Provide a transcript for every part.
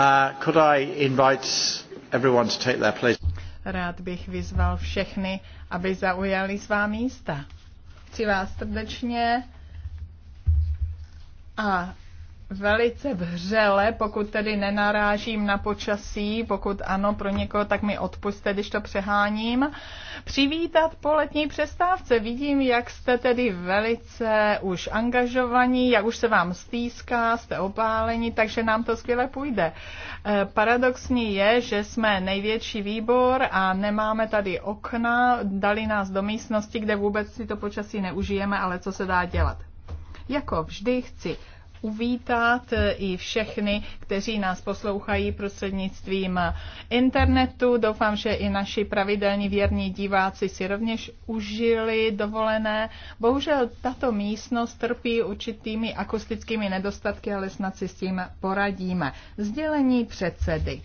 Uh, Rád bych vyzval všechny, aby zaujali svá místa. Chci vás srdečně a velice vřele, pokud tedy nenarážím na počasí, pokud ano pro někoho, tak mi odpuste, když to přeháním. Přivítat po letní přestávce. Vidím, jak jste tedy velice už angažovaní, jak už se vám stýská, jste opáleni, takže nám to skvěle půjde. E, paradoxní je, že jsme největší výbor a nemáme tady okna, dali nás do místnosti, kde vůbec si to počasí neužijeme, ale co se dá dělat. Jako vždy chci uvítat i všechny, kteří nás poslouchají prostřednictvím internetu. Doufám, že i naši pravidelní věrní diváci si rovněž užili dovolené. Bohužel tato místnost trpí určitými akustickými nedostatky, ale snad si s tím poradíme. Sdělení předsedy.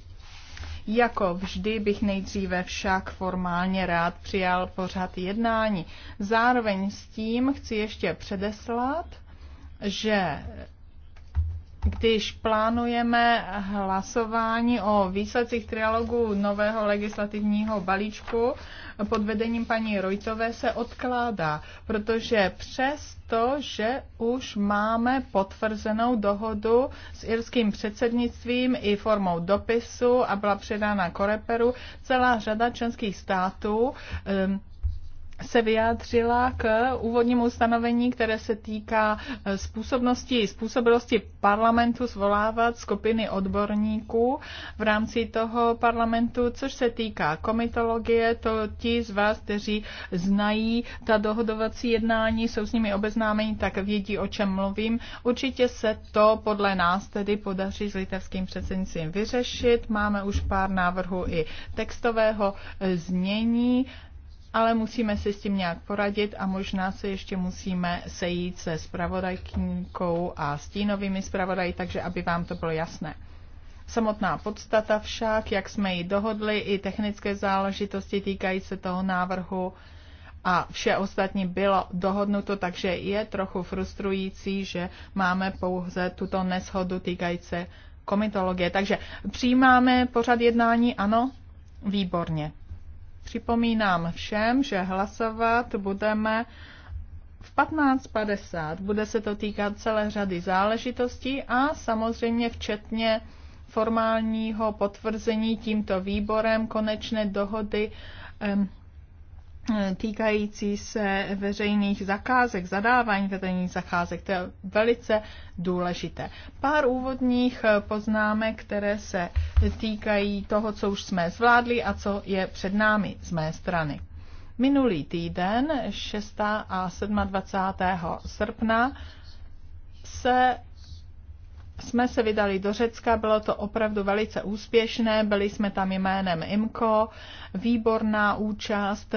Jako vždy bych nejdříve však formálně rád přijal pořad jednání. Zároveň s tím chci ještě předeslat, že když plánujeme hlasování o výsledcích trialogu nového legislativního balíčku pod vedením paní Rojtové, se odkládá, protože přesto, že už máme potvrzenou dohodu s irským předsednictvím i formou dopisu a byla předána Koreperu, celá řada členských států um, se vyjádřila k úvodnímu ustanovení, které se týká eh, způsobnosti, způsobilosti parlamentu zvolávat skupiny odborníků v rámci toho parlamentu, což se týká komitologie, to ti z vás, kteří znají ta dohodovací jednání, jsou s nimi obeznámeni, tak vědí, o čem mluvím. Určitě se to podle nás tedy podaří s litevským předsednictvím vyřešit. Máme už pár návrhů i textového eh, znění ale musíme se s tím nějak poradit a možná se ještě musíme sejít se spravodajkou a stínovými spravodají, takže aby vám to bylo jasné. Samotná podstata však, jak jsme ji dohodli, i technické záležitosti týkají se toho návrhu a vše ostatní bylo dohodnuto, takže je trochu frustrující, že máme pouze tuto neshodu týkající se komitologie. Takže přijímáme pořad jednání, ano? Výborně. Připomínám všem, že hlasovat budeme v 15.50. Bude se to týkat celé řady záležitostí a samozřejmě včetně formálního potvrzení tímto výborem konečné dohody týkající se veřejných zakázek, zadávání veřejných zakázek. To je velice důležité. Pár úvodních eh, poznámek, které se týkají toho, co už jsme zvládli a co je před námi z mé strany. Minulý týden, 6. a 27. srpna, se jsme se vydali do Řecka, bylo to opravdu velice úspěšné, byli jsme tam jménem IMCO, výborná účast,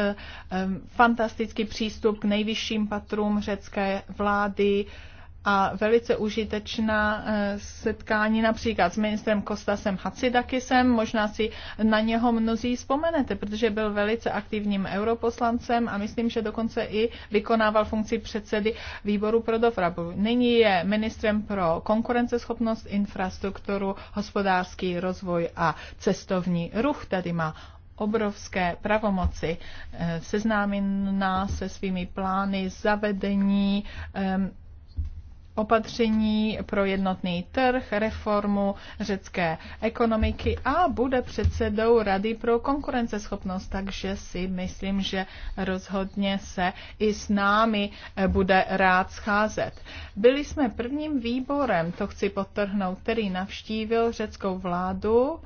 fantastický přístup k nejvyšším patrům řecké vlády, a velice užitečná eh, setkání například s ministrem Kostasem Hacidakisem. Možná si na něho mnozí vzpomenete, protože byl velice aktivním europoslancem a myslím, že dokonce i vykonával funkci předsedy výboru pro dopravu. Nyní je ministrem pro konkurenceschopnost, infrastrukturu, hospodářský rozvoj a cestovní ruch. Tady má obrovské pravomoci. Eh, seznámí nás se svými plány zavedení ehm, opatření pro jednotný trh, reformu řecké ekonomiky a bude předsedou Rady pro konkurenceschopnost. Takže si myslím, že rozhodně se i s námi eh, bude rád scházet. Byli jsme prvním výborem, to chci podtrhnout, který navštívil řeckou vládu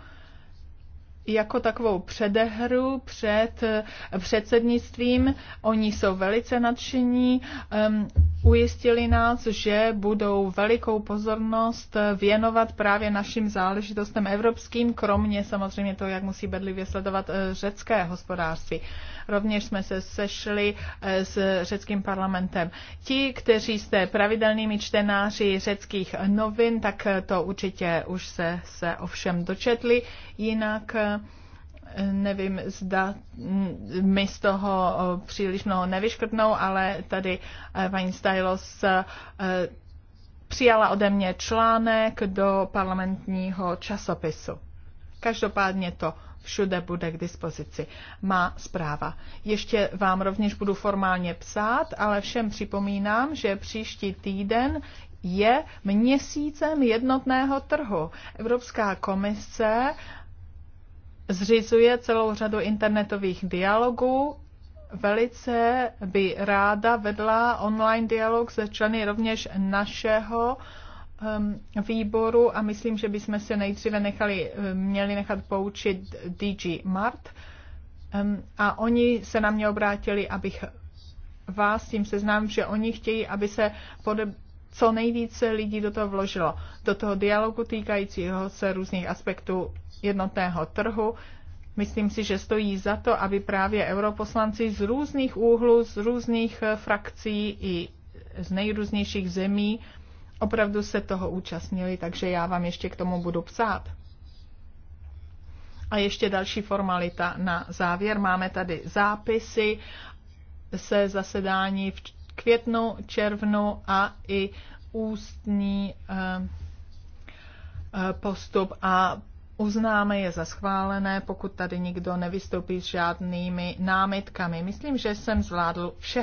jako takovou předehru před eh, předsednictvím. Oni jsou velice nadšení, um, ujistili nás, že budou velikou pozornost věnovat právě našim záležitostem evropským, kromě samozřejmě toho, jak musí bedlivě sledovat eh, řecké hospodářství. Rovněž jsme se sešli eh, s řeckým parlamentem. Ti, kteří jste pravidelnými čtenáři řeckých novin, tak eh, to určitě už se, se ovšem dočetli. Jinak eh, nevím, zda mi mm, z toho příliš mnoho nevyškrtnou, ale tady paní Stylos přijala ode mě článek do parlamentního časopisu. Každopádně to všude bude k dispozici. Má zpráva. Ještě vám rovněž budu formálně psát, ale všem připomínám, že příští týden je měsícem jednotného trhu. Evropská komise zřizuje celou řadu internetových dialogů. Velice by ráda vedla online dialog se členy rovněž našeho Ehm, výboru a myslím, že bychom se nejdříve nechali, ehm, měli nechat poučit DG Mart ehm, a oni se na mě obrátili, abych vás tím seznám, že oni chtějí, aby se pode, co nejvíce lidí do toho vložilo, do toho dialogu týkajícího se různých aspektů jednotného trhu. Myslím si, že stojí za to, aby právě europoslanci z různých úhlů, z různých eh, frakcí i z nejrůznějších zemí opravdu se toho účastnili, takže já vám ještě k tomu budu psát. A ještě další formalita na závěr. Máme tady zápisy se zasedání v květnu, červnu a i ústní eh, eh, postup a uznáme je za schválené, pokud tady nikdo nevystoupí s žádnými námitkami. Myslím, že jsem zvládl vše.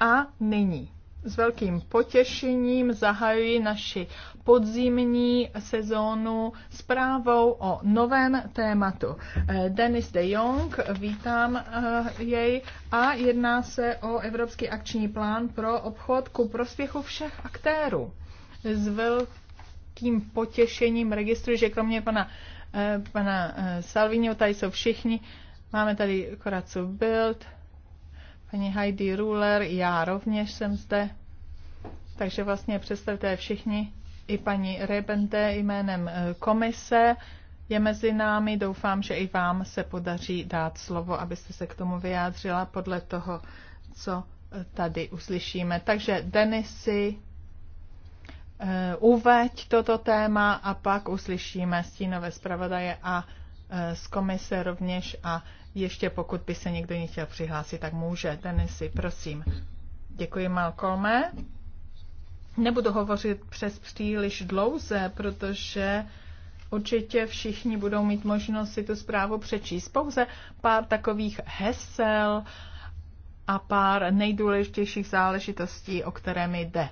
A nyní s velkým potěšením zahajuji naši podzimní sezónu zprávou o novém tématu. Eh, Denis de Jong, vítám eh, jej a jedná se o Evropský akční plán pro obchod ku prospěchu všech aktérů. S velkým potěšením registruji, že kromě pana, eh, pana Salviniho tady jsou všichni. Máme tady Koracu Bild, paní Heidi Ruler, já rovněž jsem zde. Takže vlastně představte všichni, i paní Rebente jménem eh, komise je mezi námi. Doufám, že i vám se podaří dát slovo, abyste se k tomu vyjádřila podle toho, co eh, tady uslyšíme. Takže Denisy, eh, uveď toto téma a pak uslyšíme stínové zpravodaje a Eh, z komise rovněž a ještě pokud by se někdo nechtěl přihlásit, tak může. Denisy, prosím. Děkuji, Malcolme. Nebudu hovořit přes příliš dlouze, protože určitě všichni budou mít možnost si tu zprávu přečíst. Pouze pár takových hesel a pár nejdůležitějších záležitostí, o které mi jde.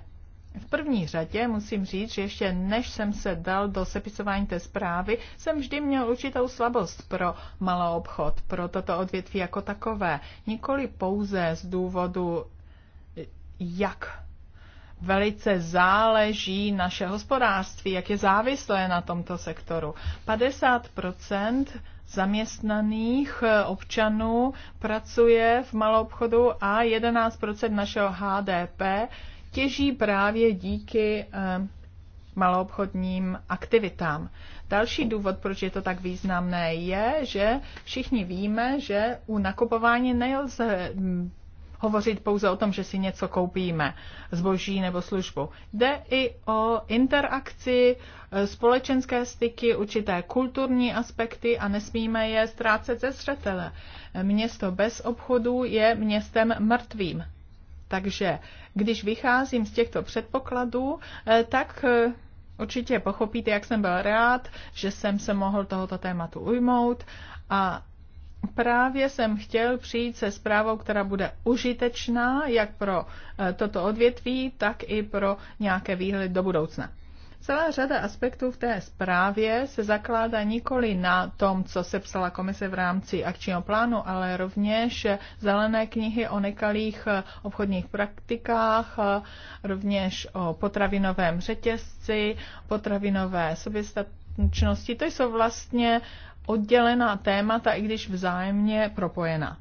V první řadě musím říct, že ještě než jsem se dal do sepisování té zprávy, jsem vždy měl určitou slabost pro malou obchod, pro toto odvětví jako takové. Nikoli pouze z důvodu, jak velice záleží naše hospodářství, jak je závislé na tomto sektoru. 50 zaměstnaných občanů pracuje v malou obchodu a 11 našeho HDP těží právě díky eh, maloobchodním aktivitám. Další důvod, proč je to tak významné, je, že všichni víme, že u nakupování nelze hm, hovořit pouze o tom, že si něco koupíme, zboží nebo službu. Jde i o interakci, eh, společenské styky, určité kulturní aspekty a nesmíme je ztrácet ze zřetele. Město bez obchodu je městem mrtvým. Takže když vycházím z těchto předpokladů, eh, tak eh, určitě pochopíte, jak jsem byl rád, že jsem se mohl tohoto tématu ujmout a Právě jsem chtěl přijít se zprávou, která bude užitečná jak pro eh, toto odvětví, tak i pro nějaké výhledy do budoucna. Celá řada aspektů v té zprávě se zakládá nikoli na tom, co se psala komise v rámci akčního plánu, ale rovněž zelené knihy o nekalých obchodních praktikách, rovněž o potravinovém řetězci, potravinové soběstačnosti. To jsou vlastně oddělená témata, i když vzájemně propojená.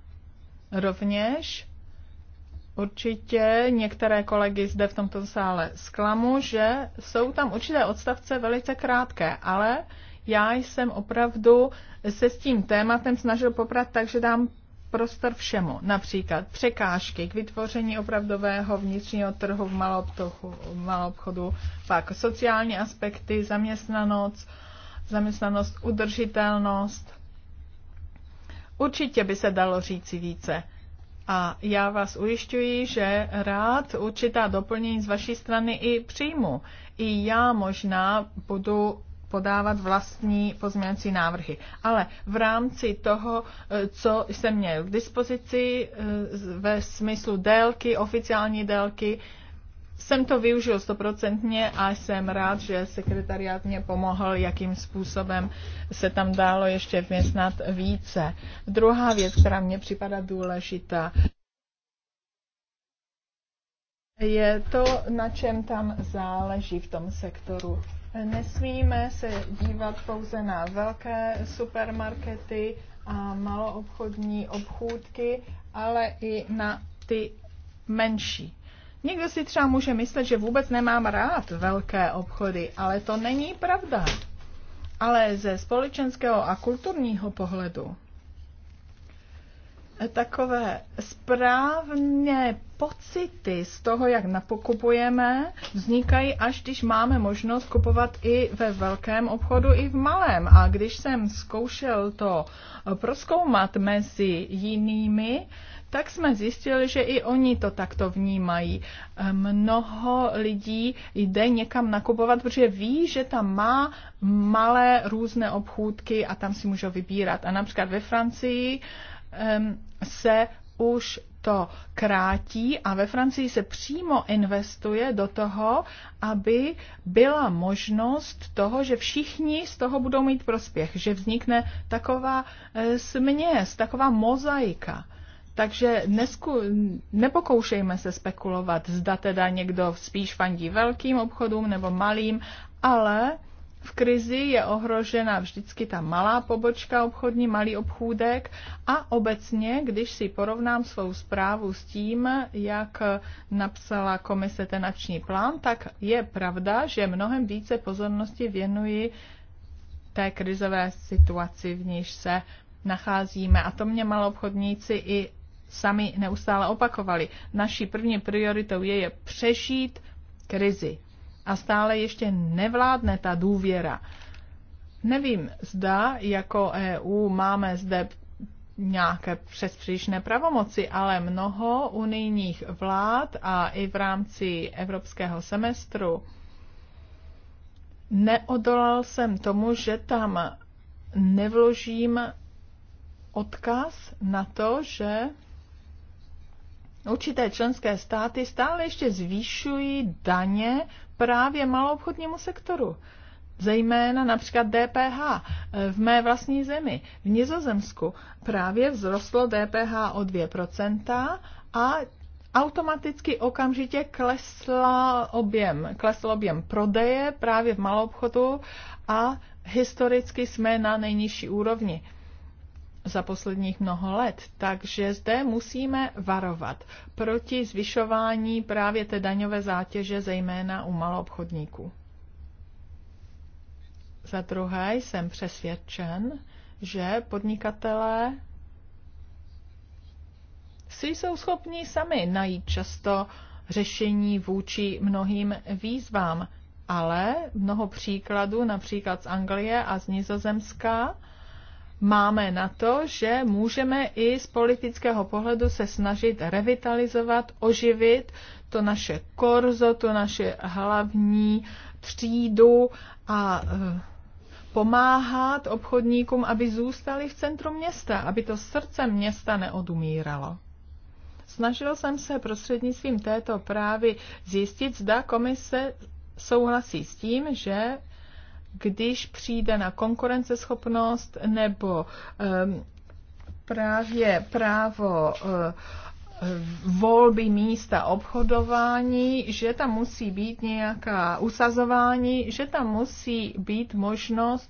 Rovněž Určitě některé kolegy zde v tomto sále zklamu, že jsou tam určité odstavce velice krátké, ale já jsem opravdu se s tím tématem snažil poprat, takže dám prostor všemu. Například překážky k vytvoření opravdového vnitřního trhu v malobchodu, pak sociální aspekty, zaměstnanost, zaměstnanost, udržitelnost. Určitě by se dalo říci více. A já vás ujišťuji, že rád určitá doplnění z vaší strany i přijmu. I já možná budu podávat vlastní pozměňovací návrhy. Ale v rámci toho, eh, co jsem měl k dispozici eh, ve smyslu délky, oficiální délky, jsem to využil stoprocentně a jsem rád, že sekretariát mě pomohl, jakým způsobem se tam dálo ještě vměstnat více. Druhá věc, která mě připadá důležitá, je to, na čem tam záleží v tom sektoru. Nesmíme se dívat pouze na velké supermarkety a maloobchodní obchůdky, ale i na ty menší Někdo si třeba může myslet, že vůbec nemám rád velké obchody, ale to není pravda. Ale ze společenského a kulturního pohledu takové správné pocity z toho, jak napokupujeme, vznikají až když máme možnost kupovat i ve velkém obchodu, i v malém. A když jsem zkoušel to eh, proskoumat mezi jinými, tak jsme zjistili, že i oni to takto vnímají. Mnoho lidí jde někam nakupovat, protože ví, že tam má malé různé obchůdky a tam si můžou vybírat. A například ve Francii se už to krátí a ve Francii se přímo investuje do toho, aby byla možnost toho, že všichni z toho budou mít prospěch, že vznikne taková eh, směs, taková mozaika takže nesku, nepokoušejme se spekulovat, zda teda někdo spíš fandí velkým obchodům nebo malým, ale v krizi je ohrožena vždycky ta malá pobočka obchodní, malý obchůdek a obecně, když si porovnám svou zprávu s tím, jak napsala komise ten akční plán, tak je pravda, že mnohem více pozornosti věnuji té krizové situaci, v níž se nacházíme. A to mě obchodníci i sami neustále opakovali. Naší první prioritou je, je přežít krizi. A stále ještě nevládne ta důvěra. Nevím, zda jako EU máme zde nějaké přespříšné pravomoci, ale mnoho unijních vlád a i v rámci evropského semestru neodolal jsem tomu, že tam nevložím odkaz na to, že určité členské státy stále ještě zvýšují daně právě maloobchodnímu sektoru. Zejména například DPH eh, v mé vlastní zemi. V Nizozemsku právě vzrostlo DPH o 2% a automaticky okamžitě klesla objem, klesl objem prodeje právě v malou obchodu a historicky jsme na nejnižší úrovni za posledních mnoho let. Takže zde musíme varovat proti zvyšování právě té daňové zátěže, zejména u maloobchodníků. Za druhé jsem přesvědčen, že podnikatelé si jsou schopni sami najít často řešení vůči mnohým výzvám, ale mnoho příkladů, například z Anglie a z Nizozemska, máme na to, že můžeme i z politického pohledu se snažit revitalizovat, oživit to naše korzo, to naše hlavní třídu a e, pomáhat obchodníkům, aby zůstali v centru města, aby to srdce města neodumíralo. Snažil jsem se prostřednictvím této právy zjistit, zda komise souhlasí s tím, že když přijde na konkurenceschopnost nebo um, právě právo eh, volby místa obchodování, že tam musí být nějaká usazování, že tam musí být možnost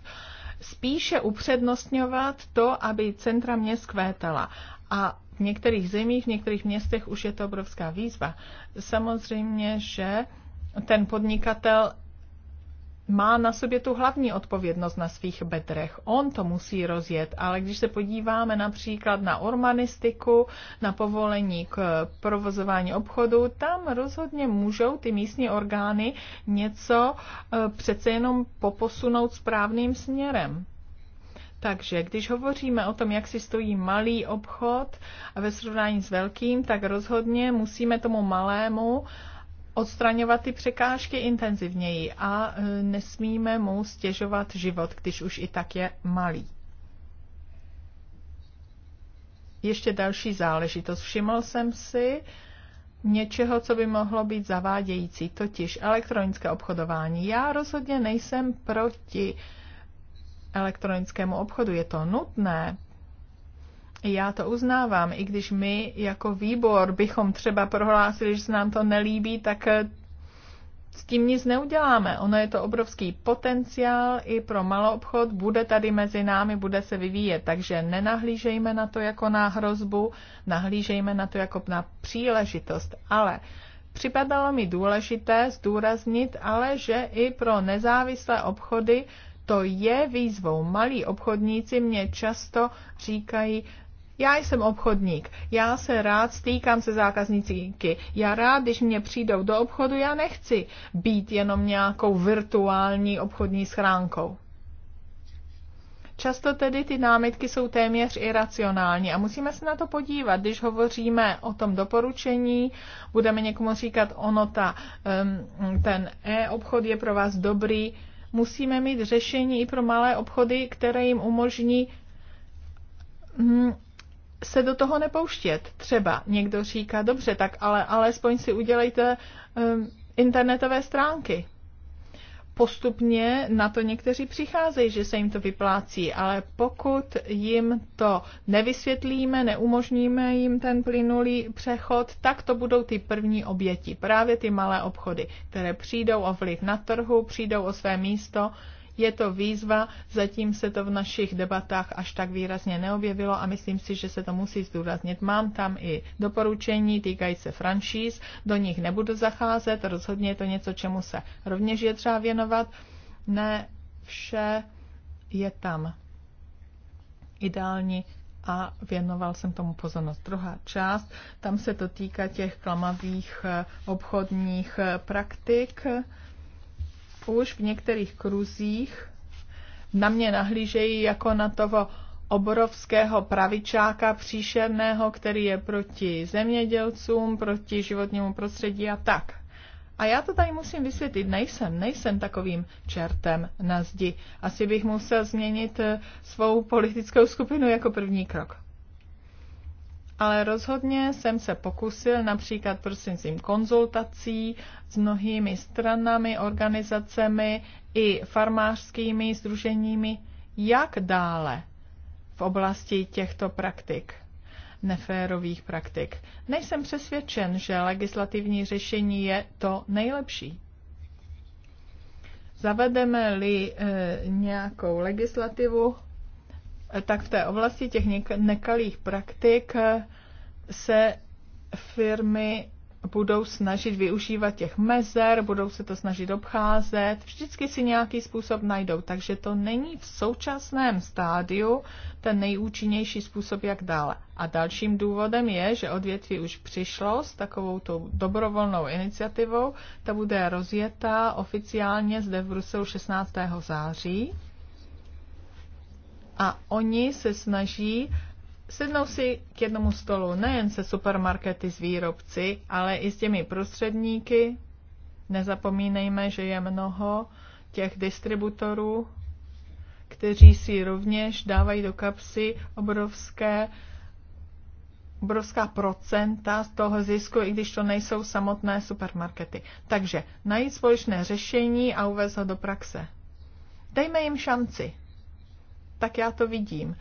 spíše upřednostňovat to, aby centra měst kvétala. A v některých zemích, v některých městech už je to obrovská výzva. Samozřejmě, že ten podnikatel má na sobě tu hlavní odpovědnost na svých bedrech. On to musí rozjet, ale když se podíváme například na urbanistiku, na povolení k provozování obchodu, tam rozhodně můžou ty místní orgány něco eh, přece jenom poposunout správným směrem. Takže když hovoříme o tom, jak si stojí malý obchod ve srovnání s velkým, tak rozhodně musíme tomu malému odstraňovat ty překážky intenzivněji a e, nesmíme mu stěžovat život, když už i tak je malý. Ještě další záležitost. Všiml jsem si něčeho, co by mohlo být zavádějící, totiž elektronické obchodování. Já rozhodně nejsem proti elektronickému obchodu. Je to nutné, já to uznávám, i když my jako výbor bychom třeba prohlásili, že se nám to nelíbí, tak eh, s tím nic neuděláme. Ono je to obrovský potenciál i pro maloobchod, bude tady mezi námi, bude se vyvíjet, takže nenahlížejme na to jako na hrozbu, nahlížejme na to jako na příležitost, ale připadalo mi důležité zdůraznit, ale že i pro nezávislé obchody to je výzvou. Malí obchodníci mě často říkají, já jsem obchodník, já se rád stýkám se zákazníky. Já rád, když mě přijdou do obchodu, já nechci být jenom nějakou virtuální obchodní schránkou. Často tedy ty námitky jsou téměř iracionální a musíme se na to podívat. Když hovoříme o tom doporučení, budeme někomu říkat, ono ta, ten e-obchod je pro vás dobrý, musíme mít řešení i pro malé obchody, které jim umožní hm, se do toho nepouštět. Třeba někdo říká, dobře, tak ale alespoň si udělejte um, internetové stránky. Postupně na to někteří přicházejí, že se jim to vyplácí, ale pokud jim to nevysvětlíme, neumožníme jim ten plynulý přechod, tak to budou ty první oběti, právě ty malé obchody, které přijdou o vliv na trhu, přijdou o své místo, je to výzva, zatím se to v našich debatách až tak výrazně neobjevilo a myslím si, že se to musí zdůraznit. Mám tam i doporučení týkají se franšíz, do nich nebudu zacházet, rozhodně je to něco, čemu se rovněž je třeba věnovat. Ne vše je tam ideální a věnoval jsem tomu pozornost. Druhá část, tam se to týká těch klamavých eh, obchodních eh, praktik už v některých kruzích na mě nahlížejí jako na toho obrovského pravičáka příšerného, který je proti zemědělcům, proti životnímu prostředí a tak. A já to tady musím vysvětlit, nejsem, nejsem takovým čertem na zdi. Asi bych musel změnit eh, svou politickou skupinu jako první krok ale rozhodně jsem se pokusil například prostřednictvím konzultací s mnohými stranami, organizacemi i farmářskými združeními, jak dále v oblasti těchto praktik neférových praktik. Nejsem přesvědčen, že legislativní řešení je to nejlepší. Zavedeme-li e, nějakou legislativu, tak v té oblasti těch nekalých praktik se firmy budou snažit využívat těch mezer, budou se to snažit obcházet, vždycky si nějaký způsob najdou. Takže to není v současném stádiu ten nejúčinnější způsob, jak dále. A dalším důvodem je, že odvětví už přišlo s takovou tou dobrovolnou iniciativou. Ta bude rozjetá oficiálně zde v Bruselu 16. září a oni se snaží sednout si k jednomu stolu nejen se supermarkety s výrobci, ale i s těmi prostředníky. Nezapomínejme, že je mnoho těch distributorů, kteří si rovněž dávají do kapsy obrovské obrovská procenta z toho zisku, i když to nejsou samotné supermarkety. Takže najít společné řešení a uvést ho do praxe. Dejme jim šanci tak já to vidím.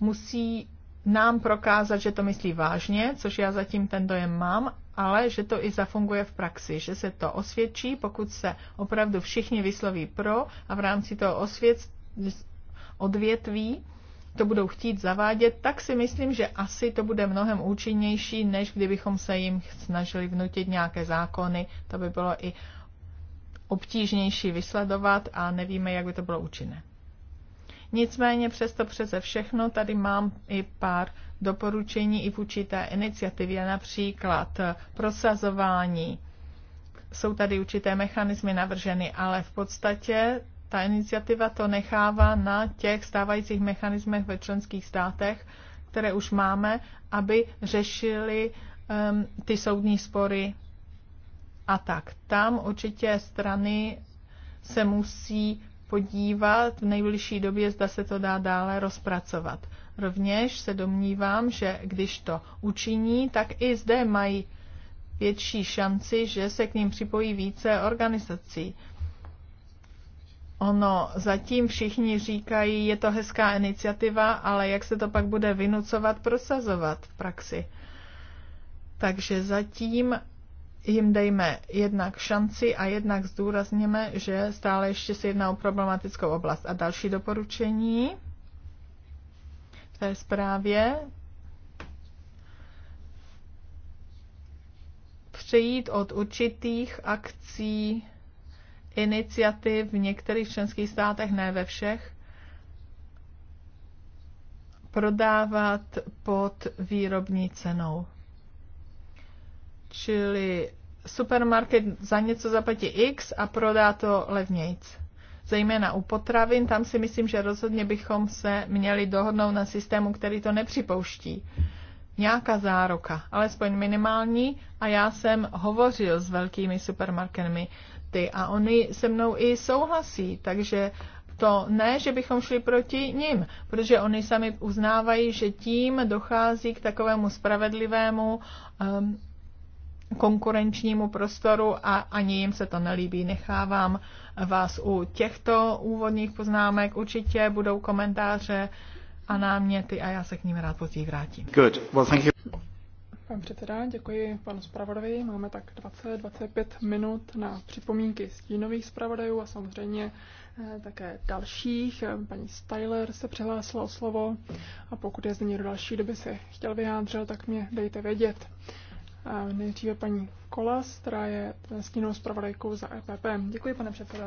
Musí nám prokázat, že to myslí vážně, což já zatím ten dojem mám, ale že to i zafunguje v praxi, že se to osvědčí, pokud se opravdu všichni vysloví pro a v rámci toho osvěc, odvětví to budou chtít zavádět, tak si myslím, že asi to bude mnohem účinnější, než kdybychom se jim snažili vnutit nějaké zákony. To by bylo i obtížnější vysledovat a nevíme, jak by to bylo účinné. Nicméně přesto přeze všechno tady mám i pár doporučení i v určité iniciativě, například prosazování. Jsou tady určité mechanismy navrženy, ale v podstatě ta iniciativa to nechává na těch stávajících mechanismech ve členských státech, které už máme, aby řešili um, ty soudní spory a tak. Tam určitě strany se musí podívat v nejbližší době, zda se to dá dále rozpracovat. Rovněž se domnívám, že když to učiní, tak i zde mají větší šanci, že se k ním připojí více organizací. Ono zatím všichni říkají, je to hezká iniciativa, ale jak se to pak bude vynucovat, prosazovat v praxi. Takže zatím jim dejme jednak šanci a jednak zdůrazněme, že stále ještě se jedná o problematickou oblast. A další doporučení v té zprávě přejít od určitých akcí, iniciativ v některých členských státech, ne ve všech, prodávat pod výrobní cenou. Čili supermarket za něco zaplatí X a prodá to levnějc. Zejména u potravin, tam si myslím, že rozhodně bychom se měli dohodnout na systému, který to nepřipouští. Nějaká zároka, alespoň minimální, a já jsem hovořil s velkými supermarketmi ty a oni se mnou i souhlasí, takže to ne, že bychom šli proti nim, protože oni sami uznávají, že tím dochází k takovému spravedlivému um, konkurenčnímu prostoru a ani jim se to nelíbí. Nechávám vás u těchto úvodních poznámek. Určitě budou komentáře a náměty a já se k ním rád později vrátím. Good. Well, thank you. Pan předseda, děkuji panu zpravodovi. Máme tak 20-25 minut na připomínky stínových zpravodajů a samozřejmě eh, také dalších. Paní Styler se přihlásila o slovo a pokud je zde někdo další, kdo by se chtěl vyjádřit, tak mě dejte vědět. Nejdříve paní Kolas, která je stínou zpravodajkou za EPP. Děkuji, pane předsedo.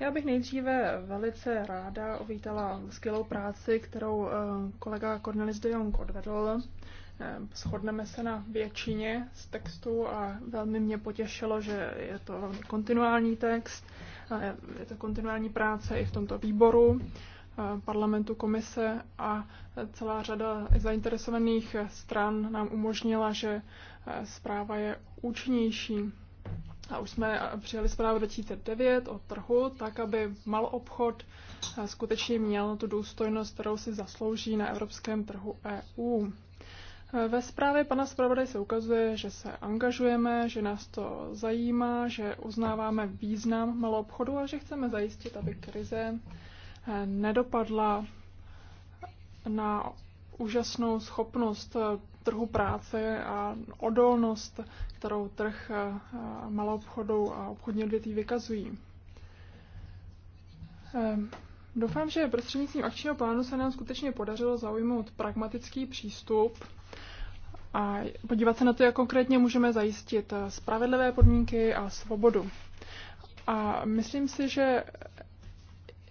Já bych nejdříve velice ráda uvítala skvělou práci, kterou eh, kolega Cornelis de Jong odvedl. Eh, shodneme se na většině z textu a velmi mě potěšilo, že je to velmi kontinuální text, je to kontinuální práce i v tomto výboru eh, parlamentu, komise a celá řada zainteresovaných stran nám umožnila, že zpráva je účinnější. A už jsme přijali zprávu 2009 o trhu, tak aby mal obchod eh, skutečně měl tu důstojnost, kterou si zaslouží na evropském trhu EU. Eh, ve zprávě pana zpravodaje se ukazuje, že se angažujeme, že nás to zajímá, že uznáváme význam malou obchodu a že chceme zajistit, aby krize eh, nedopadla na úžasnou schopnost trhu práce a odolnost, kterou trh eh, malou obchodu a obchodní odvětví vykazují. Ehm, doufám, že prostřednictvím akčního plánu se nám skutečně podařilo zaujmout pragmatický přístup a podívat se na to, jak konkrétně můžeme zajistit eh, spravedlivé podmínky a svobodu. A myslím si, že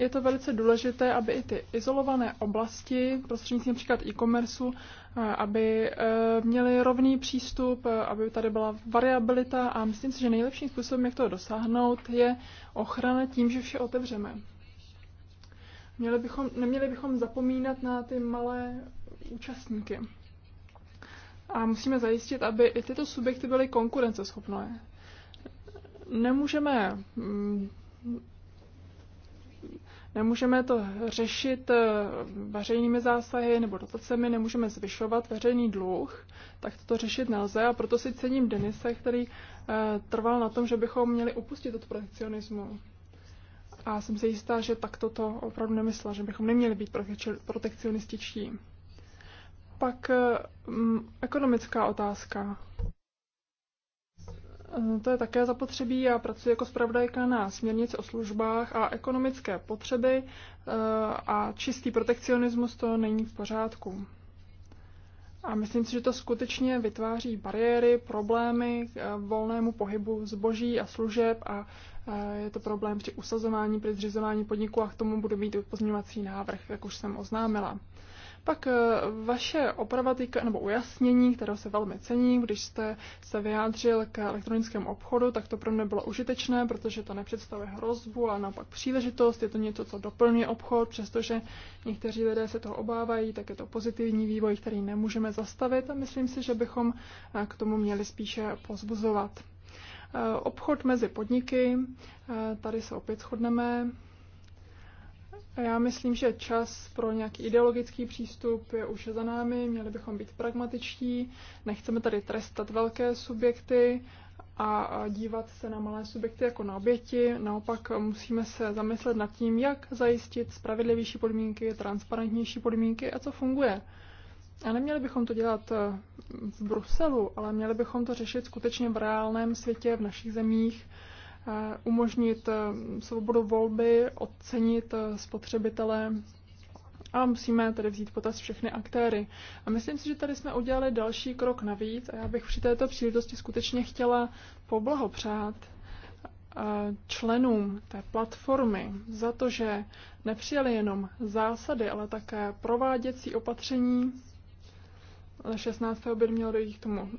je to velice důležité, aby i ty izolované oblasti, prostřednictvím například e commerce eh, aby eh, měly rovný přístup, eh, aby tady byla variabilita a myslím si, že nejlepším způsobem, jak to dosáhnout, je ochrana tím, že vše otevřeme. Měli bychom, neměli bychom zapomínat na ty malé účastníky. A musíme zajistit, aby i tyto subjekty byly konkurenceschopné. Nemůžeme mm, Nemůžeme to řešit eh, veřejnými zásahy nebo dotacemi, nemůžeme zvyšovat veřejný dluh, tak to řešit nelze a proto si cením Denise, který eh, trval na tom, že bychom měli upustit od protekcionismu. A jsem si jistá, že tak toto opravdu nemyslela, že bychom neměli být protekcionističtí. Pak eh, ekonomická otázka. To je také zapotřebí. Já pracuji jako zpravodajka na směrnici o službách a ekonomické potřeby eh, a čistý protekcionismus to není v pořádku. A myslím si, že to skutečně vytváří bariéry, problémy k eh, volnému pohybu zboží a služeb a eh, je to problém při usazování, při zřizování podniku a k tomu budu mít pozměňovací návrh, jak už jsem oznámila. Pak eh, vaše oprava týka, nebo ujasnění, kterého se velmi cení, když jste se vyjádřil k elektronickému obchodu, tak to pro mě bylo užitečné, protože to nepředstavuje hrozbu, ale naopak příležitost, je to něco, co doplňuje obchod, přestože někteří lidé se toho obávají, tak je to pozitivní vývoj, který nemůžeme zastavit a myslím si, že bychom eh, k tomu měli spíše pozbuzovat. Eh, obchod mezi podniky, tady se opět shodneme, já myslím, že čas pro nějaký ideologický přístup je už za námi, měli bychom být pragmatičtí, nechceme tady trestat velké subjekty a dívat se na malé subjekty jako na oběti. Naopak musíme se zamyslet nad tím, jak zajistit spravedlivější podmínky, transparentnější podmínky a co funguje. A neměli bychom to dělat eh, v Bruselu, ale měli bychom to řešit skutečně v reálném světě, v našich zemích, Eh, umožnit eh, svobodu volby, ocenit eh, spotřebitele a musíme tedy vzít potaz všechny aktéry. A myslím si, že tady jsme udělali další krok navíc a já bych při této příležitosti skutečně chtěla poblahopřát členům té platformy za to, že nepřijali jenom zásady, ale také prováděcí opatření ale 16. by mělo dojít k tomu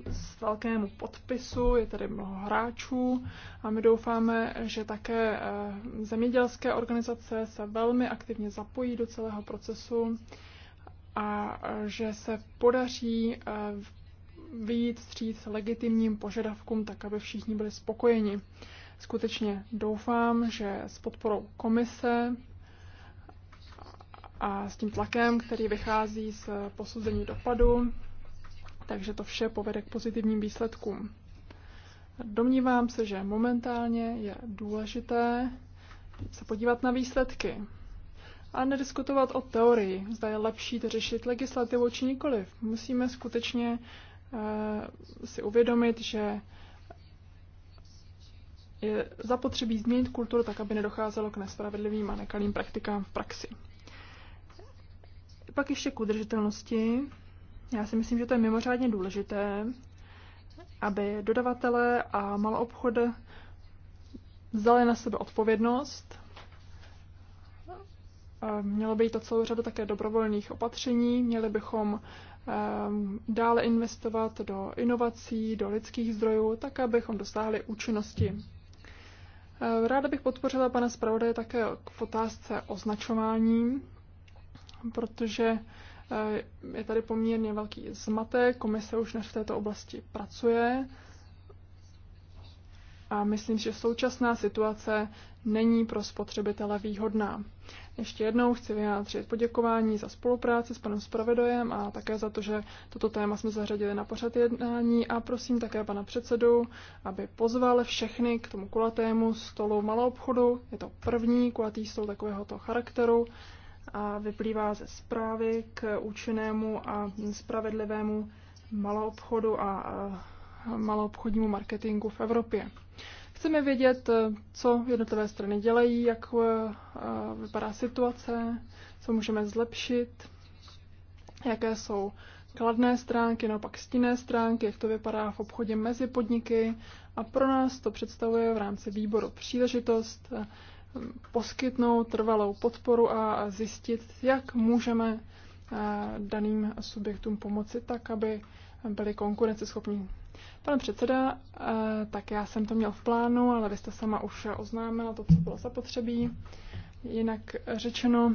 velkému podpisu, je tady mnoho hráčů a my doufáme, že také eh, zemědělské organizace se velmi aktivně zapojí do celého procesu a eh, že se podaří eh, vyjít stříc legitimním požadavkům, tak aby všichni byli spokojeni. Skutečně doufám, že s podporou komise a s tím tlakem, který vychází z posouzení dopadu, takže to vše povede k pozitivním výsledkům. Domnívám se, že momentálně je důležité se podívat na výsledky a nediskutovat o teorii, zda je lepší to řešit legislativou či nikoliv. Musíme skutečně uh, si uvědomit, že je zapotřebí změnit kulturu tak, aby nedocházelo k nespravedlivým a nekalým praktikám v praxi. Pak ještě k udržitelnosti. Já si myslím, že to je mimořádně důležité, aby dodavatele a obchod vzali na sebe odpovědnost. Mělo by jít o celou řadu také dobrovolných opatření. Měli bychom ehm, dále investovat do inovací, do lidských zdrojů, tak abychom dosáhli účinnosti. Ehm, ráda bych podpořila pana zpravodaje také k otázce označování, protože Eh, je tady poměrně velký zmatek, komise už v této oblasti pracuje a myslím, že současná situace není pro spotřebitele výhodná. Ještě jednou chci vyjádřit poděkování za spolupráci s panem Spravedojem a také za to, že toto téma jsme zařadili na pořad jednání a prosím také pana předsedu, aby pozval všechny k tomu kulatému stolu malou obchodu. Je to první kulatý stol takovéhoto charakteru a vyplývá ze zprávy k účinnému a spravedlivému maloobchodu a maloobchodnímu marketingu v Evropě. Chceme vědět, co jednotlivé strany dělají, jak e, vypadá situace, co můžeme zlepšit, jaké jsou kladné stránky, naopak no stinné stránky, jak to vypadá v obchodě mezi podniky a pro nás to představuje v rámci výboru příležitost poskytnout trvalou podporu a zjistit, jak můžeme eh, daným subjektům pomoci tak, aby byli konkurenceschopní. Pane předseda, eh, tak já jsem to měl v plánu, ale vy jste sama už eh, oznámila to, co bylo zapotřebí. Jinak řečeno,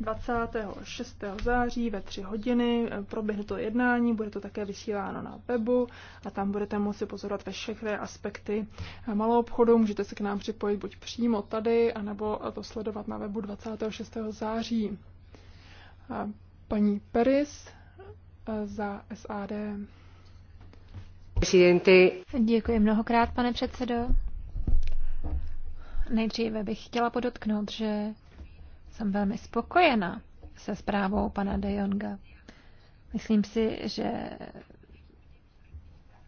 26. září ve 3 hodiny eh, proběhne to jednání, bude to také vysíláno na webu a tam budete moci pozorovat veškeré aspekty eh, malou obchodu. Můžete se k nám připojit buď přímo tady, anebo eh, to sledovat na webu 26. září. paní Peris za SAD. Děkuji mnohokrát, pane předsedo. Nejdříve bych chtěla podotknout, že jsem velmi spokojena se zprávou pana De Jonga. Myslím si, že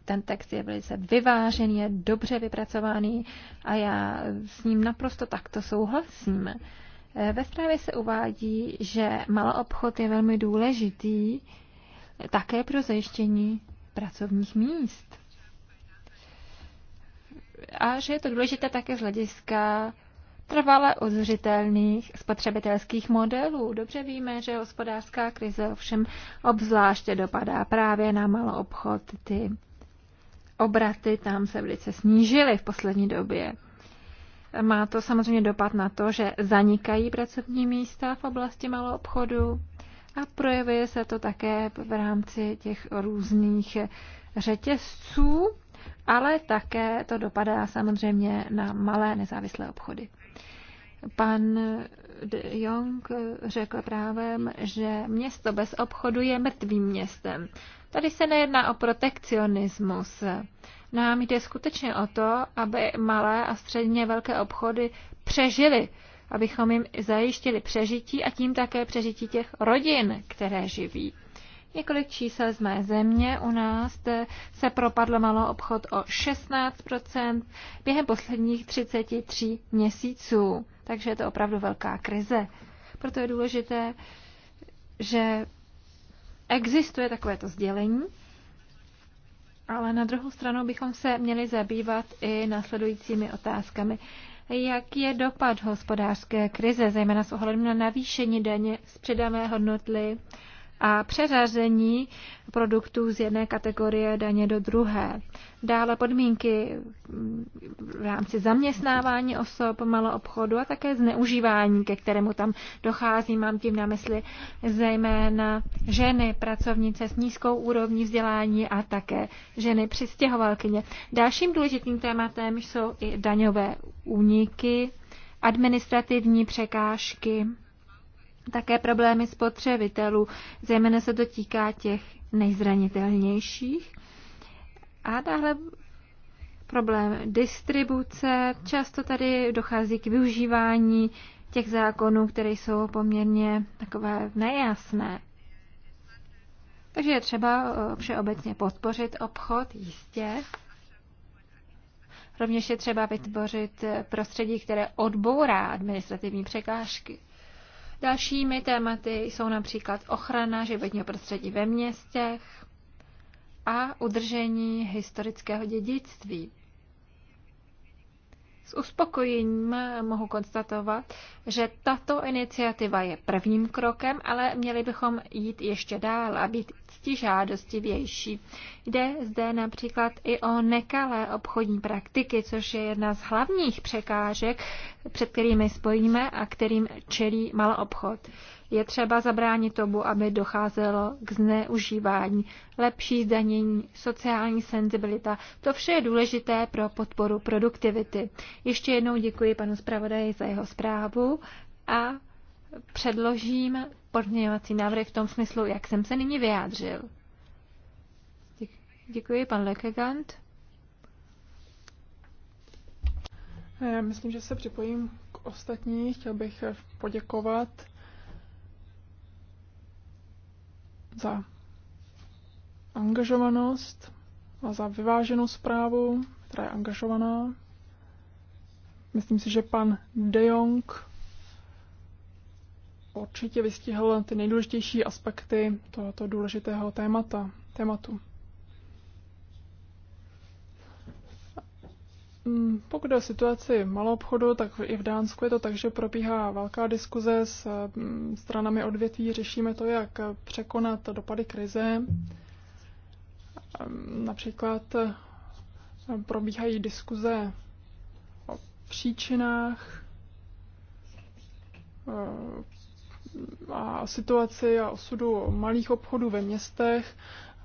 ten text je velice vyvážený, je dobře vypracovaný a já s ním naprosto takto souhlasím. Ve zprávě se uvádí, že maloobchod je velmi důležitý také pro zajištění pracovních míst. A že je to důležité také z hlediska trvale udržitelných spotřebitelských modelů. Dobře víme, že hospodářská krize ovšem obzvláště dopadá právě na obchod. Ty obraty tam se velice snížily v poslední době. Má to samozřejmě dopad na to, že zanikají pracovní místa v oblasti maloobchodu a projevuje se to také v rámci těch různých řetězců, ale také to dopadá samozřejmě na malé nezávislé obchody. Pan de Jong řekl právem, že město bez obchodu je mrtvým městem. Tady se nejedná o protekcionismus. Nám jde skutečně o to, aby malé a středně velké obchody přežily, abychom jim zajištili přežití a tím také přežití těch rodin, které živí. Několik čísel z mé země u nás se propadl malo obchod o 16% během posledních 33 měsíců. Takže je to opravdu velká krize. Proto je důležité, že existuje takovéto sdělení, ale na druhou stranu bychom se měli zabývat i následujícími otázkami. Jak je dopad hospodářské krize, zejména s ohledem na navýšení daně z přidané hodnoty a přeřazení produktů z jedné kategorie daně do druhé. Dále podmínky mm, v rámci zaměstnávání osob maloobchodu a také zneužívání, ke kterému tam dochází. Mám tím na mysli zejména ženy, pracovnice s nízkou úrovní vzdělání a také ženy přistěhovalkyně. Dalším důležitým tématem jsou i daňové úniky, administrativní překážky také problémy spotřebitelů, zejména se to týká těch nejzranitelnějších. A dále problém distribuce. Často tady dochází k využívání těch zákonů, které jsou poměrně takové nejasné. Takže je třeba eh, všeobecně podpořit obchod, jistě. Rovněž je třeba vytvořit eh, prostředí, které odbourá administrativní překážky. Dalšími tématy jsou například ochrana životního prostředí ve městech a udržení historického dědictví. S uspokojením mohu konstatovat, že tato iniciativa je prvním krokem, ale měli bychom jít ještě dál a být žádostivější. Jde zde například i o nekalé obchodní praktiky, což je jedna z hlavních překážek, před kterými spojíme a kterým čelí malý obchod je třeba zabránit tomu, aby docházelo k zneužívání. Lepší zdanění, sociální senzibilita, to vše je důležité pro podporu produktivity. Ještě jednou děkuji panu zpravodaji za jeho zprávu a předložím podměňovací návrh v tom smyslu, jak jsem se nyní vyjádřil. Děkuji, pan Lekegant. Myslím, že se připojím k ostatní. Chtěl bych poděkovat za angažovanost a za vyváženou zprávu, která je angažovaná. Myslím si, že pan De Jong určitě vystihl ty nejdůležitější aspekty tohoto důležitého témata, tématu. Mm, pokud o situaci malou obchodu, tak i v Dánsku je to tak, že probíhá velká diskuze s mm, stranami odvětví. Řešíme to, jak překonat dopady krize. Mm, například probíhají diskuze o příčinách a situaci a osudu malých obchodů ve městech.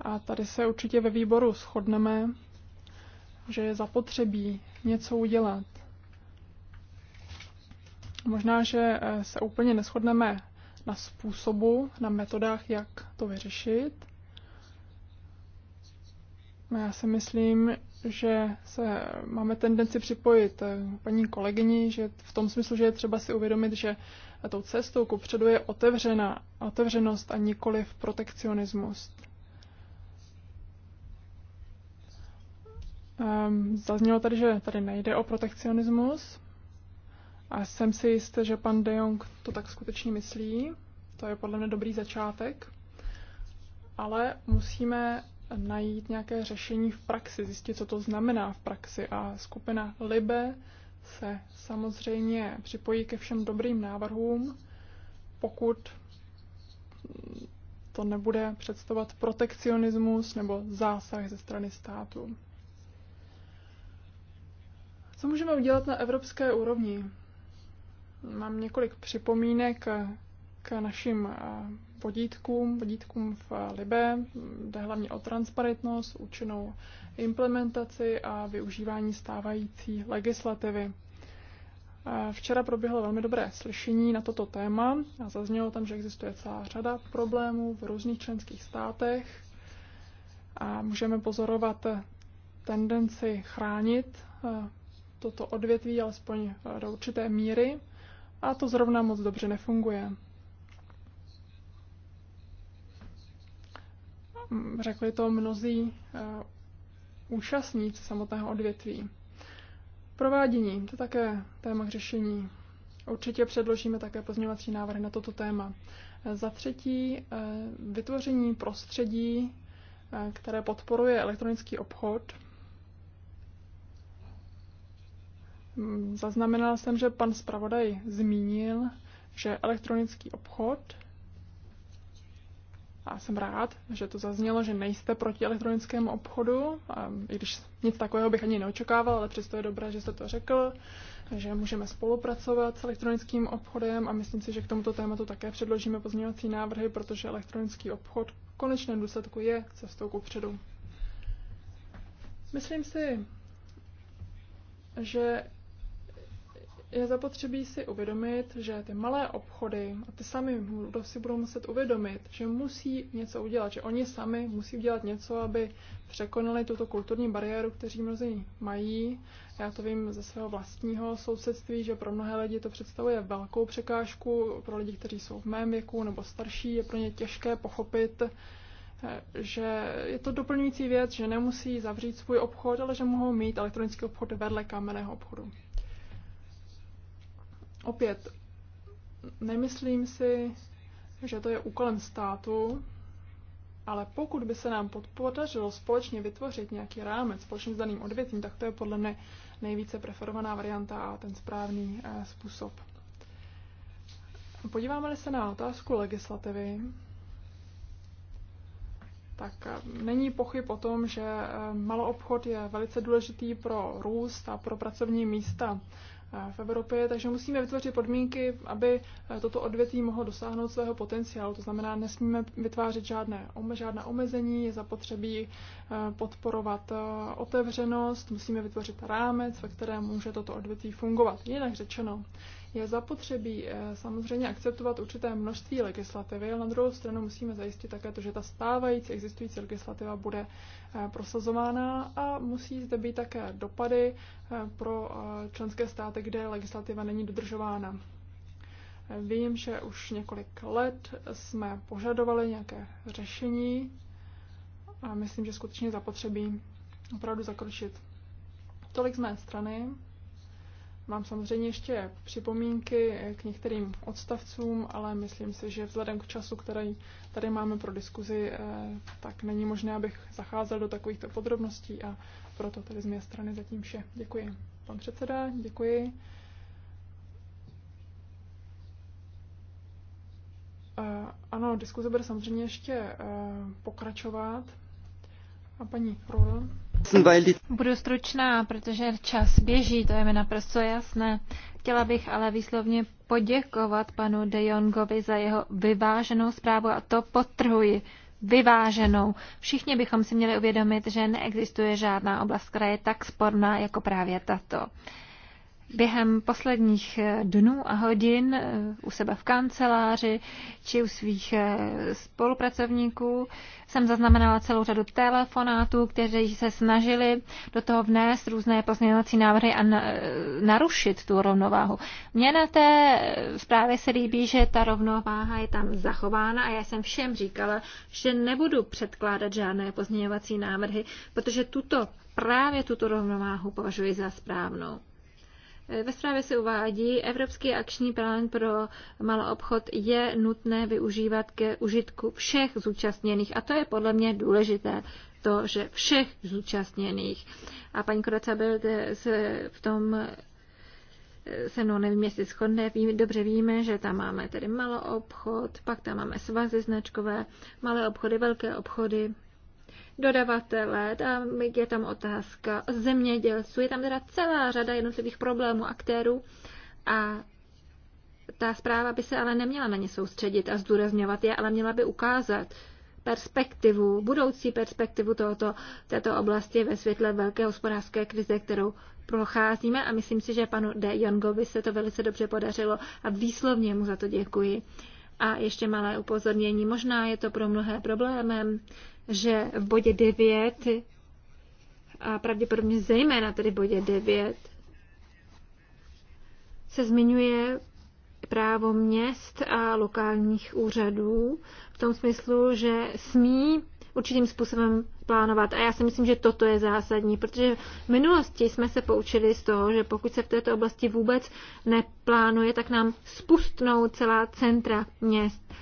A tady se určitě ve výboru shodneme, že je zapotřebí něco udělat. Možná, že eh, se úplně neschodneme na způsobu, na metodách, jak to vyřešit. Já si myslím, že se máme tendenci připojit eh, paní kolegyni, že v tom smyslu, že je třeba si uvědomit, že tou cestou kupředu je otevřena, otevřenost a nikoli v protekcionismus. Ehm, zaznělo tady, že tady nejde o protekcionismus a jsem si jistý, že pan De Jong to tak skutečně myslí. To je podle mě dobrý začátek. Ale musíme najít nějaké řešení v praxi, zjistit, co to znamená v praxi. A skupina Libe se samozřejmě připojí ke všem dobrým návrhům, pokud to nebude představovat protekcionismus nebo zásah ze strany státu. Co můžeme udělat na evropské úrovni? Mám několik připomínek k našim eh, vodítkům, vodítkům v eh, Libe. Jde hlavně o transparentnost, účinnou implementaci a využívání stávající legislativy. Eh, včera proběhlo velmi dobré slyšení na toto téma a zaznělo tam, že existuje celá řada problémů v různých členských státech a můžeme pozorovat tendenci chránit toto odvětví, alespoň do určité míry, a to zrovna moc dobře nefunguje. Řekli to mnozí eh, účastníci samotného odvětví. Provádění, to je také téma k řešení. Určitě předložíme také pozměňovací návrh na toto téma. Eh, za třetí, eh, vytvoření prostředí, které podporuje elektronický obchod, Zaznamenala jsem, že pan zpravodaj zmínil, že elektronický obchod, a jsem rád, že to zaznělo, že nejste proti elektronickému obchodu, ehm, i když nic takového bych ani neočekával, ale přesto je dobré, že jste to řekl, že můžeme spolupracovat s elektronickým obchodem a myslím si, že k tomuto tématu také předložíme pozměňovací návrhy, protože elektronický obchod v konečném důsledku je cestou kupředu. Myslím si, že je zapotřebí si uvědomit, že ty malé obchody a ty sami si budou muset uvědomit, že musí něco udělat, že oni sami musí udělat něco, aby překonali tuto kulturní bariéru, kteří mnozí mají. Já to vím ze svého vlastního sousedství, že pro mnohé lidi to představuje velkou překážku. Pro lidi, kteří jsou v mém věku nebo starší, je pro ně těžké pochopit, eh, že je to doplňující věc, že nemusí zavřít svůj obchod, ale že mohou mít elektronický obchod vedle kamenného obchodu. Opět, nemyslím si, že to je úkolem státu, ale pokud by se nám podařilo společně vytvořit nějaký rámec společně s daným odvětvím, tak to je podle mě nejvíce preferovaná varianta a ten správný eh, způsob. Podíváme-li se na otázku legislativy, tak eh, není pochyb o tom, že eh, maloobchod je velice důležitý pro růst a pro pracovní místa v Evropě, takže musíme vytvořit podmínky, aby e, toto odvětví mohlo dosáhnout svého potenciálu. To znamená, nesmíme vytvářet žádné, žádná omezení, je zapotřebí e, podporovat e, otevřenost, musíme vytvořit rámec, ve kterém může toto odvětví fungovat. Jinak řečeno, je zapotřebí eh, samozřejmě akceptovat určité množství legislativy, ale na druhou stranu musíme zajistit také to, že ta stávající existující legislativa bude eh, prosazována a musí zde být také dopady eh, pro členské státy, kde legislativa není dodržována. Vím, že už několik let jsme požadovali nějaké řešení a myslím, že skutečně zapotřebí opravdu zakročit. Tolik z mé strany. Mám samozřejmě ještě připomínky k některým odstavcům, ale myslím si, že vzhledem k času, který tady máme pro diskuzi, eh, tak není možné, abych zacházel do takovýchto podrobností a proto tedy z mé strany zatím vše. Děkuji. Pan předseda, děkuji. Eh, ano, diskuze bude samozřejmě ještě eh, pokračovat. A paní Prula? Budu stručná, protože čas běží, to je mi naprosto jasné. Chtěla bych ale výslovně poděkovat panu De Jongovi za jeho vyváženou zprávu a to potrhuji vyváženou. Všichni bychom si měli uvědomit, že neexistuje žádná oblast, která je tak sporná jako právě tato během posledních eh, dnů a hodin eh, u sebe v kanceláři či u svých eh, spolupracovníků jsem zaznamenala celou řadu telefonátů, kteří se snažili do toho vnést různé pozměňovací návrhy a na, narušit tu rovnováhu. Mně na té zprávě se líbí, že ta rovnováha je tam zachována a já jsem všem říkala, že nebudu předkládat žádné pozměňovací návrhy, protože tuto, právě tuto rovnováhu považuji za správnou. Ve zprávě se uvádí, Evropský akční plán pro maloobchod je nutné využívat ke užitku všech zúčastněných a to je podle mě důležité to, že všech zúčastněných. A paní byl se v tom se mnou nevím, jestli shodne, dobře víme, že tam máme tedy malou obchod, pak tam máme svazy značkové, malé obchody, velké obchody, dodavatele, tam je tam otázka zemědělců, je tam teda celá řada jednotlivých problémů aktérů a ta zpráva by se ale neměla na ně soustředit a zdůrazňovat je, ale měla by ukázat perspektivu, budoucí perspektivu tohoto, této oblasti ve světle velké hospodářské krize, kterou procházíme a myslím si, že panu De Jongovi se to velice dobře podařilo a výslovně mu za to děkuji. A ještě malé upozornění, možná je to pro mnohé problémem, že v bodě 9 a pravděpodobně zejména tedy v bodě 9 se zmiňuje právo měst a lokálních úřadů v tom smyslu, že smí určitým způsobem plánovat. A já si myslím, že toto je zásadní, protože v minulosti jsme se poučili z toho, že pokud se v této oblasti vůbec neplánuje, tak nám spustnou celá centra měst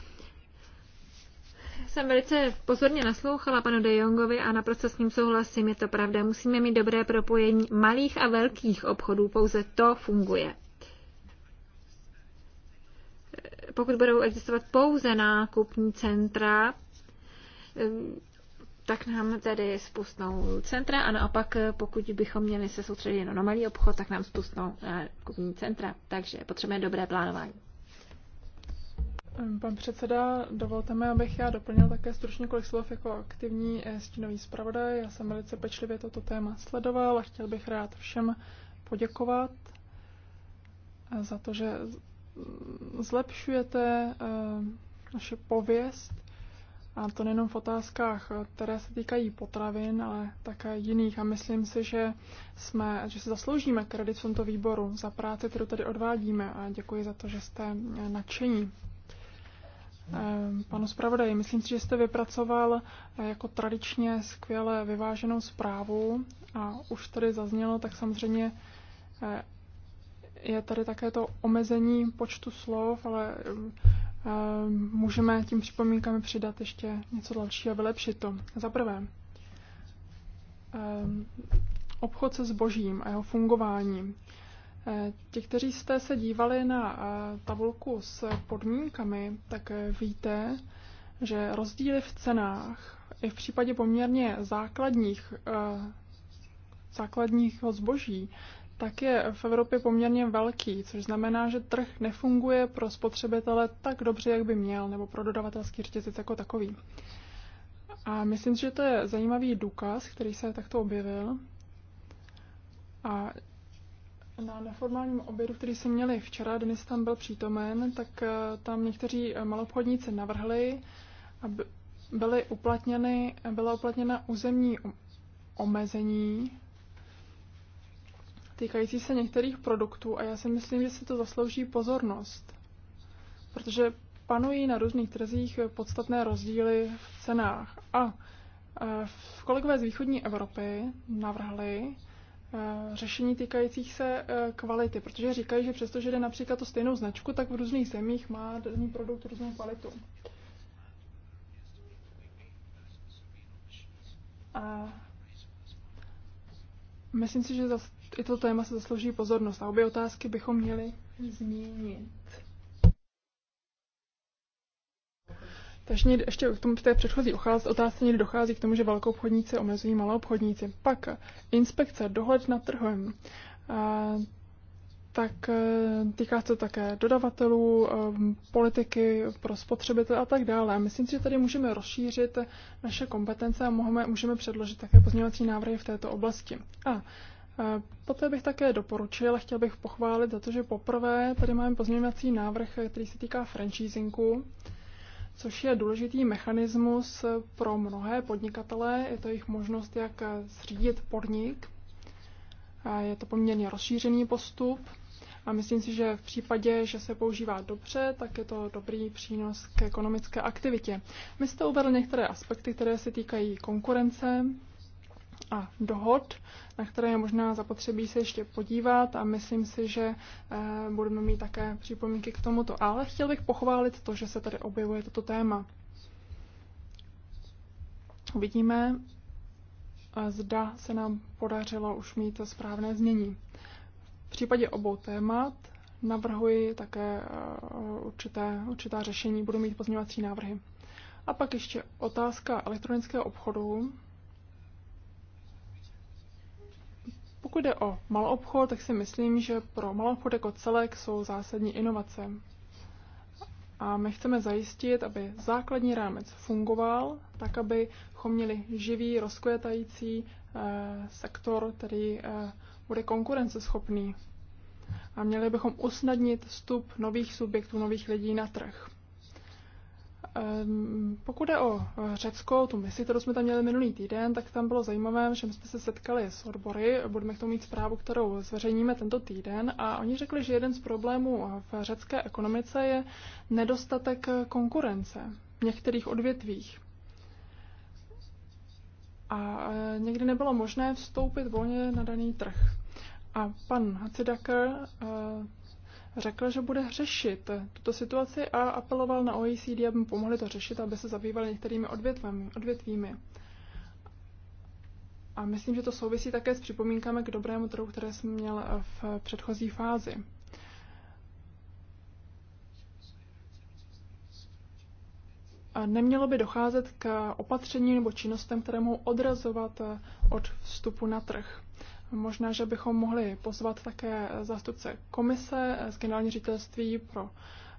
jsem velice pozorně naslouchala panu De Jongovi a naprosto s ním souhlasím, je to pravda. Musíme mít dobré propojení malých a velkých obchodů, pouze to funguje. Pokud budou existovat pouze nákupní centra, eh, tak nám tedy spustnou centra a naopak, eh, pokud bychom měli se soustředit jenom na malý obchod, tak nám spustnou eh, kupní centra. Takže potřebujeme dobré plánování. Ehm, pan předseda, dovolte mi, abych já doplnil také stručně kolik slov jako aktivní eh, stínový zpravodaj. Já jsem velice pečlivě toto téma sledoval a chtěl bych rád všem poděkovat eh, za to, že zlepšujete eh, naše pověst a to nejenom v otázkách, které se týkají potravin, ale také jiných. A myslím si, že, jsme, že se zasloužíme kredit v tomto výboru za práci, kterou tady odvádíme. A děkuji za to, že jste nadšení Ehm, panu zpravodaji, myslím si, že jste vypracoval eh, jako tradičně skvěle vyváženou zprávu a už tady zaznělo, tak samozřejmě eh, je tady také to omezení počtu slov, ale ehm, můžeme tím připomínkami přidat ještě něco dalšího a vylepšit to. Za prvé, ehm, obchod se zbožím a jeho fungování. Ti, kteří jste se dívali na eh, tabulku s podmínkami, tak eh, víte, že rozdíly v cenách i v případě poměrně základních, eh, základních zboží, tak je v Evropě poměrně velký, což znamená, že trh nefunguje pro spotřebitele tak dobře, jak by měl, nebo pro dodavatelský řetězec jako takový. A myslím že to je zajímavý důkaz, který se takto objevil. A na neformálním obědu, který jsme měli včera, Denis tam byl přítomen, tak eh, tam někteří eh, malobchodníci navrhli, aby byly uplatněny, byla uplatněna územní omezení týkající se některých produktů a já si myslím, že se to zaslouží pozornost, protože panují na různých trzích eh, podstatné rozdíly v cenách. A v kolegové z východní Evropy navrhli, Eh, řešení týkajících se eh, kvality, protože říkají, že přestože jde například o stejnou značku, tak v různých zemích má daný produkt různou kvalitu. A myslím si, že i to téma se zaslouží pozornost a obě otázky bychom měli zmínit. Takže ještě k tomu v té předchozí otázce někdy dochází k tomu, že velkou obchodníci omezují malou obchodníci. Pak eh, inspekce, dohled nad trhem, eh, tak eh, týká se to také dodavatelů, politiky pro spotřebitele a tak dále. Myslím si, že tady můžeme rozšířit naše kompetence a můžeme, můžeme předložit také pozměňovací návrhy v této oblasti. A Poté bych také doporučil, ale chtěl bych pochválit za to, že poprvé tady máme pozměňovací návrh, který se týká franchisingu což je důležitý mechanismus pro mnohé podnikatele. Je to jejich možnost, jak zřídit podnik. Je to poměrně rozšířený postup a myslím si, že v případě, že se používá dobře, tak je to dobrý přínos k ekonomické aktivitě. My jste uvedli některé aspekty, které se týkají konkurence, a dohod, na které je možná zapotřebí se ještě podívat a myslím si, že eh, budeme mít také připomínky k tomuto. Ale chtěl bych pochválit to, že se tady objevuje toto téma. Uvidíme, eh, zda se nám podařilo už mít správné změní. V případě obou témat navrhuji také eh, určité, určitá řešení, budu mít pozměňovací návrhy. A pak ještě otázka elektronického obchodu. Pokud jde o obchod, tak si myslím, že pro malobchod jako celek jsou zásadní inovace. A my chceme zajistit, aby základní rámec fungoval, tak abychom měli živý, rozkvětající eh, sektor, který eh, bude konkurenceschopný. A měli bychom usnadnit vstup nových subjektů, nových lidí na trh pokud je o eh, Řecko, tu misi, kterou jsme tam měli minulý týden, tak tam bylo zajímavé, že jsme se setkali s odbory, budeme k tomu mít zprávu, kterou zveřejníme tento týden a oni řekli, že jeden z problémů v řecké ekonomice je nedostatek eh, konkurence v některých odvětvích. A eh, někdy nebylo možné vstoupit volně na daný trh. A pan Hacidaker řekl, že bude řešit tuto situaci a apeloval na OECD, aby mu pomohli to řešit, aby se zabývali některými odvětvami, odvětvími. A myslím, že to souvisí také s připomínkami k dobrému trhu, které jsem měl v předchozí fázi. Nemělo by docházet k opatřením nebo činnostem, které mohou odrazovat od vstupu na trh. Možná, že bychom mohli pozvat také zástupce komise eh, z generální ředitelství pro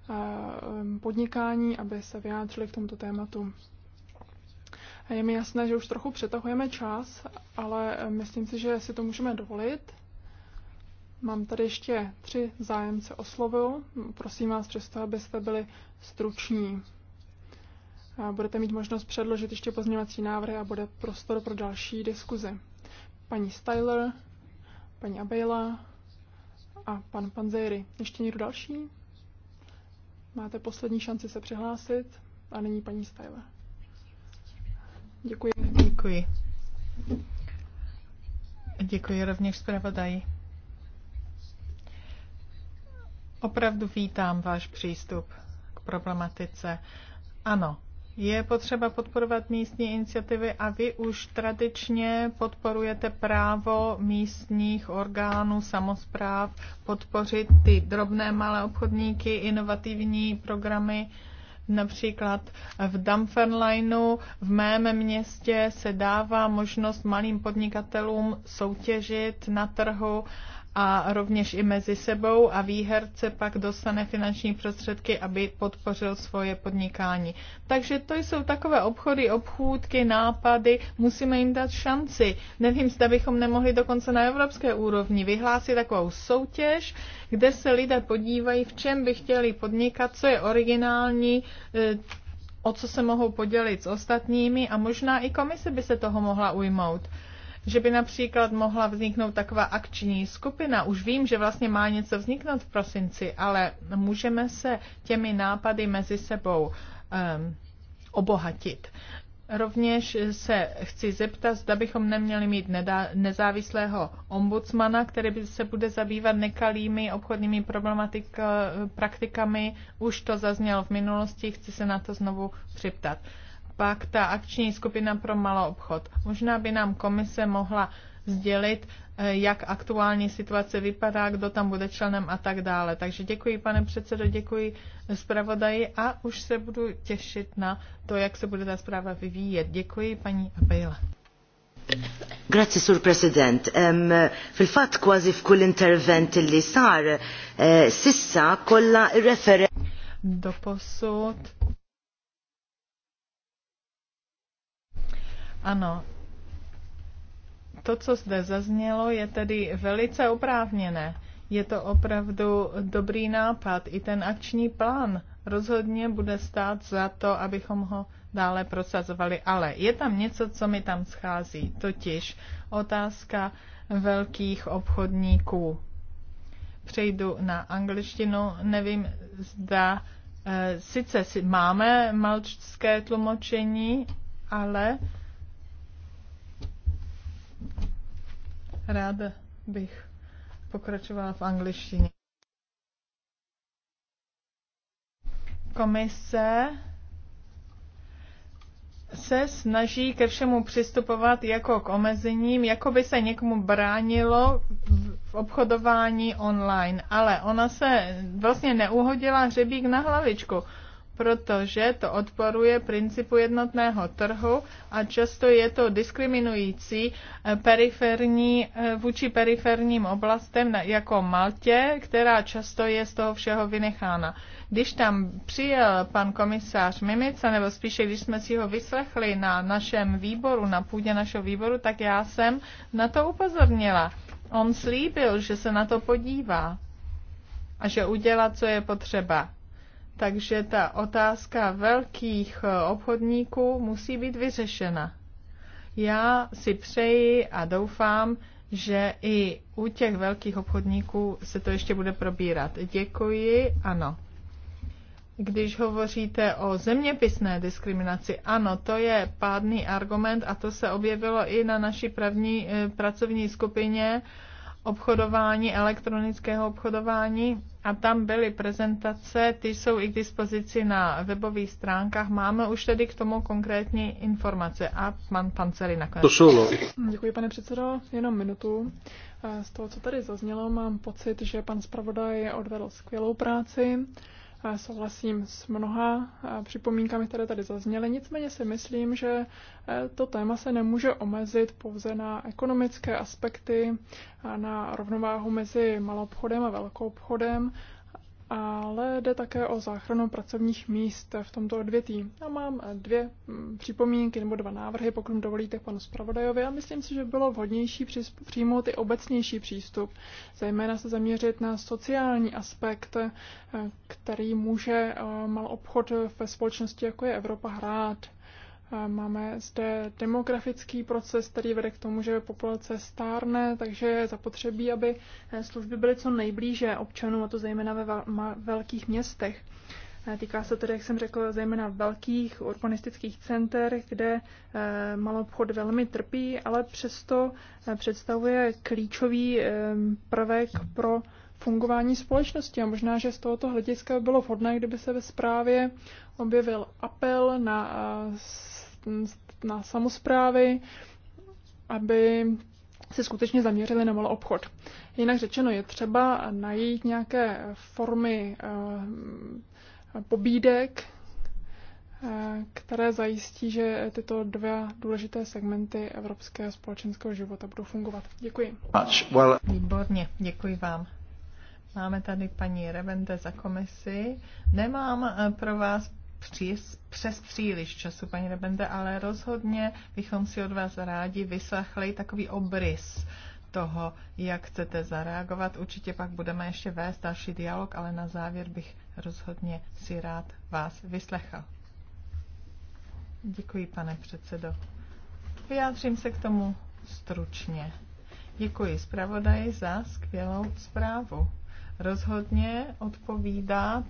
eh, podnikání, aby se vyjádřili k tomuto tématu. Je mi jasné, že už trochu přetahujeme čas, ale eh, myslím si, že si to můžeme dovolit. Mám tady ještě tři zájemce o slovo. Prosím vás přesto, abyste byli struční. Budete mít možnost předložit ještě pozměňovací návrhy a bude prostor pro další diskuzi paní Styler, paní Abela a pan Panzeri. Ještě někdo další? Máte poslední šanci se přihlásit a nyní paní Styler. Děkuji. Děkuji. Děkuji rovněž zpravodaji. Opravdu vítám váš přístup k problematice. Ano, je potřeba podporovat místní iniciativy a vy už tradičně podporujete právo místních orgánů samozpráv podpořit ty drobné malé obchodníky, inovativní programy. Například v Dumferlineu v mém městě se dává možnost malým podnikatelům soutěžit na trhu a rovněž i mezi sebou a výherce pak dostane finanční prostředky, aby podpořil svoje podnikání. Takže to jsou takové obchody, obchůdky, nápady, musíme jim dát šanci. Nevím, zda bychom nemohli dokonce na evropské úrovni vyhlásit takovou soutěž, kde se lidé podívají, v čem by chtěli podnikat, co je originální, e, o co se mohou podělit s ostatními a možná i komise by se toho mohla ujmout že by například mohla vzniknout taková akční skupina. Už vím, že vlastně má něco vzniknout v prosinci, ale můžeme se těmi nápady mezi sebou um, obohatit. Rovněž se chci zeptat, zda bychom neměli mít nezávislého ombudsmana, který by se bude zabývat nekalými obchodními eh, praktikami. Už to zaznělo v minulosti, chci se na to znovu připtat pak ta akční skupina pro malou obchod. Možná by nám komise mohla sdělit, eh, jak aktuální situace vypadá, kdo tam bude členem a tak dále. Takže děkuji, pane předsedo, děkuji zpravodaji a už se budu těšit na to, jak se bude ta zpráva vyvíjet. Děkuji, paní Abejla. Grazie, Sur President. Um, fil-fat kważi f'kull intervent li sar uh, sissa kolla referenza. Doposud Ano, to, co zde zaznělo, je tedy velice oprávněné. Je to opravdu dobrý nápad. I ten akční plán rozhodně bude stát za to, abychom ho dále prosazovali. Ale je tam něco, co mi tam schází, totiž otázka velkých obchodníků. Přejdu na angličtinu, nevím, zda. E, sice si máme malčské tlumočení, ale Ráda bych pokračovala v angličtině. Komise se snaží ke všemu přistupovat jako k omezením, jako by se někomu bránilo v obchodování online, ale ona se vlastně neuhodila hřebík na hlavičku protože to odporuje principu jednotného trhu a často je to diskriminující eh, periferní, eh, vůči periferním oblastem jako Maltě, která často je z toho všeho vynechána. Když tam přijel pan komisář Mimica, nebo spíše když jsme si ho vyslechli na našem výboru, na půdě našeho výboru, tak já jsem na to upozornila. On slíbil, že se na to podívá a že udělá, co je potřeba takže ta otázka velkých eh, obchodníků musí být vyřešena. Já si přeji a doufám, že i u těch velkých obchodníků se to ještě bude probírat. Děkuji, ano. Když hovoříte o zeměpisné diskriminaci, ano, to je pádný argument a to se objevilo i na naší pravní, eh, pracovní skupině obchodování, elektronického obchodování a tam byly prezentace, ty jsou i k dispozici na webových stránkách. Máme už tedy k tomu konkrétní informace a pan Panceli nakonec. To solo. No. Děkuji, pane předsedo, jenom minutu. Z toho, co tady zaznělo, mám pocit, že pan zpravodaj odvedl skvělou práci. Souhlasím s mnoha připomínkami, které tady zazněly, nicméně si myslím, že e, to téma se nemůže omezit pouze na ekonomické aspekty, na rovnováhu mezi malou obchodem a velkou obchodem ale jde také o záchranu pracovních míst v tomto odvětví. Já mám dvě mm, připomínky nebo dva návrhy, pokud dovolíte panu zpravodajovi a myslím si, že bylo vhodnější přijmout i obecnější přístup, zejména se zaměřit na sociální aspekt, eh, který může eh, mal obchod ve společnosti, jako je Evropa, hrát. Máme zde demografický proces, který vede k tomu, že populace stárne, takže je zapotřebí, aby eh, služby byly co nejblíže občanům, a to zejména ve velkých městech. Týká se tedy, jak jsem řekl, zejména velkých urbanistických center, kde eh, malobchod velmi trpí, ale přesto eh, představuje klíčový prvek pro fungování společnosti. A možná, že z tohoto hlediska by bylo vhodné, kdyby se ve zprávě objevil apel na na samozprávy, aby se skutečně zaměřili na malou obchod. Jinak řečeno, je třeba najít nějaké formy eh, pobídek, eh, které zajistí, že tyto dva důležité segmenty evropského společenského života budou fungovat. Děkuji. Výborně, děkuji vám. Máme tady paní Revente za komisi. Nemám eh, pro vás přes, přes příliš času, paní Rebende, ale rozhodně bychom si od vás rádi vyslechli takový obrys toho, jak chcete zareagovat. Určitě pak budeme ještě vést další dialog, ale na závěr bych rozhodně si rád vás vyslechal. Děkuji, pane předsedo. Vyjádřím se k tomu stručně. Děkuji zpravodaji za skvělou zprávu. Rozhodně odpovídá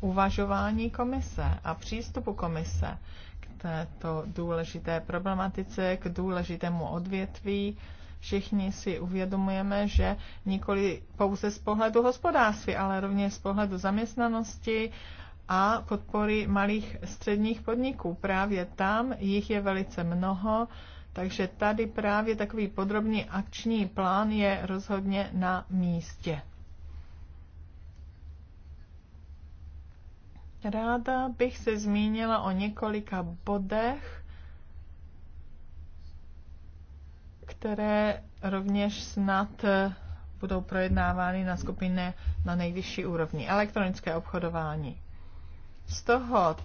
uvažování komise a přístupu komise k této důležité problematice, k důležitému odvětví. Všichni si uvědomujeme, že nikoli pouze z pohledu hospodářství, ale rovněž z pohledu zaměstnanosti a podpory malých středních podniků. Právě tam jich je velice mnoho, takže tady právě takový podrobný akční plán je rozhodně na místě. Ráda bych se zmínila o několika bodech, které rovněž snad eh, budou projednávány na skupině na nejvyšší úrovni. Elektronické obchodování. Z toho,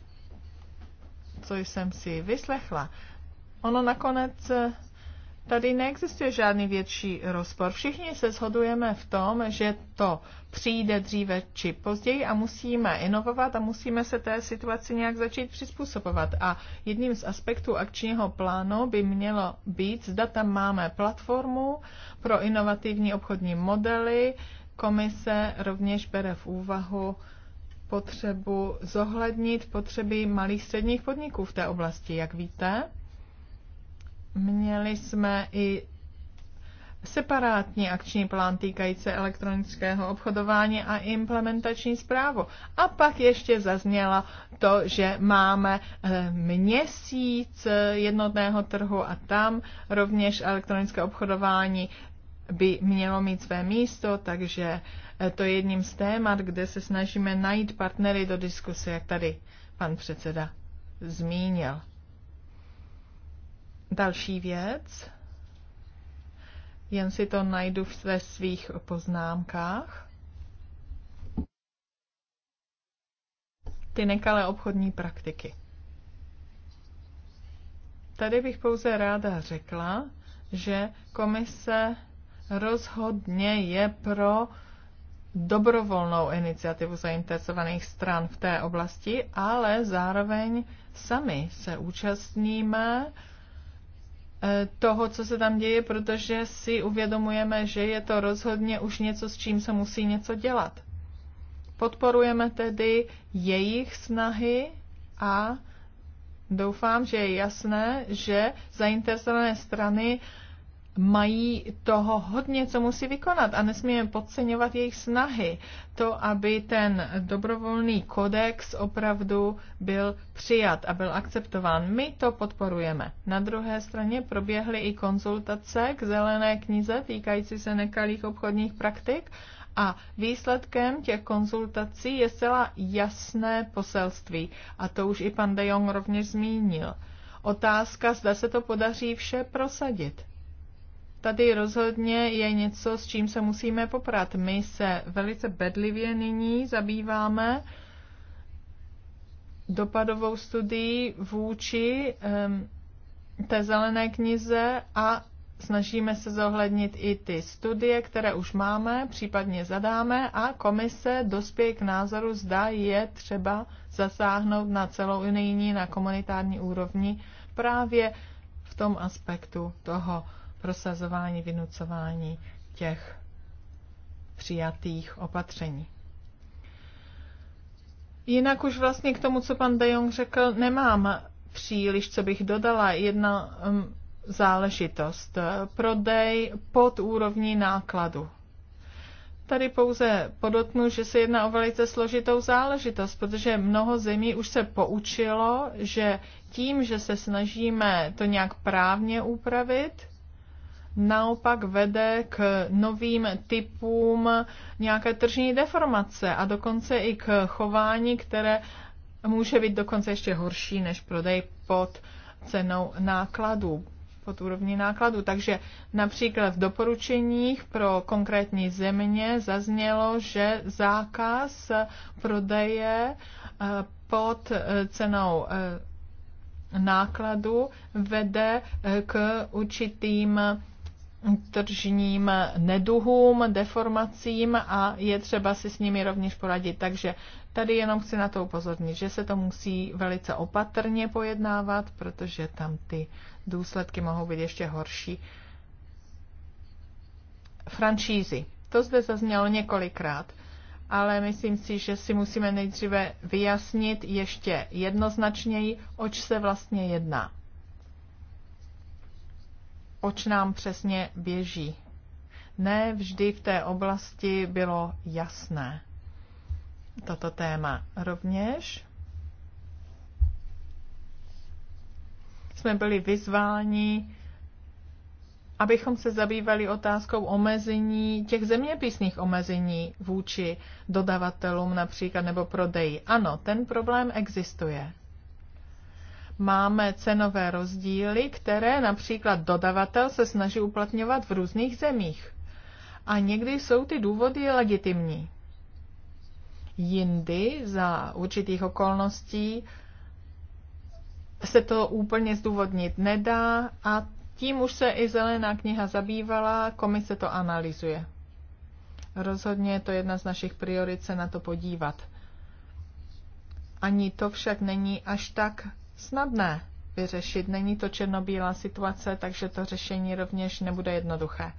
co jsem si vyslechla, ono nakonec eh, Tady neexistuje žádný větší rozpor. Všichni se shodujeme v tom, že to přijde dříve či později a musíme inovovat a musíme se té situaci nějak začít přizpůsobovat. A jedním z aspektů akčního plánu by mělo být, zda tam máme platformu pro inovativní obchodní modely. Komise rovněž bere v úvahu potřebu zohlednit potřeby malých středních podniků v té oblasti, jak víte Měli jsme i separátní akční plán týkající elektronického obchodování a implementační zprávu. A pak ještě zazněla to, že máme eh, měsíc eh, jednotného trhu a tam rovněž elektronické obchodování by mělo mít své místo, takže eh, to je jedním z témat, kde se snažíme najít partnery do diskuse, jak tady pan předseda zmínil. Další věc, jen si to najdu ve svých poznámkách. Ty nekalé obchodní praktiky. Tady bych pouze ráda řekla, že komise rozhodně je pro dobrovolnou iniciativu zainteresovaných stran v té oblasti, ale zároveň sami se účastníme Eh, toho, co se tam děje, protože si uvědomujeme, že je to rozhodně už něco, s čím se musí něco dělat. Podporujeme tedy jejich snahy a doufám, že je jasné, že zainteresované strany uh, mají toho hodně, co musí vykonat a nesmíme podceňovat jejich snahy. To, aby ten dobrovolný kodex opravdu byl přijat a byl akceptován. My to podporujeme. Na druhé straně proběhly i konzultace k zelené knize týkající se nekalých obchodních praktik a výsledkem těch konzultací je zcela jasné poselství. A to už i pan De Jong rovněž zmínil. Otázka, zda se to podaří vše prosadit tady rozhodně je něco, s čím se musíme poprat. My se velice bedlivě nyní zabýváme dopadovou studií vůči um, té zelené knize a snažíme se zohlednit i ty studie, které už máme, případně zadáme a komise dospěje k názoru, zda je třeba zasáhnout na celou unijní, na komunitární úrovni právě v tom aspektu toho prosazování, vynucování těch přijatých opatření. Jinak už vlastně k tomu, co pan De Jong řekl, nemám příliš, co bych dodala. Jedna um, záležitost. Prodej pod úrovní nákladu. Tady pouze podotnu, že se jedná o velice složitou záležitost, protože mnoho zemí už se poučilo, že tím, že se snažíme to nějak právně upravit, naopak vede k novým typům nějaké tržní deformace a dokonce i k chování, které může být dokonce ještě horší než prodej pod cenou nákladů pod úrovní nákladu. Takže například v doporučeních pro konkrétní země zaznělo, že zákaz prodeje eh, pod eh, cenou eh, nákladu vede k určitým tržním neduhům, deformacím a je třeba si s nimi rovněž poradit. Takže tady jenom chci na to upozornit, že se to musí velice opatrně pojednávat, protože tam ty důsledky mohou být ještě horší. Franšízy. To zde zaznělo několikrát, ale myslím si, že si musíme nejdříve vyjasnit ještě jednoznačněji, oč se vlastně jedná oč nám přesně běží. Ne vždy v té oblasti bylo jasné toto téma. Rovněž jsme byli vyzváni, abychom se zabývali otázkou omezení, těch zeměpisných omezení vůči dodavatelům například nebo prodeji. Ano, ten problém existuje máme cenové rozdíly, které například dodavatel se snaží uplatňovat v různých zemích. A někdy jsou ty důvody legitimní. Jindy za určitých okolností se to úplně zdůvodnit nedá a tím už se i zelená kniha zabývala, komise to analyzuje. Rozhodně je to jedna z našich priorit se na to podívat. Ani to však není až tak snadné vyřešit. Není to černobílá situace, takže to řešení rovněž nebude jednoduché.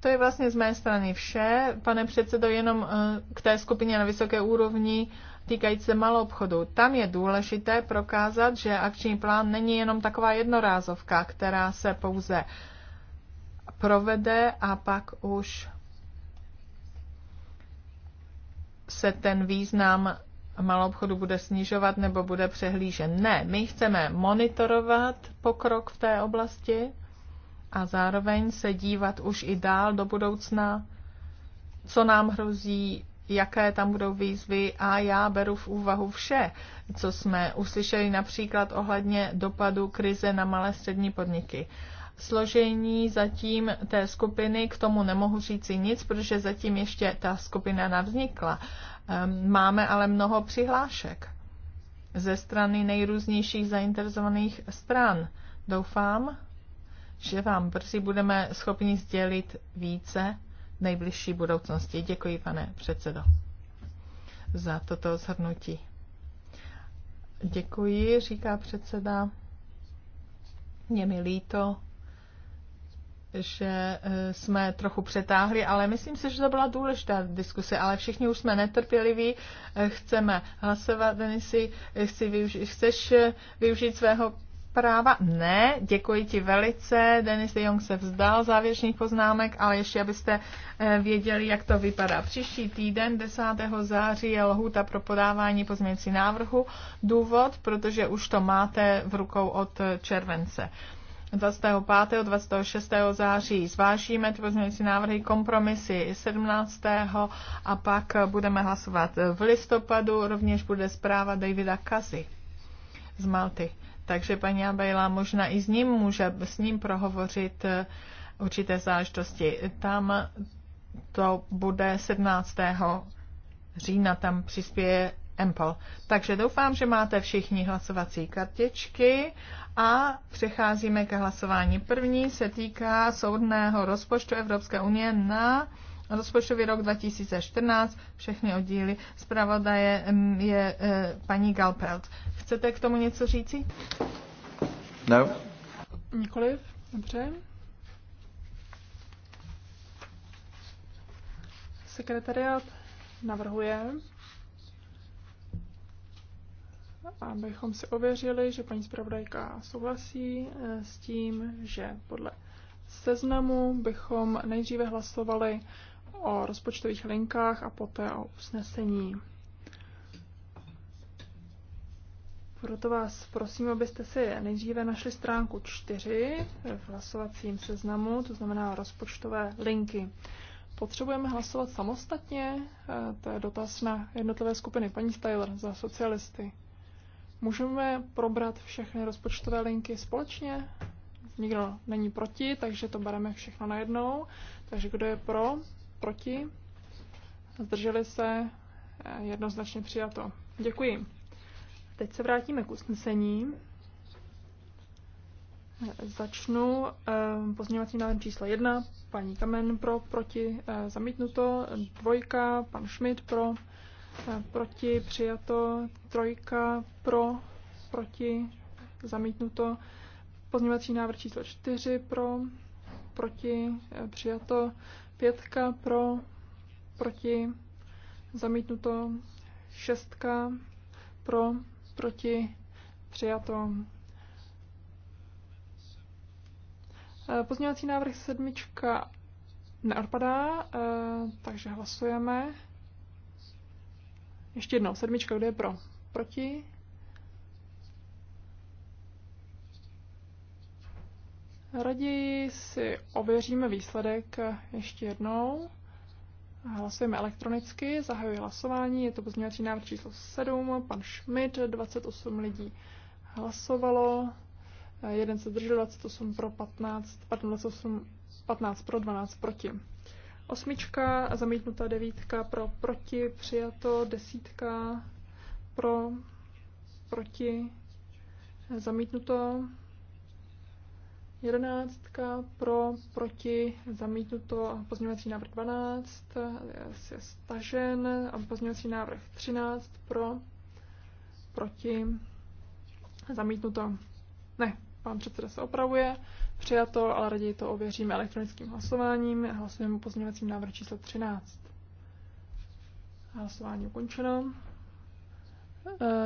To je vlastně z mé strany vše. Pane předsedo, jenom eh, k té skupině na vysoké úrovni týkající se malou obchodu. Tam je důležité prokázat, že akční plán není jenom taková jednorázovka, která se pouze provede a pak už se ten význam malou obchodu bude snižovat nebo bude přehlížen. Ne, my chceme monitorovat pokrok v té oblasti a zároveň se dívat už i dál do budoucna, co nám hrozí, jaké tam budou výzvy a já beru v úvahu vše, co jsme uslyšeli například ohledně dopadu krize na malé střední podniky. Složení zatím té skupiny, k tomu nemohu říci nic, protože zatím ještě ta skupina navznikla. Ehm, máme ale mnoho přihlášek ze strany nejrůznějších zainteresovaných stran. Doufám, že vám brzy budeme schopni sdělit více v nejbližší budoucnosti. Děkuji, pane předsedo, za toto zhrnutí. Děkuji, říká předseda. Mě mi líto, že eh, jsme trochu přetáhli, ale myslím si, že to byla důležitá diskuse, ale všichni už jsme netrpěliví, eh, chceme hlasovat, Denisi, eh, chci využi- chceš využít svého práva? Ne, děkuji ti velice, Denis de Jong se vzdal závěrečných poznámek, ale ještě abyste věděli, jak to vypadá. Příští týden 10. září je lhůta pro podávání pozměnci návrhu. Důvod, protože už to máte v rukou od července. 25. 26. září zvážíme ty pozměňující návrhy, kompromisy 17. a pak budeme hlasovat v listopadu. Rovněž bude zpráva Davida Kazy z Malty. Takže paní Abejla možná i s ním může s ním prohovořit eh, určité záležitosti. Tam to bude 17. října, tam přispěje Empol. Takže doufám, že máte všichni hlasovací kartičky a přecházíme k hlasování. První se týká soudného rozpočtu Evropské unie na rozpočtový rok 2014, všechny oddíly. Zpravodaje mm, je, e, paní Galpelt. Chcete k tomu něco říci? No. Nikoliv? Dobře. Sekretariát navrhuje abychom si ověřili, že paní zpravodajka souhlasí eh, s tím, že podle seznamu bychom nejdříve hlasovali o rozpočtových linkách a poté o usnesení. Proto vás prosím, abyste si nejdříve našli stránku 4 v hlasovacím seznamu, to znamená rozpočtové linky. Potřebujeme hlasovat samostatně? Eh, to je dotaz na jednotlivé skupiny. Paní Styler za socialisty. Můžeme probrat všechny rozpočtové linky společně? Nikdo není proti, takže to bereme všechno najednou. Takže kdo je pro, proti? Zdrželi se? Jednoznačně přijato. Děkuji. Teď se vrátíme k usnesení. Začnu eh, pozměňovací návrh číslo 1, paní Kamen pro, proti, eh, zamítnuto, dvojka, pan Schmidt pro, proti, přijato, trojka, pro, proti, zamítnuto, pozměňovací návrh číslo 4 pro, proti, eh, přijato, pětka pro, proti, zamítnuto, šestka pro, proti, přijato. Eh, pozměňovací návrh sedmička neodpadá, eh, takže hlasujeme. Ještě jednou, sedmička, kdo je pro? Proti? Raději si ověříme výsledek ještě jednou. Hlasujeme elektronicky, zahajuji hlasování, je to pozměňovací návrh číslo 7, pan Schmidt, 28 lidí hlasovalo, jeden se držel, 28 pro 15, pardon, 28, 15 pro, 12 proti. Osmička a zamítnutá devítka pro proti, přijato desítka pro proti, zamítnuto jedenáctka pro proti, zamítnuto a pozměňovací návrh dvanáct je stažen a pozměňovací návrh třináct pro proti, zamítnuto. Ne, Pan předseda se opravuje. Přijato, ale raději to ověříme elektronickým hlasováním. Hlasujeme o pozměňovacím návrh číslo 13. Hlasování ukončeno.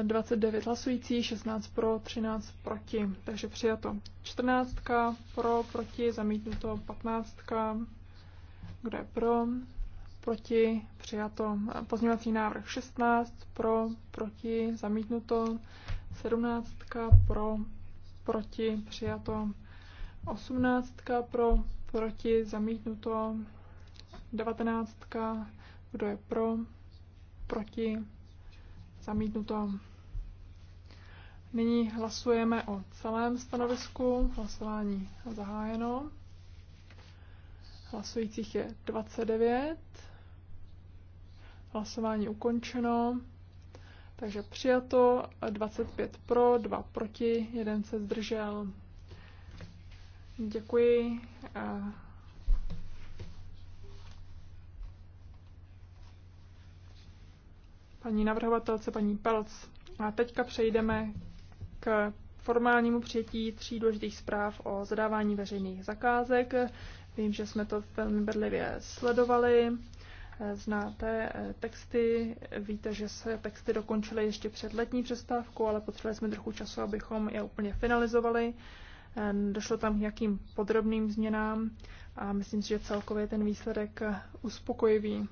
29 eh, hlasující, 16 pro, 13 proti. Takže přijato 14 pro, proti, zamítnuto 15. Kdo je pro? Proti, přijato. Pozměňovací návrh 16 pro, proti, zamítnuto 17 pro, proti, přijato. 18 pro, proti, zamítnuto. 19 kdo je pro, proti, zamítnuto. Nyní hlasujeme o celém stanovisku. Hlasování zahájeno. Hlasujících je 29. Hlasování ukončeno. Takže přijato 25 pro, 2 proti, jeden se zdržel. Děkuji. Paní navrhovatelce, paní Pelc. A teďka přejdeme k formálnímu přijetí tří důležitých zpráv o zadávání veřejných zakázek. Vím, že jsme to velmi bedlivě sledovali. Znáte eh, texty, víte, že se texty dokončily ještě před letní přestávkou, ale potřebovali jsme trochu času, abychom je úplně finalizovali. Eh, Došlo tam k nějakým podrobným změnám a myslím si, že celkově ten výsledek eh, uspokojivý.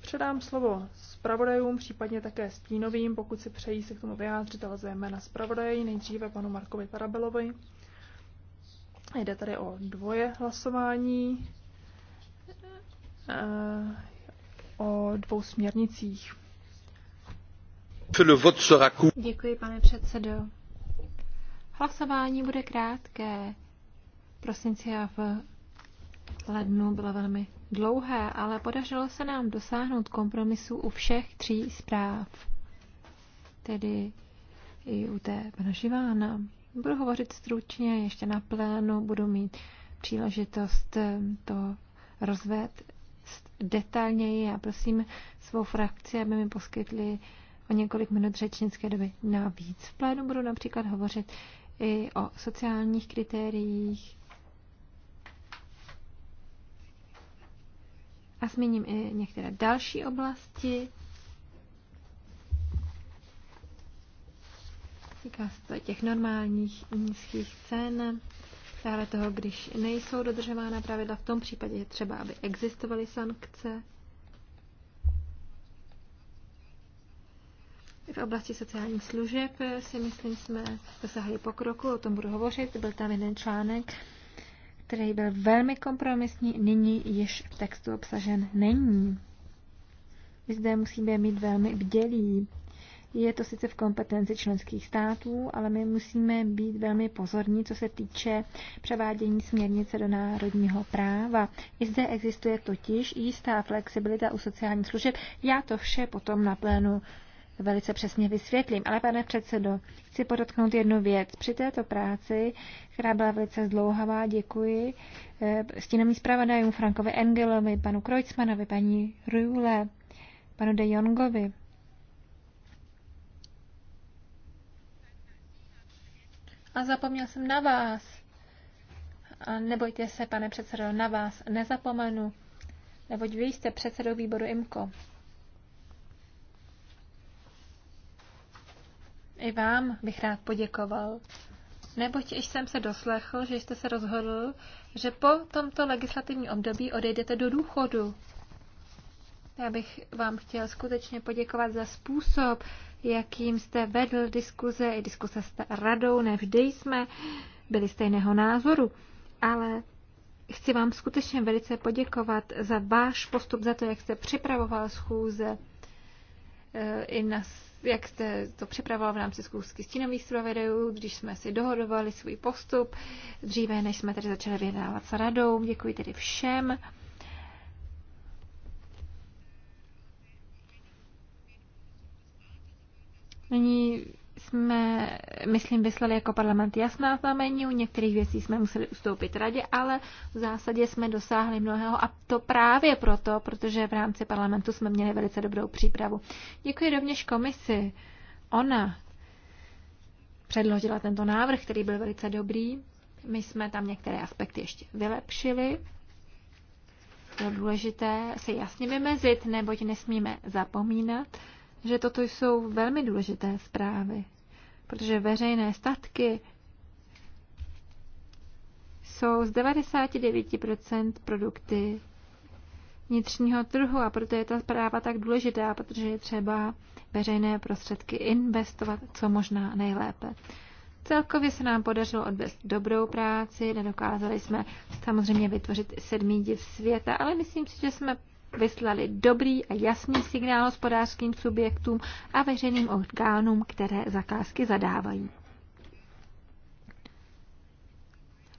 Předám slovo zpravodajům, případně také stínovým, pokud si přejí se k tomu vyjádřit, ale zejména zpravodaji, nejdříve panu Markovi Parabelovi. Jde tady o dvoje hlasování. Eh, o dvou směrnicích. Děkuji, pane předsedo. Hlasování bude krátké. Prosinci a v lednu bylo velmi dlouhé, ale podařilo se nám dosáhnout kompromisu u všech tří zpráv. Tedy i u té pana Živána. Budu hovořit stručně, ještě na plénu budu mít příležitost to rozvést detailněji a prosím svou frakci, aby mi poskytli o několik minut řečnické doby navíc. V plénu budu například hovořit i o sociálních kritériích a zmíním i některé další oblasti. Týká se to těch normálních nízkých cen dále toho, když nejsou dodržována pravidla, v tom případě je třeba, aby existovaly sankce. V oblasti sociálních služeb si myslím, jsme dosáhli pokroku, o tom budu hovořit. Byl tam jeden článek, který byl velmi kompromisní, nyní již v textu obsažen není. Zde musíme mít velmi bdělí. Je to sice v kompetenci členských států, ale my musíme být velmi pozorní, co se týče převádění směrnice do národního práva. I zde existuje totiž jistá flexibilita u sociálních služeb. Já to vše potom na plénu velice přesně vysvětlím. Ale pane předsedo, chci podotknout jednu věc. Při této práci, která byla velice zdlouhavá, děkuji eh, stínovým zpravodajům Frankovi Engelovi, panu Kreutzmanovi, paní Rühle, panu De Jongovi, a zapomněl jsem na vás. A nebojte se, pane předsedo, na vás nezapomenu, neboť vy jste předsedou výboru IMKO. I vám bych rád poděkoval, neboť jsem se doslechl, že jste se rozhodl, že po tomto legislativním období odejdete do důchodu. Já bych vám chtěl skutečně poděkovat za způsob, jakým jste vedl diskuze i diskuse s radou. Nevždy jsme byli stejného názoru, ale chci vám skutečně velice poděkovat za váš postup, za to, jak jste připravoval schůze, eh, i na, jak jste to připravoval v rámci schůzky stínových zpravodajů, když jsme si dohodovali svůj postup, dříve než jsme tedy začali vyjednávat s radou. Děkuji tedy všem. Nyní jsme, myslím, vyslali jako parlament jasná znamení, u některých věcí jsme museli ustoupit radě, ale v zásadě jsme dosáhli mnohého a to právě proto, protože v rámci parlamentu jsme měli velice dobrou přípravu. Děkuji rovněž komisi. Ona předložila tento návrh, který byl velice dobrý. My jsme tam některé aspekty ještě vylepšili. Bylo důležité se jasně vymezit, neboť nesmíme zapomínat, že toto jsou velmi důležité zprávy, protože veřejné statky jsou z 99% produkty vnitřního trhu a proto je ta zpráva tak důležitá, protože je třeba veřejné prostředky investovat co možná nejlépe. Celkově se nám podařilo odvést dobrou práci, nedokázali jsme samozřejmě vytvořit sedmý div světa, ale myslím si, že jsme vyslali dobrý a jasný signál hospodářským subjektům a veřejným orgánům, které zakázky zadávají.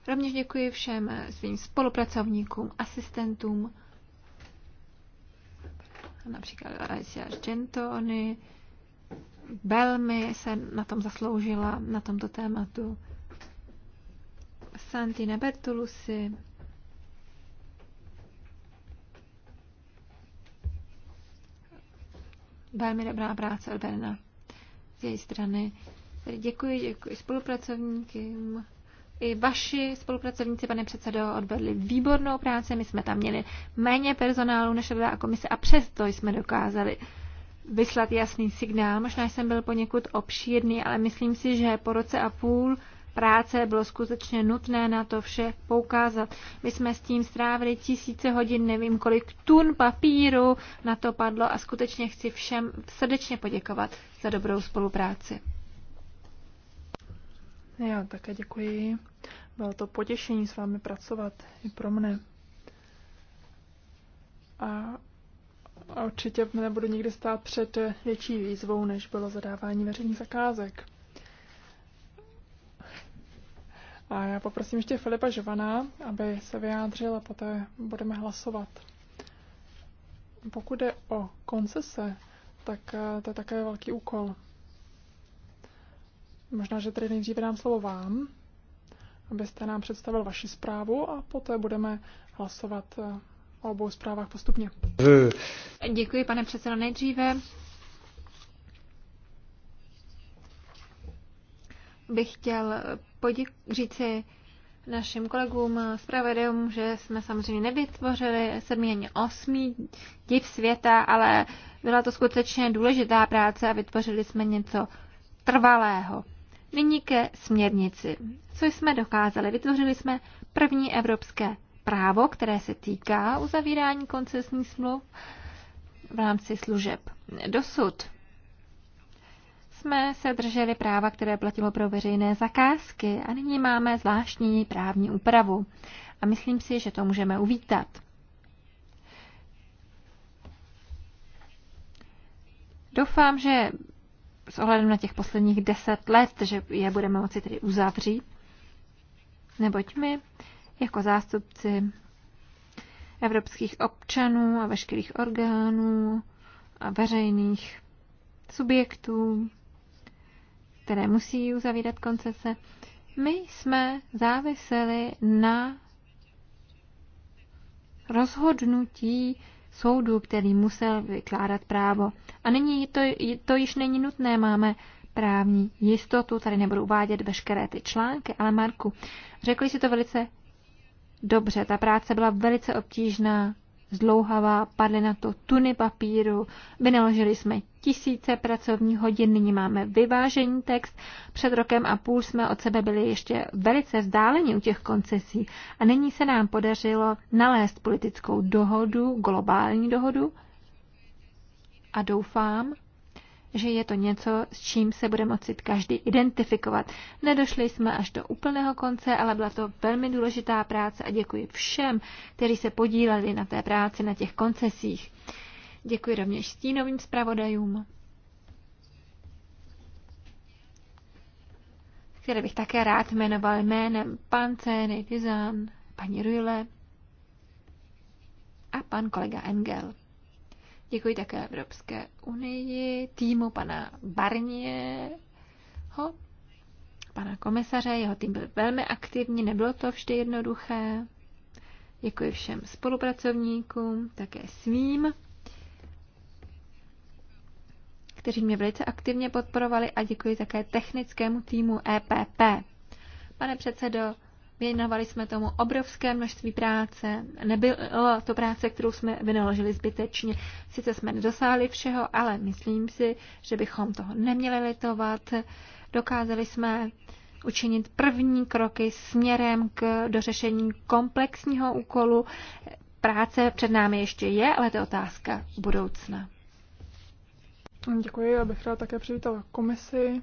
Rovněž děkuji všem svým spolupracovníkům, asistentům, například Alicia Gentoni, Belmi se na tom zasloužila, na tomto tématu, Santina Bertolusi, velmi dobrá práce Berna z její strany. Tady děkuji, děkuji spolupracovníkům. I vaši spolupracovníci, pane předsedo, odvedli výbornou práci. My jsme tam měli méně personálu než Evropská komise a přesto jsme dokázali vyslat jasný signál. Možná jsem byl poněkud obšírný, ale myslím si, že po roce a půl práce bylo skutečně nutné na to vše poukázat. My jsme s tím strávili tisíce hodin, nevím kolik tun papíru na to padlo a skutečně chci všem srdečně poděkovat za dobrou spolupráci. Já také děkuji. Bylo to potěšení s vámi pracovat i pro mne. A určitě nebudu nikdy stát před větší výzvou, než bylo zadávání veřejných zakázek. A já poprosím ještě Filipa Žovaná, aby se vyjádřil a poté budeme hlasovat. Pokud je o koncese, tak eh, to je také velký úkol. Možná, že tedy nejdříve dám slovo vám, abyste nám představil vaši zprávu a poté budeme hlasovat eh, o obou zprávách postupně. Děkuji, pane předsedo. Nejdříve bych chtěl říci našim kolegům zpravodajům, že jsme samozřejmě nevytvořili sedmý ani osmý div světa, ale byla to skutečně důležitá práce a vytvořili jsme něco trvalého. Nyní ke směrnici. Co jsme dokázali? Vytvořili jsme první evropské právo, které se týká uzavírání koncesních smluv v rámci služeb. Dosud jsme se drželi práva, které platilo pro veřejné zakázky a nyní máme zvláštní právní úpravu. A myslím si, že to můžeme uvítat. Doufám, že s ohledem na těch posledních deset let, že je budeme moci tedy uzavřít, neboť my jako zástupci evropských občanů a veškerých orgánů a veřejných subjektů které musí uzavírat koncese. My jsme záviseli na rozhodnutí soudu, který musel vykládat právo. A nyní to, to již není nutné, máme právní jistotu, tady nebudu uvádět veškeré ty články, ale Marku, řekli si to velice dobře, ta práce byla velice obtížná, zdlouhavá, padly na to tuny papíru, vynaložili jsme tisíce pracovních hodin, nyní máme vyvážený text, před rokem a půl jsme od sebe byli ještě velice vzdáleni u těch koncesí a nyní se nám podařilo nalézt politickou dohodu, globální dohodu a doufám, že je to něco, s čím se bude moci každý identifikovat. Nedošli jsme až do úplného konce, ale byla to velmi důležitá práce a děkuji všem, kteří se podíleli na té práci, na těch koncesích. Děkuji rovněž stínovým zpravodajům, které bych také rád jmenoval jménem pan Cény Dizan, paní Rüle a pan kolega Engel. Děkuji také Evropské unii, týmu pana Barnieho, pana komisaře. Jeho tým byl velmi aktivní, nebylo to vždy jednoduché. Děkuji všem spolupracovníkům, také svým, kteří mě velice aktivně podporovali a děkuji také technickému týmu EPP. Pane předsedo, Věnovali jsme tomu obrovské množství práce. Nebylo to práce, kterou jsme vynaložili zbytečně. Sice jsme nedosáhli všeho, ale myslím si, že bychom toho neměli litovat. Dokázali jsme učinit první kroky směrem k dořešení komplexního úkolu. Práce před námi ještě je, ale to je otázka budoucna. Děkuji, já bych rád také přivítala komisi.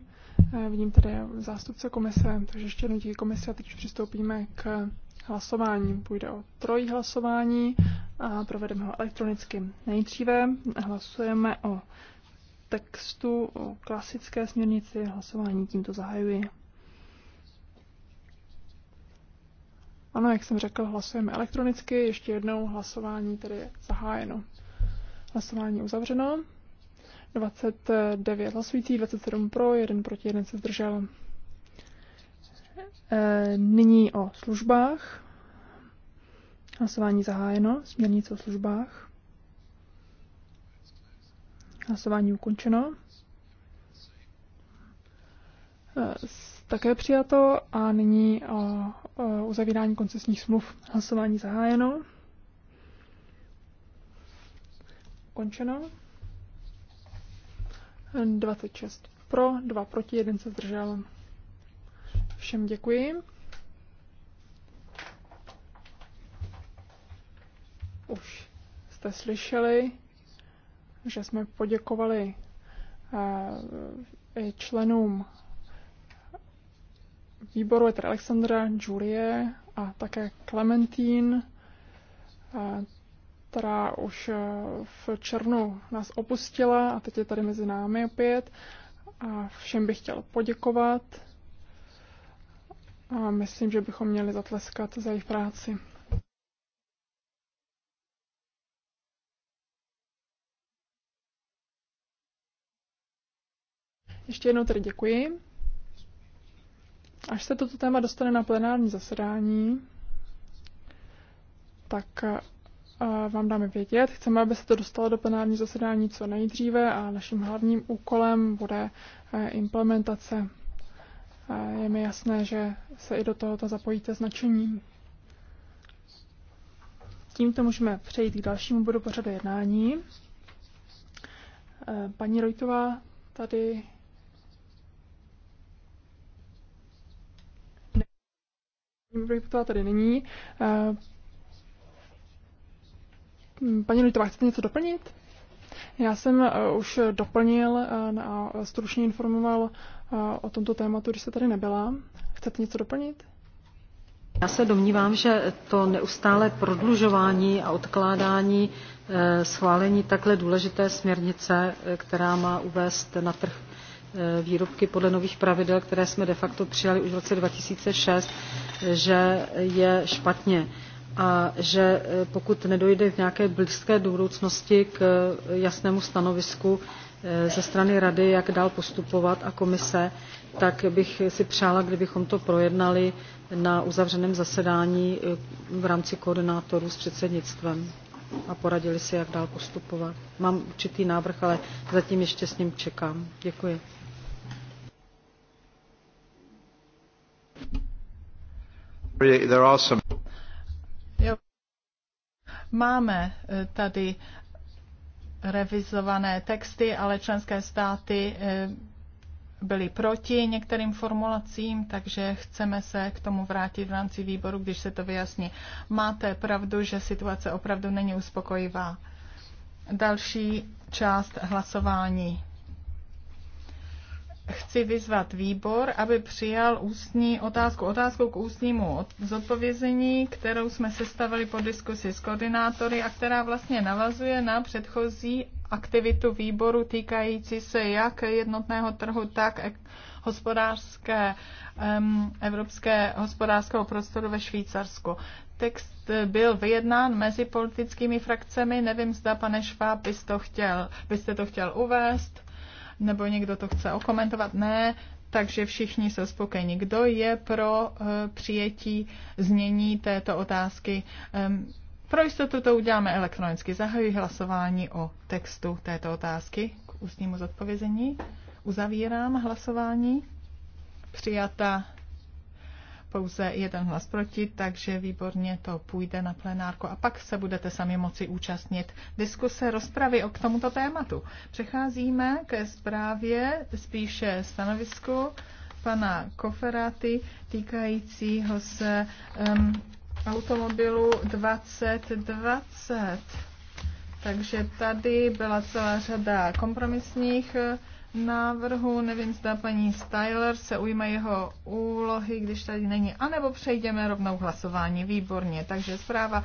Vidím tady zástupce komise, takže ještě jednou díky komise a teď už přistoupíme k hlasování. Půjde o trojí hlasování a provedeme ho elektronicky. Nejdříve hlasujeme o textu, o klasické směrnici. Hlasování tímto zahajuji. Ano, jak jsem řekl, hlasujeme elektronicky. Ještě jednou hlasování tedy je zahájeno. Hlasování uzavřeno. 29 hlasující, 27 pro, 1 proti, 1 se zdržel. E, nyní o službách. Hlasování zahájeno, směrnice o službách. Hlasování ukončeno. E, také přijato a nyní o, uzavírání koncesních smluv. Hlasování zahájeno. Končeno. 26 pro, 2 proti, 1 se zdržel. Všem děkuji. Už jste slyšeli, že jsme poděkovali eh, i členům výboru, je tedy Alexandra, Julie a také Clementine. Eh, která už eh, v červnu nás opustila a teď je tady mezi námi opět. A všem bych chtěl poděkovat a myslím, že bychom měli zatleskat za jejich práci. Ještě jednou tedy děkuji. Až se toto téma dostane na plenární zasedání, tak eh, vám dáme vědět. Chceme, aby se to dostalo do plenární zasedání co nejdříve a naším hlavním úkolem bude eh, implementace. Je mi jasné, že se i do tohoto zapojíte značením. Tímto můžeme přejít k dalšímu bodu pořadu jednání. Eh, paní Rojtová tady Rojtová tady není. Eh, Paní Lutová, chcete něco doplnit? Já jsem eh, už doplnil eh, a stručně informoval eh, o tomto tématu, když jste tady nebyla. Chcete něco doplnit? Já se domnívám, že to neustále prodlužování a odkládání schválení takhle důležité směrnice, která má uvést na trh výrobky podle nových pravidel, které jsme de facto přijali už v roce 2006, že je špatně a že e, pokud nedojde v nějaké blízké budoucnosti k e, jasnému stanovisku e, ze strany Rady, jak dál postupovat a komise, tak bych si přála, kdybychom to projednali na uzavřeném zasedání v rámci koordinátorů s předsednictvem a poradili si, jak dál postupovat. Mám určitý návrh, ale zatím ještě s ním čekám. Děkuji. There are some... Máme eh, tady eh, revizované texty, ale členské státy eh, byli proti některým formulacím, takže chceme se k tomu vrátit v rámci výboru, když se to vyjasní. Máte pravdu, že situace opravdu není uspokojivá. Další část hlasování chci vyzvat výbor, aby přijal ústní otázku, otázku k ústnímu zodpovězení, kterou jsme sestavili po diskusi s koordinátory a která vlastně navazuje na předchozí aktivitu výboru týkající se jak jednotného trhu, tak hospodářské, um, evropské hospodářského prostoru ve Švýcarsku. Text byl vyjednán mezi politickými frakcemi. Nevím, zda pane Šváb byste to chtěl, byste to uvést. Nebo někdo to chce okomentovat? Ne, takže všichni jsou spokojeni. Kdo je pro eh, přijetí znění této otázky? Ehm, pro jistotu to uděláme elektronicky. Zahajuji hlasování o textu této otázky k ústnímu zodpovězení. Uzavírám hlasování. Přijata pouze jeden hlas proti, takže výborně to půjde na plenárku a pak se budete sami moci účastnit diskuse rozpravy o k tomuto tématu. Přecházíme ke zprávě, spíše stanovisku pana Koferaty týkajícího se um, automobilu 2020. Takže tady byla celá řada kompromisních uh, návrhu. Nevím, zda paní Styler se ujme jeho úlohy, když tady není, anebo přejdeme rovnou k hlasování. Výborně. Takže zpráva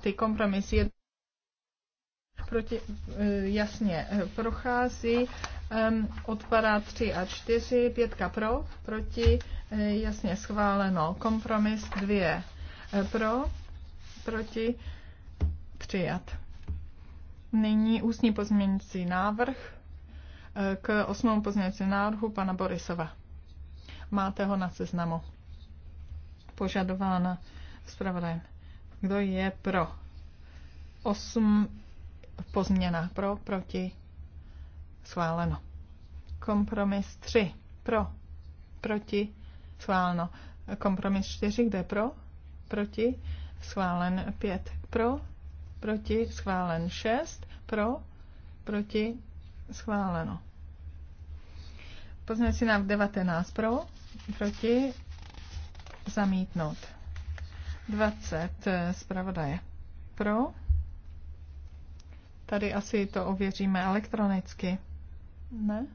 ty kompromis je proti, eh, jasně eh, prochází. Odpadá 3 a 4, pětka pro, proti, eh, jasně schváleno. Kompromis 2 pro, proti, přijat. Nyní ústní pozměňující návrh k osmému pozměňovacímu návrhu pana Borisova. Máte ho na seznamu. Požadována zpravodajem. Kdo je pro? Osm pozměna. pro, proti, schváleno. Kompromis 3 pro, proti, schváleno. Kompromis 4, kde je pro, proti, schválen 5 pro, proti, schválen 6 pro, proti, Schváleno. si návrh 19 pro, proti, zamítnout. 20 eh, zpravodaje pro. Tady asi to ověříme elektronicky. Ne?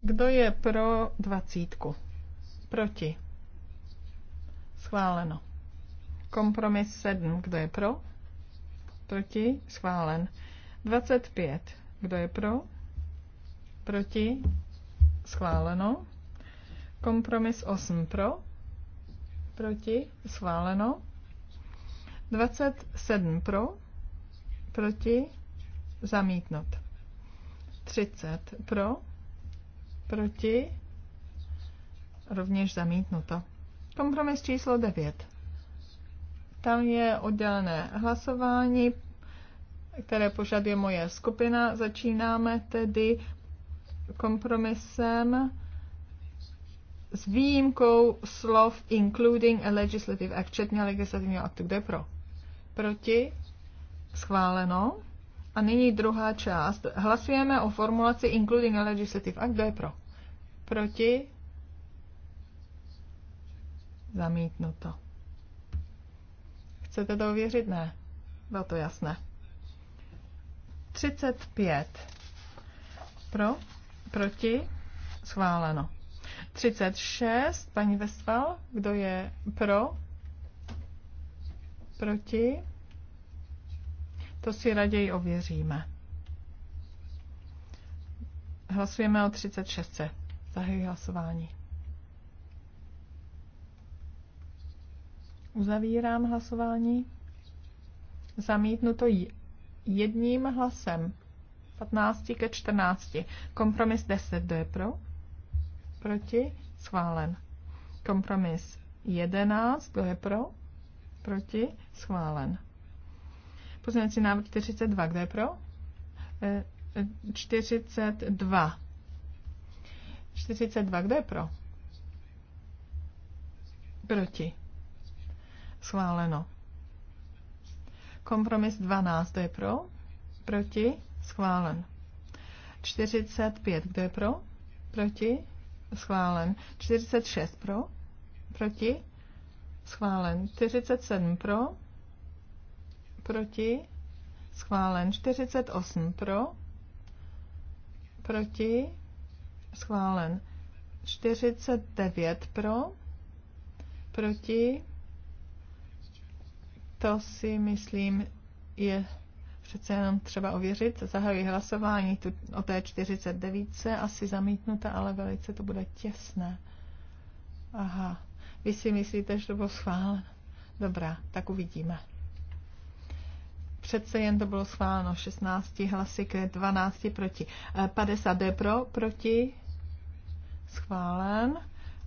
Kdo je pro dvacítku? Proti? Schváleno. Kompromis 7. Kdo je pro? Proti? Schválen. 25. Kdo je pro? Proti? Schváleno. Kompromis 8 pro? Proti? Schváleno. 27 pro? Proti? Zamítnut. 30 pro? Proti? Rovněž zamítnuto. Kompromis číslo 9 tam je oddělené hlasování, které požaduje moje skupina. Začínáme tedy kompromisem s výjimkou slov including a legislative act, včetně legislativního aktu. Kde pro? Proti? Schváleno. A nyní druhá část. Hlasujeme o formulaci including a legislative act. Kdo je pro? Proti? Zamítnuto. Chcete to uvěřit? Ne. Bylo to jasné. 35. Pro, proti, schváleno. 36, paní Vestval, kdo je pro, proti, to si raději ověříme. Hlasujeme o 36. Zahajuji hlasování. Uzavírám hlasování. Zamítnuto jedním hlasem. 15 ke 14. Kompromis 10. Kdo je pro? Proti? Schválen. Kompromis 11. Kdo je pro? Proti? Schválen. Pozměňovací návrh 42. Kdo je pro? 42. Eh, 42. Eh, Kdo je pro? Proti. Schváleno. Kompromis 12. Kdo je pro? Proti? Schválen. 45. Kdo je pro? Proti? Schválen. 46. Pro? Proti? Schválen. 47. Pro? Proti? Schválen. 48. Pro? Proti? Schválen. 49 pro, proti, to si myslím je přece jenom třeba ověřit. Zahajuji hlasování tu, o té 49. Asi zamítnuta, ale velice to bude těsné. Aha. Vy si myslíte, že to bylo schváleno? Dobrá, tak uvidíme. Přece jen to bylo schváleno 16 hlasy k 12 proti. 50 eh, pro, proti, schválen.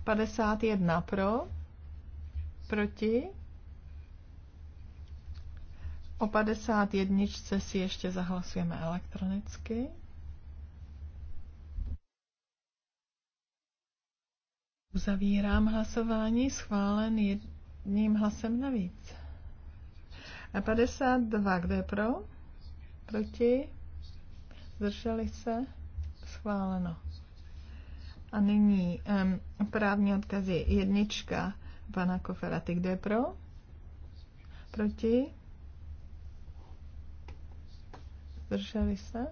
51 pro, proti, O 51 si ještě zahlasujeme elektronicky. Uzavírám hlasování schválen jedním hlasem navíc. A 52, kdo je pro? Proti? Zdrželi se? Schváleno. A nyní um, právní je jednička pana Koferaty, kdo je pro? Proti? Zdrželi se?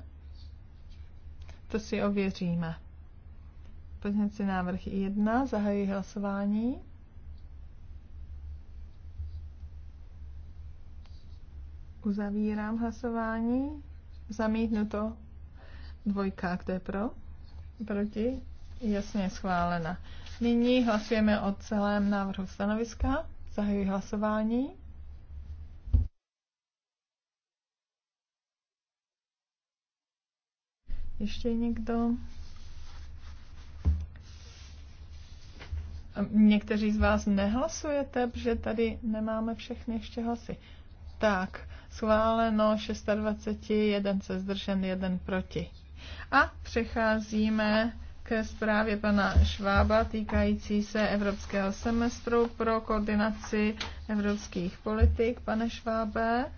To si ověříme. Pozměňovací návrh 1. Zahajuji hlasování. Uzavírám hlasování. Zamítnuto. Dvojka, kdo je pro? Proti? Jasně, schválena. Nyní hlasujeme o celém návrhu stanoviska. Zahajuji hlasování. Ještě někdo? Někteří z vás nehlasujete, protože tady nemáme všechny ještě hlasy. Tak, schváleno 26, jeden se zdržen, jeden proti. A přecházíme ke zprávě pana Švába týkající se evropského semestru pro koordinaci evropských politik. Pane Švábe,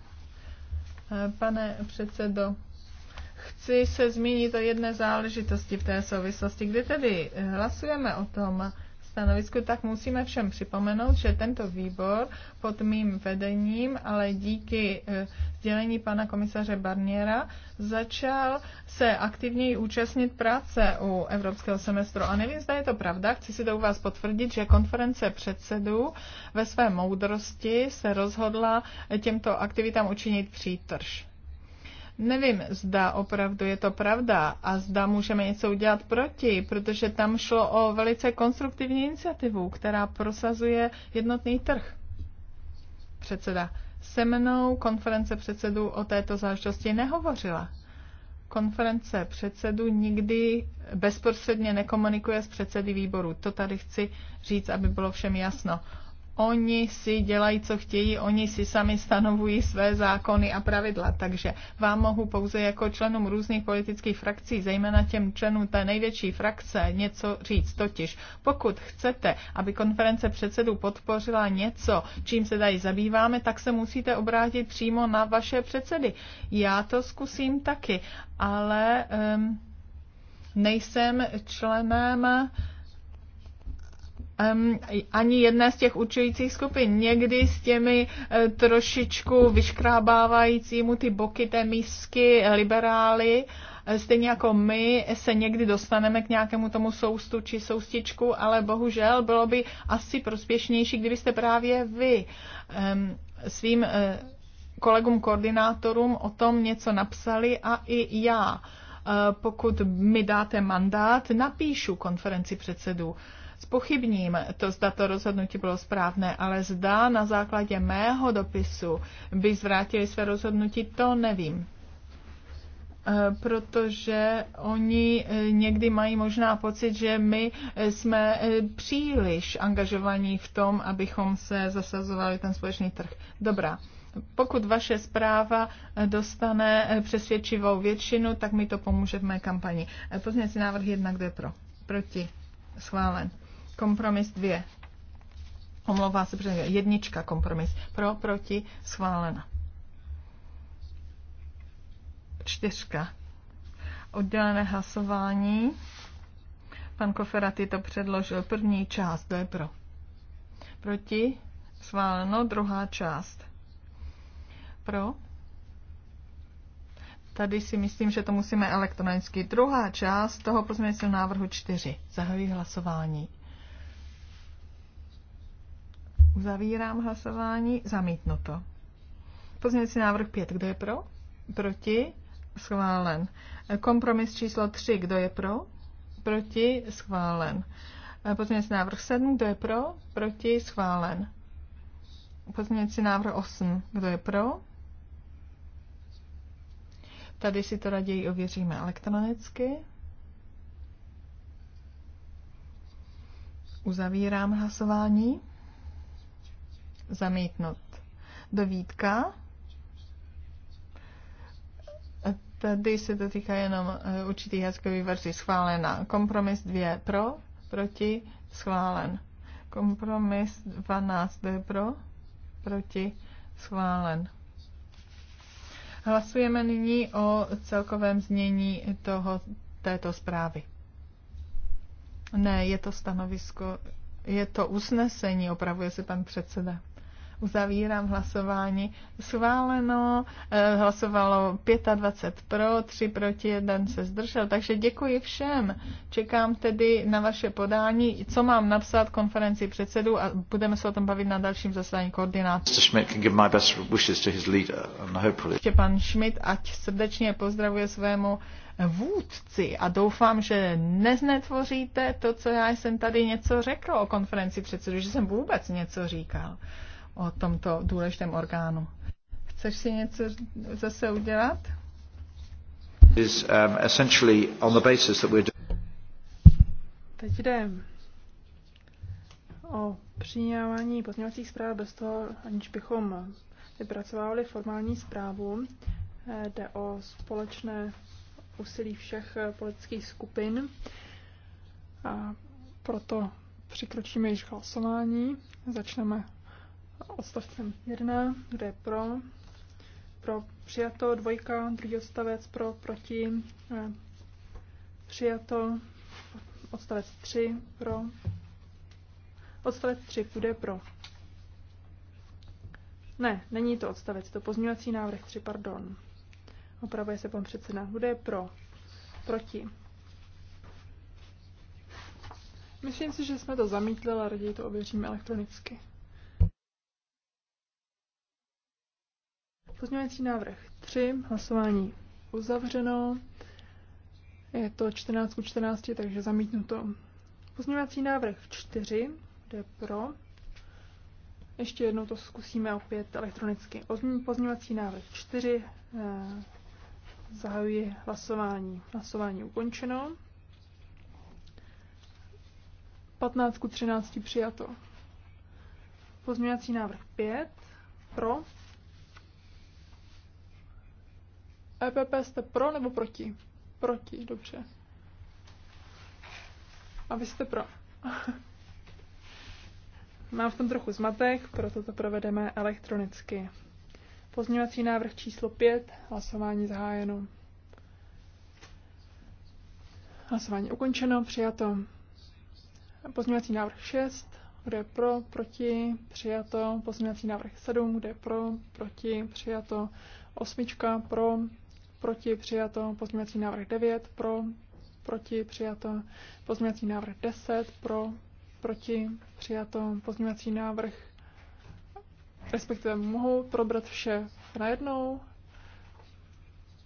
pane předsedo, chci se zmínit o jedné záležitosti v té souvislosti. Kdy tedy hlasujeme o tom stanovisku, tak musíme všem připomenout, že tento výbor pod mým vedením, ale díky eh, sdělení pana komisaře Barniera, začal se aktivněji účastnit práce u evropského semestru. A nevím, zda je to pravda, chci si to u vás potvrdit, že konference předsedů ve své moudrosti se rozhodla těmto aktivitám učinit přítrž Nevím, zda opravdu je to pravda a zda můžeme něco udělat proti, protože tam šlo o velice konstruktivní iniciativu, která prosazuje jednotný trh. Předseda, se mnou konference předsedů o této záležitosti nehovořila. Konference předsedů nikdy bezprostředně nekomunikuje s předsedy výboru. To tady chci říct, aby bylo všem jasno. Oni si dělají, co chtějí, oni si sami stanovují své zákony a pravidla. Takže vám mohu pouze jako členům různých politických frakcí, zejména těm členům té největší frakce, něco říct. Totiž, pokud chcete, aby konference předsedů podpořila něco, čím se tady zabýváme, tak se musíte obrátit přímo na vaše předsedy. Já to zkusím taky, ale um, nejsem členem uh, um, ani jedné z těch učujících skupin. Někdy s těmi uh, trošičku vyškrábávajícímu ty boky té misky eh, liberály, eh, stejně jako my se někdy dostaneme k nějakému tomu soustu či soustičku, ale bohužel bylo by asi prospěšnější, kdybyste právě vy um, svým uh, kolegům koordinátorům o tom něco napsali a i já. Uh, pokud mi dáte mandát, napíšu konferenci předsedů. Uh, spochybním to, zda to rozhodnutí bylo správné, ale zda na základě mého dopisu by zvrátili své rozhodnutí, to nevím. Eh, protože oni eh, někdy mají možná pocit, že my eh, jsme příliš angažovaní v tom, abychom se zasazovali ten společný trh. Dobrá. Pokud vaše zpráva dostane přesvědčivou většinu, tak mi to pomůže v mé kampani. Pozměňující návrh jednak kde pro. Proti. Schválen. Kompromis dvě. Omlouvá se, protože jednička kompromis. Pro, proti, schválena. Čtyřka. Oddělené hlasování. Pan Koferaty to předložil. První část, to je pro. Proti, schváleno. Druhá část. Pro. Tady si myslím, že to musíme elektronicky. Druhá část toho pozměňovacího návrhu 4. Zahajuji hlasování. Uzavírám hlasování. Zamítnuto. Pozměňující návrh 5. Kdo je pro? Proti? Schválen. Kompromis číslo 3. Kdo je pro? Proti? Schválen. Pozměňující návrh 7. Kdo je pro? Proti? Schválen. Pozměňující návrh 8. Kdo je pro? Tady si to raději ověříme elektronicky. Uzavírám hlasování do Devítka. Tady se to týká jenom eh, určitých jazykových verzí. Schválena. Kompromis 2 pro, proti, schválen. Kompromis 12 D pro, proti, schválen. Hlasujeme nyní o celkovém znění toho, této zprávy. Ne, je to stanovisko, je to usnesení, opravuje se pan předseda. Uzavírám hlasování. Schváleno, eh, hlasovalo 25 pro, 3 proti, 1 se zdržel. Takže děkuji všem. Čekám tedy na vaše podání, co mám napsat konferenci předsedů a budeme se o tom bavit na dalším zasedání koordinátorů. Ještě pan Schmidt, ať srdečně pozdravuje svému vůdci a doufám, že neznetvoříte to, co já jsem tady něco řekl o konferenci předsedu, že jsem vůbec něco říkal o tomto důležitém orgánu. Chceš si něco zase udělat? Um, Teď jde o přijímání pozměňovacích zpráv bez toho, aniž bychom vypracovali formální zprávu. Jde o společné úsilí všech politických skupin. A proto přikročíme již k hlasování. Začneme odstavcem 1, kde je pro, pro přijato, dvojka, druhý odstavec pro, proti, eh, přijato, odstavec 3 pro, odstavec 3 bude pro. Ne, není to odstavec, to pozměňovací návrh 3, pardon. Opravuje se pan předseda. Bude pro, proti. Myslím si, že jsme to zamítli, ale raději to ověříme elektronicky. Pozměňovací návrh 3, hlasování uzavřeno. Je to 14 k 14, takže zamítnuto. Pozměňovací návrh 4, jde pro. Ještě jednou to zkusíme opět elektronicky. Pozměňovací návrh 4, eh, zahajuji hlasování. Hlasování ukončeno. 15 k 13 přijato. Pozměňovací návrh 5, pro. EPP jste pro nebo proti? Proti, dobře. A vy jste pro. Mám v tom trochu zmatek, proto to provedeme elektronicky. Pozměňovací návrh číslo 5, hlasování zahájeno. Hlasování ukončeno, přijato. Pozměňovací návrh 6, kde je pro, proti, přijato. Pozměňovací návrh 7, kde je pro, proti, přijato. Osmička pro, proti přijato, pozměňovací návrh 9 pro, proti přijato, pozměňovací návrh 10 pro, proti přijato, pozměňovací návrh, respektive mohu probrat vše najednou,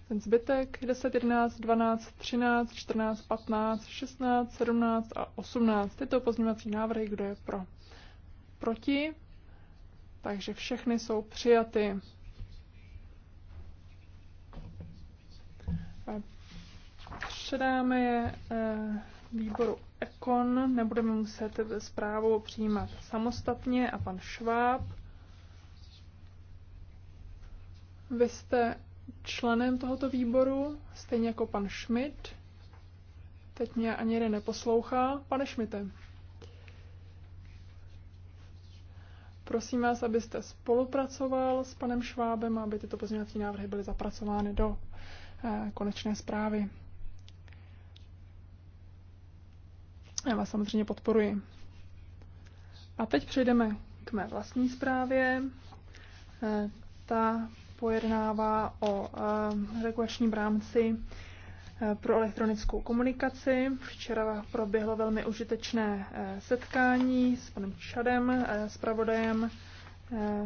ten zbytek 10, 11, 12, 13, 14, 15, 16, 17 a 18. Tyto pozměňovací návrhy, kdo je pro? Proti? Takže všechny jsou přijaty. Předáme je eh, výboru Ekon, nebudeme muset zprávu přijímat samostatně a pan Šváb. Vy jste členem tohoto výboru, stejně jako pan Schmidt. Teď mě ani jeden neposlouchá. Pane Šmite, prosím vás, abyste spolupracoval s panem Švábem, aby tyto pozměňovací návrhy byly zapracovány do eh, konečné zprávy. Já vás samozřejmě podporuji. A teď přejdeme k mé vlastní zprávě. Eh, ta pojednává o eh, regulačním rámci eh, pro elektronickou komunikaci. Včera proběhlo velmi užitečné setkání s panem Čadem, zpravodajem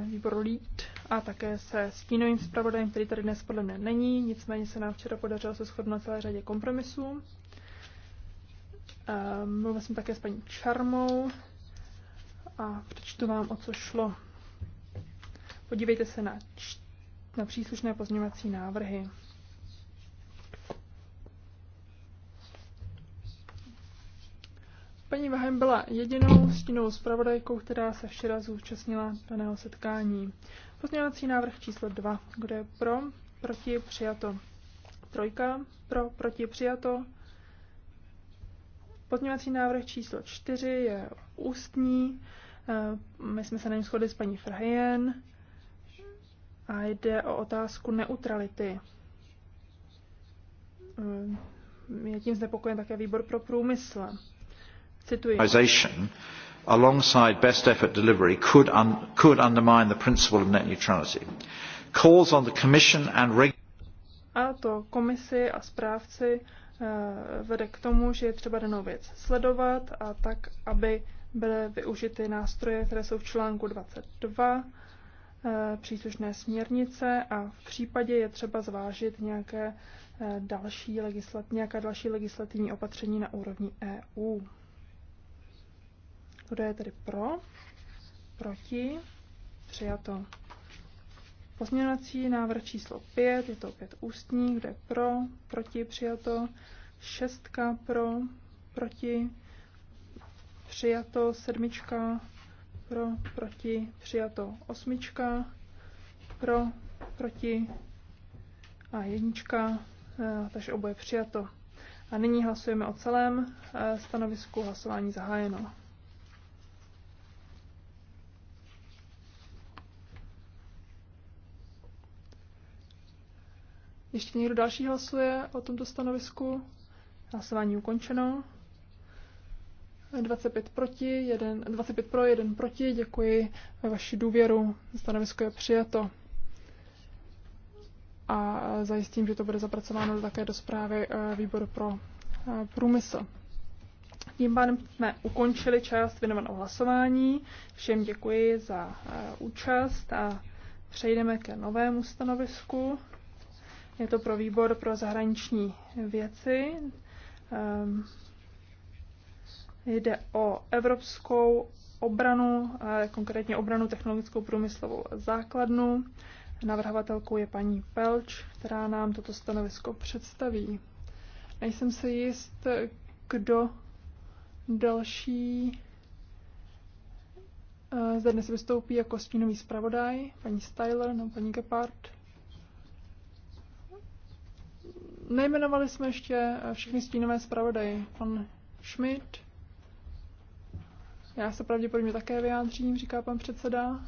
výboru LEAD a také se stínovým zpravodajem, který tady dnes podle mě není. Nicméně se nám včera podařilo se shodnout celé řadě kompromisů. Ehm, mluvila jsem také s paní Čarmou a přečtu vám, o co šlo. Podívejte se na, na příslušné pozměňovací návrhy. Paní Vahem byla jedinou stínou zpravodajkou, která se včera zúčastnila daného setkání. Pozměňovací návrh číslo 2. Kdo je pro? Proti? Přijato. Trojka. Pro? Proti? Přijato. Pozměňovací návrh číslo 4 je ústní. Eh, my jsme se na něm shodli s paní Frhejen a jde o otázku neutrality. Eh, je tím znepokojen také výbor pro průmysl. Cituji. Alongside best effort delivery could, un, could undermine the principle of net neutrality. Calls on the Commission and a to komisi a správci, Eh, vede k tomu, že je třeba danou věc sledovat a tak, aby byly využity nástroje, které jsou v článku 22 eh, příslušné směrnice a v případě je třeba zvážit nějaké eh, další, legislat, nějaká další legislativní opatření na úrovni EU. Kdo je tedy pro? Proti? Přijato. Pozměňovací návrh číslo 5, je to opět ústní, kde pro, proti přijato, šestka pro, proti přijato, sedmička pro, proti přijato, osmička pro, proti a jednička, eh, takže oboje přijato. A nyní hlasujeme o celém eh, stanovisku hlasování zahájeno. Ještě někdo další hlasuje o tomto stanovisku? Hlasování ukončeno. 25, proti, jeden, 25 pro, 1 proti. Děkuji za vaši důvěru. Stanovisko je přijato. A zajistím, že to bude zapracováno také do zprávy eh, výboru pro eh, průmysl. Tím pádem jsme ukončili část věnovanou hlasování. Všem děkuji za eh, účast a přejdeme ke novému stanovisku. Je to pro výbor pro zahraniční věci. Ehm, jde o evropskou obranu, konkrétně obranu technologickou průmyslovou základnu. Navrhovatelkou je paní Pelč, která nám toto stanovisko představí. Nejsem si jist, kdo další eh, zde dnes vystoupí jako stínový zpravodaj, paní Styler nebo paní Gepard. Nejmenovali jsme ještě všechny stínové zpravodaje. Pan Schmidt. Já se pravděpodobně také vyjádřím, říká pan předseda.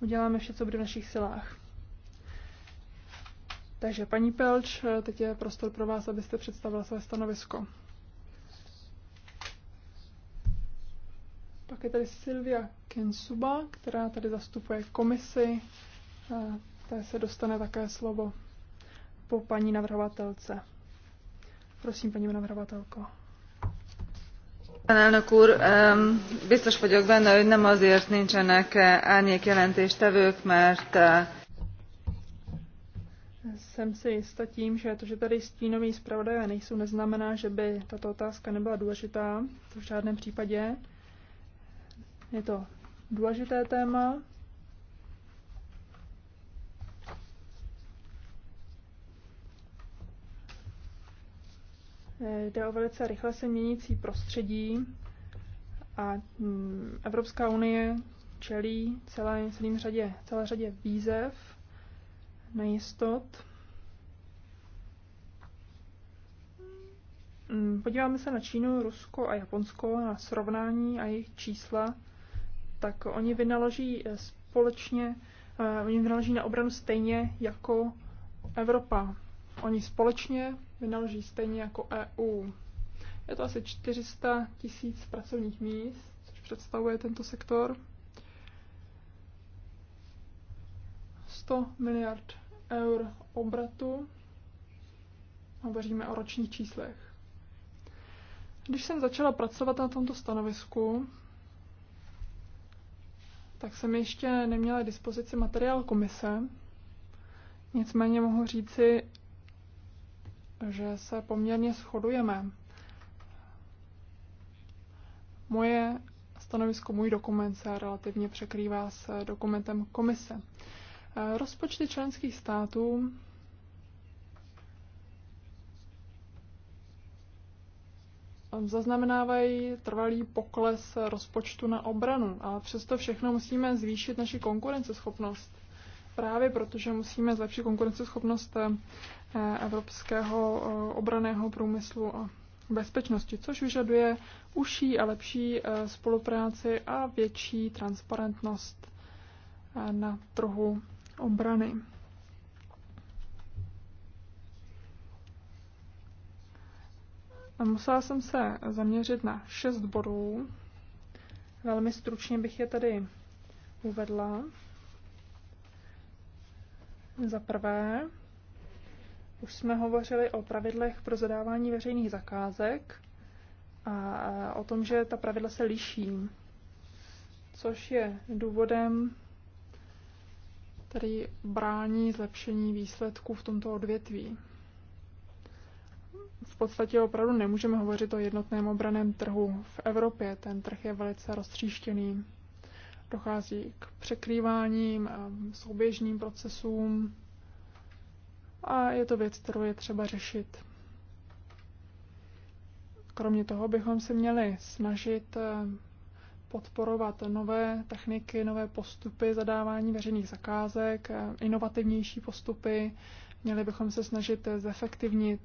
Uděláme vše, co bude v našich silách. Takže paní Pelč, teď je prostor pro vás, abyste představila své stanovisko. Pak je tady Silvia Kensuba, která tady zastupuje komisi. Eh, té se dostane také slovo po paní navrhovatelce. Prosím, paní navrhovatelko. Elnök úr, um, biztos vagyok benne, hogy nem azért nincsenek eh, árnyék jelentéstevők, mert eh, jsem si jistá tím, že to, že tady stínoví zpravodajové nejsou, neznamená, že by tato otázka nebyla důležitá. To v žádném případě. Je to důležité téma, Eh, jde o velice rychle se měnící prostředí a mm, Evropská unie čelí celé, celým řadě, celé řadě výzev, nejistot. Mm, podíváme se na Čínu, Rusko a Japonsko, na srovnání a jejich čísla, tak oni vynaloží eh, společně, eh, oni vynaloží na obranu stejně jako Evropa oni společně vynaloží stejně jako EU. Je to asi 400 tisíc pracovních míst, což představuje tento sektor. 100 miliard eur obratu. Hovoříme o ročních číslech. Když jsem začala pracovat na tomto stanovisku, tak jsem ještě neměla dispozici materiál komise. Nicméně mohu říci, že se poměrně shodujeme. Moje stanovisko, můj dokument se relativně překrývá s dokumentem komise. Rozpočty členských států zaznamenávají trvalý pokles rozpočtu na obranu, ale přesto všechno musíme zvýšit naši konkurenceschopnost právě protože musíme zlepšit konkurenceschopnost eh, evropského eh, obraného průmyslu a bezpečnosti, což vyžaduje užší a lepší eh, spolupráci a větší transparentnost na trhu obrany. Musela jsem se zaměřit na šest bodů. Velmi stručně bych je tady uvedla. Za prvé, už jsme hovořili o pravidlech pro zadávání veřejných zakázek a o tom, že ta pravidla se liší, což je důvodem, který brání zlepšení výsledků v tomto odvětví. V podstatě opravdu nemůžeme hovořit o jednotném obraném trhu v Evropě. Ten trh je velice roztříštěný dochází k překrýváním a souběžným procesům a je to věc, kterou je třeba řešit. Kromě toho bychom se měli snažit eh, podporovat nové techniky, nové postupy zadávání veřejných zakázek, eh, inovativnější postupy. Měli bychom se snažit zefektivnit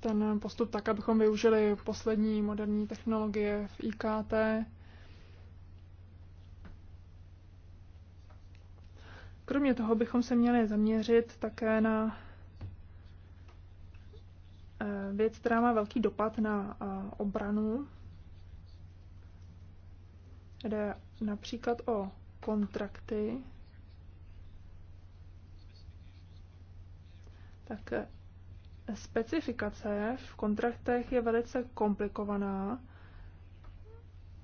ten postup tak, abychom využili poslední moderní technologie v IKT. Kromě toho bychom se měli zaměřit také na eh, věc, která má velký dopad na eh, obranu. Jde například o kontrakty. Tak eh, specifikace v kontraktech je velice komplikovaná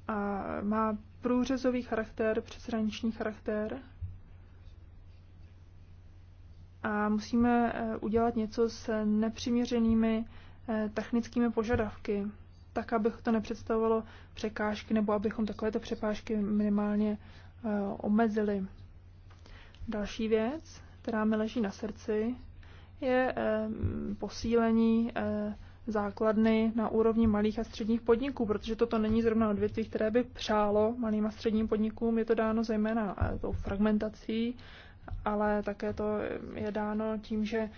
a má průřezový charakter, přeshraniční charakter. A musíme eh, udělat něco s nepřiměřenými eh, technickými požadavky, tak, aby to nepředstavovalo překážky, nebo abychom takovéto přepážky minimálně eh, omezili. Další věc, která mi leží na srdci, je eh, posílení eh, základny na úrovni malých a středních podniků, protože toto není zrovna odvětví, které by přálo malým a středním podnikům. Je to dáno zejména eh, tou fragmentací, ale také to je dáno tím, že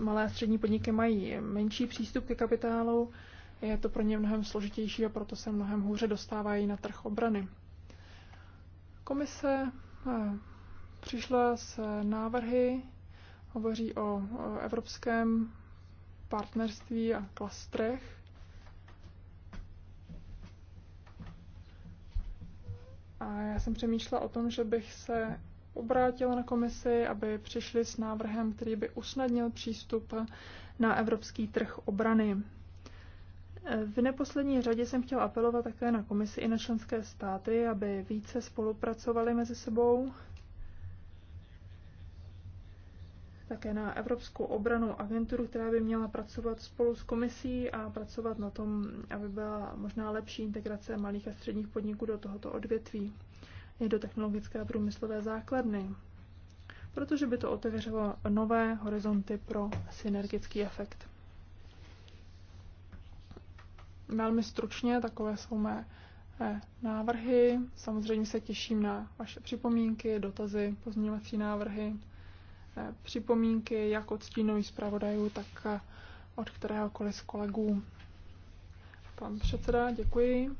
malé a střední podniky mají menší přístup ke kapitálu, je to pro ně mnohem složitější a proto se mnohem hůře dostávají na trh obrany. Komise přišla s návrhy Hovoří o evropském partnerství a klastrech. A já jsem přemýšlela o tom, že bych se obrátila na komisi, aby přišli s návrhem, který by usnadnil přístup na evropský trh obrany. V neposlední řadě jsem chtěla apelovat také na komisi i na členské státy, aby více spolupracovali mezi sebou také na Evropskou obranou agenturu, která by měla pracovat spolu s komisí a pracovat na tom, aby byla možná lepší integrace malých a středních podniků do tohoto odvětví, i do technologické a průmyslové základny, protože by to otevřelo nové horizonty pro synergický efekt. Velmi stručně, takové jsou mé návrhy. Samozřejmě se těším na vaše připomínky, dotazy, pozměňovací návrhy. Eh, připomínky, jak od stínových zpravodajů, tak eh, od kteréhokoliv z kolegů. Pan předseda, děkuji.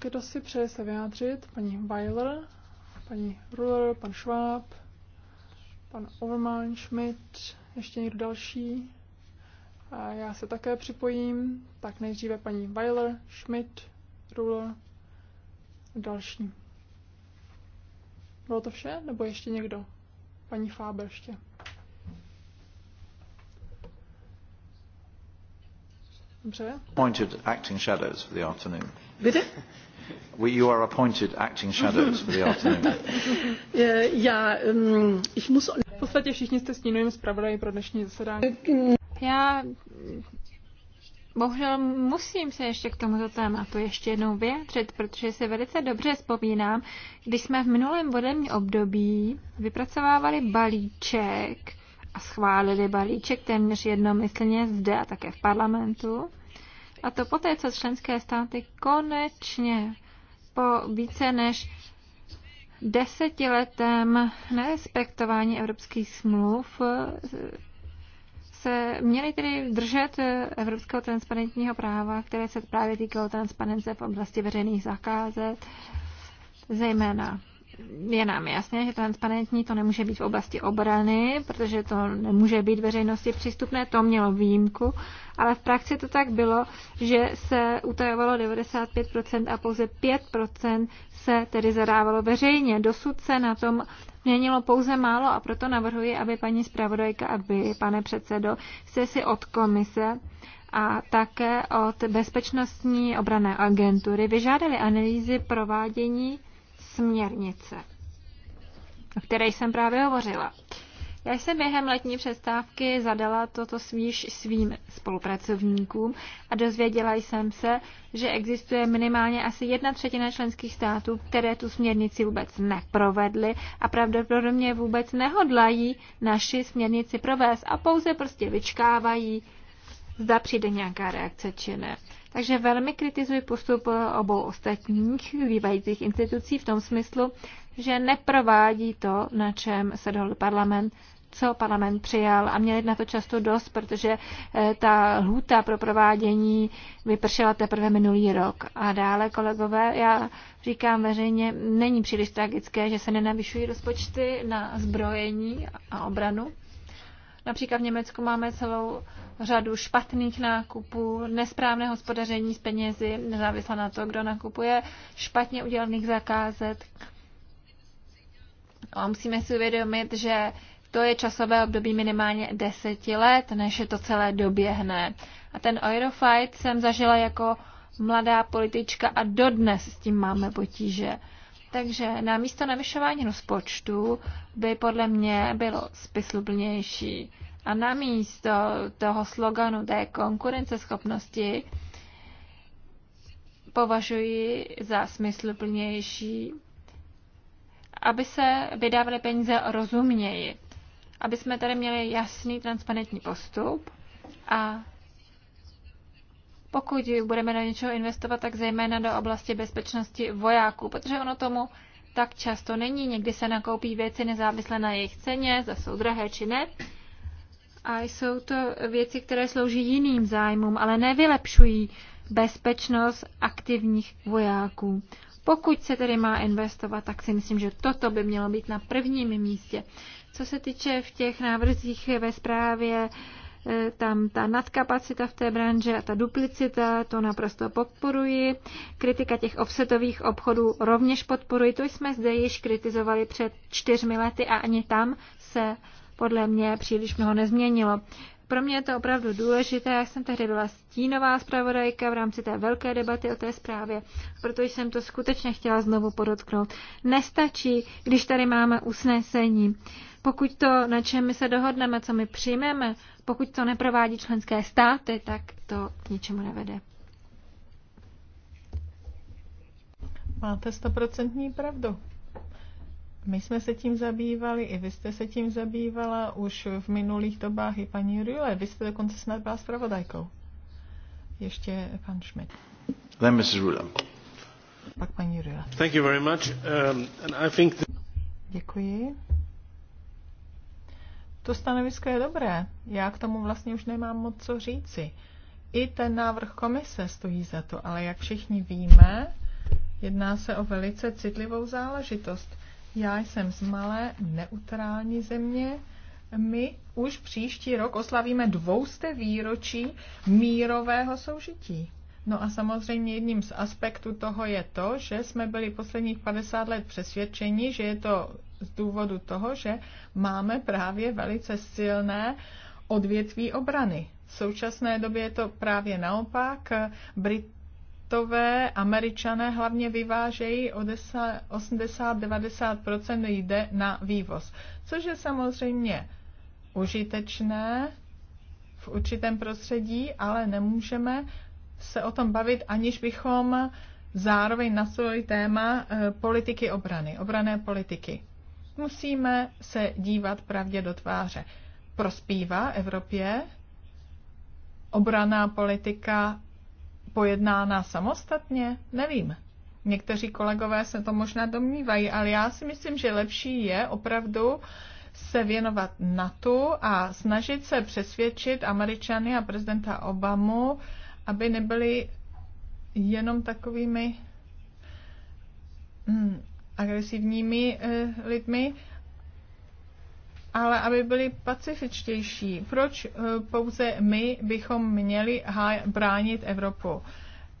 Kdo si přeje se vyjádřit? Paní Weiler, paní Ruller, pan Schwab, pan Overman, Schmidt, ještě někdo další? A já se také připojím. Tak nejdříve paní Weiler, Schmidt, Ruller, další. Bylo to vše? Nebo ještě někdo? paní Fáber ještě. Dobře. Appointed acting shadows for the afternoon. Bitte? You are appointed acting shadows for the mhm. afternoon. Já, um, ich muss... V podstatě všichni jste stínovým zpravodaji pro dnešní zasedání. Já Bohužel musím se ještě k tomuto tématu ještě jednou vyjádřit, protože se velice dobře vzpomínám, když jsme v minulém volebním období vypracovávali balíček a schválili balíček téměř jednomyslně zde a také v parlamentu. A to poté, co členské státy konečně po více než desetiletém nerespektování evropských smluv se měli tedy držet eh, evropského transparentního práva, které se právě týkalo transparence v oblasti veřejných zakázek, zejména je nám jasné, že transparentní to nemůže být v oblasti obrany, protože to nemůže být veřejnosti přístupné, to mělo výjimku, ale v praxi to tak bylo, že se utajovalo 95% a pouze 5% se tedy zadávalo veřejně. Dosud se na tom měnilo pouze málo a proto navrhuji, aby paní zpravodajka, aby pane předsedo, se si od komise a také od Bezpečnostní obrané agentury vyžádali analýzy provádění směrnice, o které jsem právě hovořila. Já jsem během letní přestávky zadala toto svíž svým spolupracovníkům a dozvěděla jsem se, že existuje minimálně asi jedna třetina členských států, které tu směrnici vůbec neprovedly a pravděpodobně vůbec nehodlají naši směrnici provést a pouze prostě vyčkávají, zda přijde nějaká reakce či ne. Takže velmi kritizuji postup obou ostatních bývajících institucí v tom smyslu, že neprovádí to, na čem se dohodl parlament, co parlament přijal a měli na to často dost, protože eh, ta lhůta pro provádění vypršela teprve minulý rok. A dále, kolegové, já říkám veřejně, není příliš tragické, že se nenavyšují rozpočty na zbrojení a obranu. Například v Německu máme celou řadu špatných nákupů, nesprávné hospodaření s penězi, nezávisle na to, kdo nakupuje, špatně udělaných zakázek. A musíme si uvědomit, že to je časové období minimálně deseti let, než je to celé doběhne. A ten Eurofight jsem zažila jako mladá politička a dodnes s tím máme potíže. Takže na místo navyšování rozpočtu by podle mě bylo smysluplnější a na místo toho sloganu té konkurenceschopnosti považuji za smysluplnější, aby se vydávaly peníze rozumněji, aby jsme tady měli jasný, transparentní postup a pokud budeme na něčeho investovat, tak zejména do oblasti bezpečnosti vojáků, protože ono tomu tak často není. Někdy se nakoupí věci nezávisle na jejich ceně, zda jsou drahé či ne. A jsou to věci, které slouží jiným zájmům, ale nevylepšují bezpečnost aktivních vojáků. Pokud se tedy má investovat, tak si myslím, že toto by mělo být na prvním místě. Co se týče v těch návrzích ve zprávě Eh, tam ta nadkapacita v té branži a ta duplicita, to naprosto podporuji. Kritika těch offsetových obchodů rovněž podporuji. To jsme zde již kritizovali před čtyřmi lety a ani tam se podle mě příliš mnoho nezměnilo. Pro mě je to opravdu důležité. Já jsem tehdy byla stínová zpravodajka v rámci té velké debaty o té zprávě, protože jsem to skutečně chtěla znovu podotknout. Nestačí, když tady máme usnesení. Uh, pokud to, na čem my se dohodneme, co my přijmeme, pokud to neprovádí členské státy, tak to k ničemu nevede. Máte stoprocentní pravdu. My jsme se tím zabývali, i vy jste se tím zabývala už v minulých dobách, i paní Rüle. Vy jste dokonce snad byla zpravodajkou. Ještě pan Schmidt. Then Mrs. Rüle. Pak paní Rüle. Thank you very much. Um, and I think that... Děkuji. To stanovisko je dobré. Já k tomu vlastně už nemám moc co říci. I ten návrh komise stojí za to, ale jak všichni víme, jedná se o velice citlivou záležitost. Já jsem z malé neutrální země. My už příští rok oslavíme dvousté výročí mírového soužití. No a samozřejmě jedním z aspektů toho je to, že jsme byli posledních 50 let přesvědčeni, že je to z důvodu toho, že máme právě velice silné odvětví obrany. V současné době je to právě naopak. Britové, američané hlavně vyvážejí 80-90% jde na vývoz, což je samozřejmě užitečné v určitém prostředí, ale nemůžeme se o tom bavit, aniž bychom zároveň nastavili téma eh, politiky obrany, obrané politiky. Musíme se dívat pravdě do tváře. Prospívá Evropě obraná politika pojednána samostatně? Nevím. Někteří kolegové se to možná domnívají, ale já si myslím, že lepší je opravdu se věnovat na tu a snažit se přesvědčit Američany a prezidenta Obamu, aby nebyli jenom takovými hmm, agresivními eh, lidmi, ale aby byli pacifičtější. Proč eh, pouze my bychom měli bránit Evropu?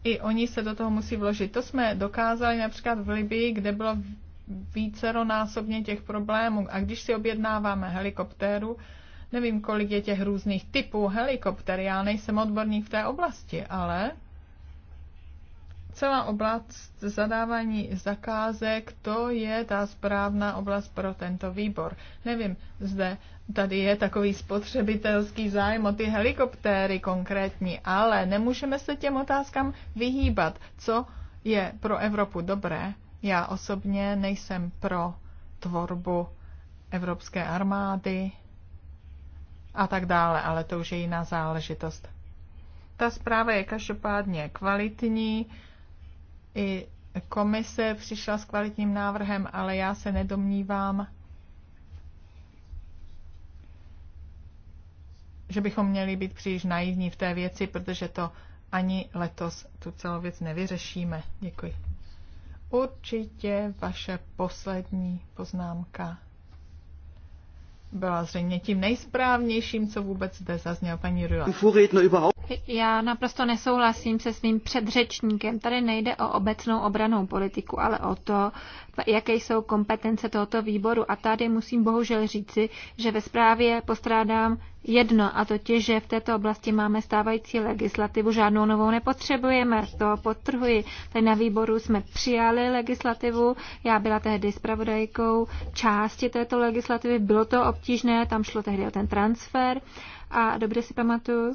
I oni se do toho musí vložit. To jsme dokázali například v Libii, kde bylo víceronásobně těch problémů. A když si objednáváme helikoptéru, nevím, kolik je těch různých typů helikopter, já nejsem odborník v té oblasti, ale Celá oblast zadávání zakázek, to je ta správná oblast pro tento výbor. Nevím, zde tady je takový spotřebitelský zájem o ty helikoptéry konkrétní, ale nemůžeme se těm otázkám vyhýbat. Co je pro Evropu dobré? Já osobně nejsem pro tvorbu evropské armády a tak dále, ale to už je jiná záležitost. Ta zpráva je každopádně kvalitní, i komise přišla s kvalitním návrhem, ale já se nedomnívám, že bychom měli být příliš naivní v té věci, protože to ani letos tu celou věc nevyřešíme. Děkuji. Určitě vaše poslední poznámka byla zřejmě tím nejsprávnějším, co vůbec zde zazněl paní Rula já naprosto nesouhlasím se svým předřečníkem. Tady nejde o obecnou obranou politiku, ale o to, jaké jsou kompetence tohoto výboru. A tady musím bohužel říci, že ve zprávě postrádám jedno, a totiž, že v této oblasti máme stávající legislativu, žádnou novou nepotřebujeme, to potrhuji. Tady na výboru jsme přijali legislativu, já byla tehdy zpravodajkou části této legislativy, bylo to obtížné, tam šlo tehdy o ten transfer a dobře si pamatuju,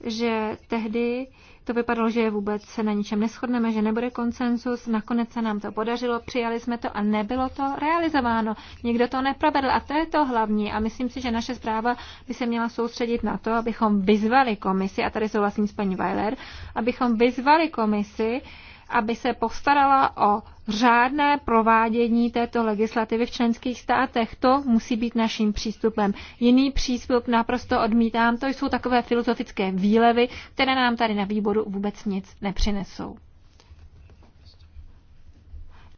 že tehdy to vypadalo, že vůbec se na ničem neschodneme, že nebude konsensus. Nakonec se nám to podařilo, přijali jsme to a nebylo to realizováno. Nikdo to neprovedl a to je to hlavní. A myslím si, že naše zpráva by se měla soustředit na to, abychom vyzvali komisi, a tady souhlasím s paní Weiler, abychom vyzvali komisi, aby se postarala o řádné provádění této legislativy v členských státech. To musí být naším přístupem. Jiný přístup naprosto odmítám. To jsou takové filozofické výlevy, které nám tady na výboru vůbec nic nepřinesou.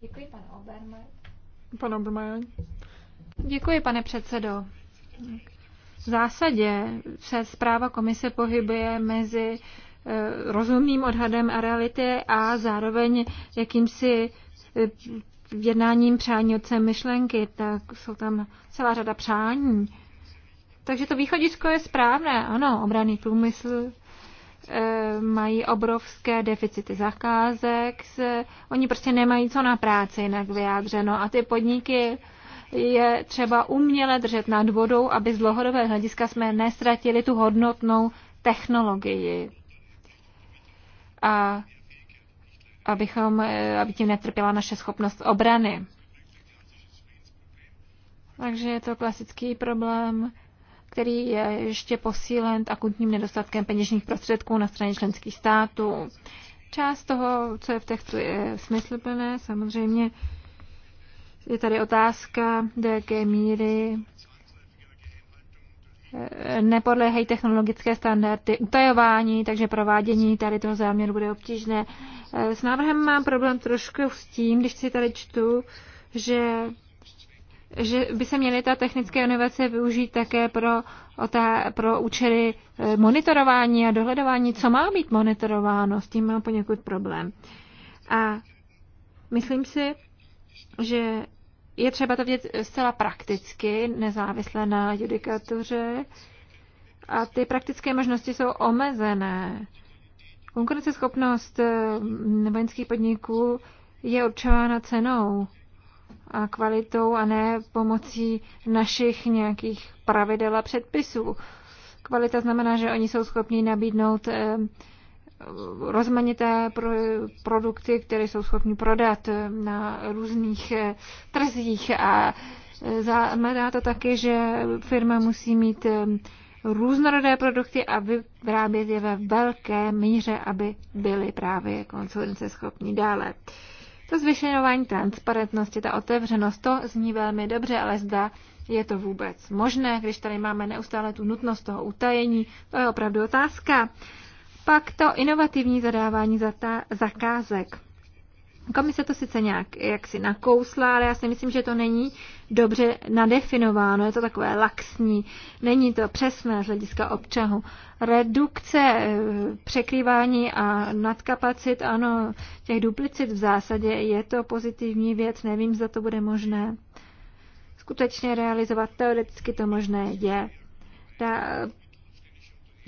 Děkuji, pan Obermeier. Pan Obermeier. Děkuji, pane předsedo. V zásadě se zpráva komise pohybuje mezi rozumným odhadem a reality a zároveň jakýmsi eh, jednáním přání otcem myšlenky, tak jsou tam celá řada přání. Takže to východisko je správné. Ano, obraný průmysl eh, mají obrovské deficity zakázek, se, oni prostě nemají co na práci, jinak vyjádřeno. A ty podniky je třeba uměle držet nad vodou, aby z dlouhodobého hlediska jsme nestratili tu hodnotnou technologii a abychom, eh, aby tím netrpěla naše schopnost obrany. Takže je to klasický problém, který je ještě posílen akutním nedostatkem peněžních prostředků na straně členských států. Část toho, co je v textu, je smysluplné. Samozřejmě je tady otázka, do jaké míry nepodléhají technologické standardy utajování, takže provádění tady toho záměru bude obtížné. S návrhem mám problém trošku s tím, když si tady čtu, že že by se měly ta technické inovace využít také pro, ta, pro účely eh, monitorování a dohledování, co má být monitorováno, s tím mám poněkud problém. A myslím si, že je třeba to vidět zcela prakticky, nezávisle na judikatuře. A ty praktické možnosti jsou omezené. Konkurenceschopnost eh, vojenských podniků je určována cenou a kvalitou a ne pomocí našich nějakých pravidel a předpisů. Kvalita znamená, že oni jsou schopni nabídnout eh, rozmanité pro, produkty, které jsou schopni prodat na různých eh, trzích a eh, znamená to také, že firma musí mít eh, různorodé produkty a vyrábět je ve velké míře, aby byly právě konkurenceschopní dále. To zvyšenování transparentnosti, ta otevřenost, to zní velmi dobře, ale zda je to vůbec možné, když tady máme neustále tu nutnost toho utajení, to je opravdu otázka. Pak to inovativní zadávání zakázek. Komise to sice nějak jaksi nakousla, ale já si myslím, že to není dobře nadefinováno, je to takové laxní, není to přesné z hlediska občahu. Redukce eh, překrývání a nadkapacit, ano, těch duplicit v zásadě je to pozitivní věc, nevím, zda to bude možné. Skutečně realizovat teoreticky to možné je. Ta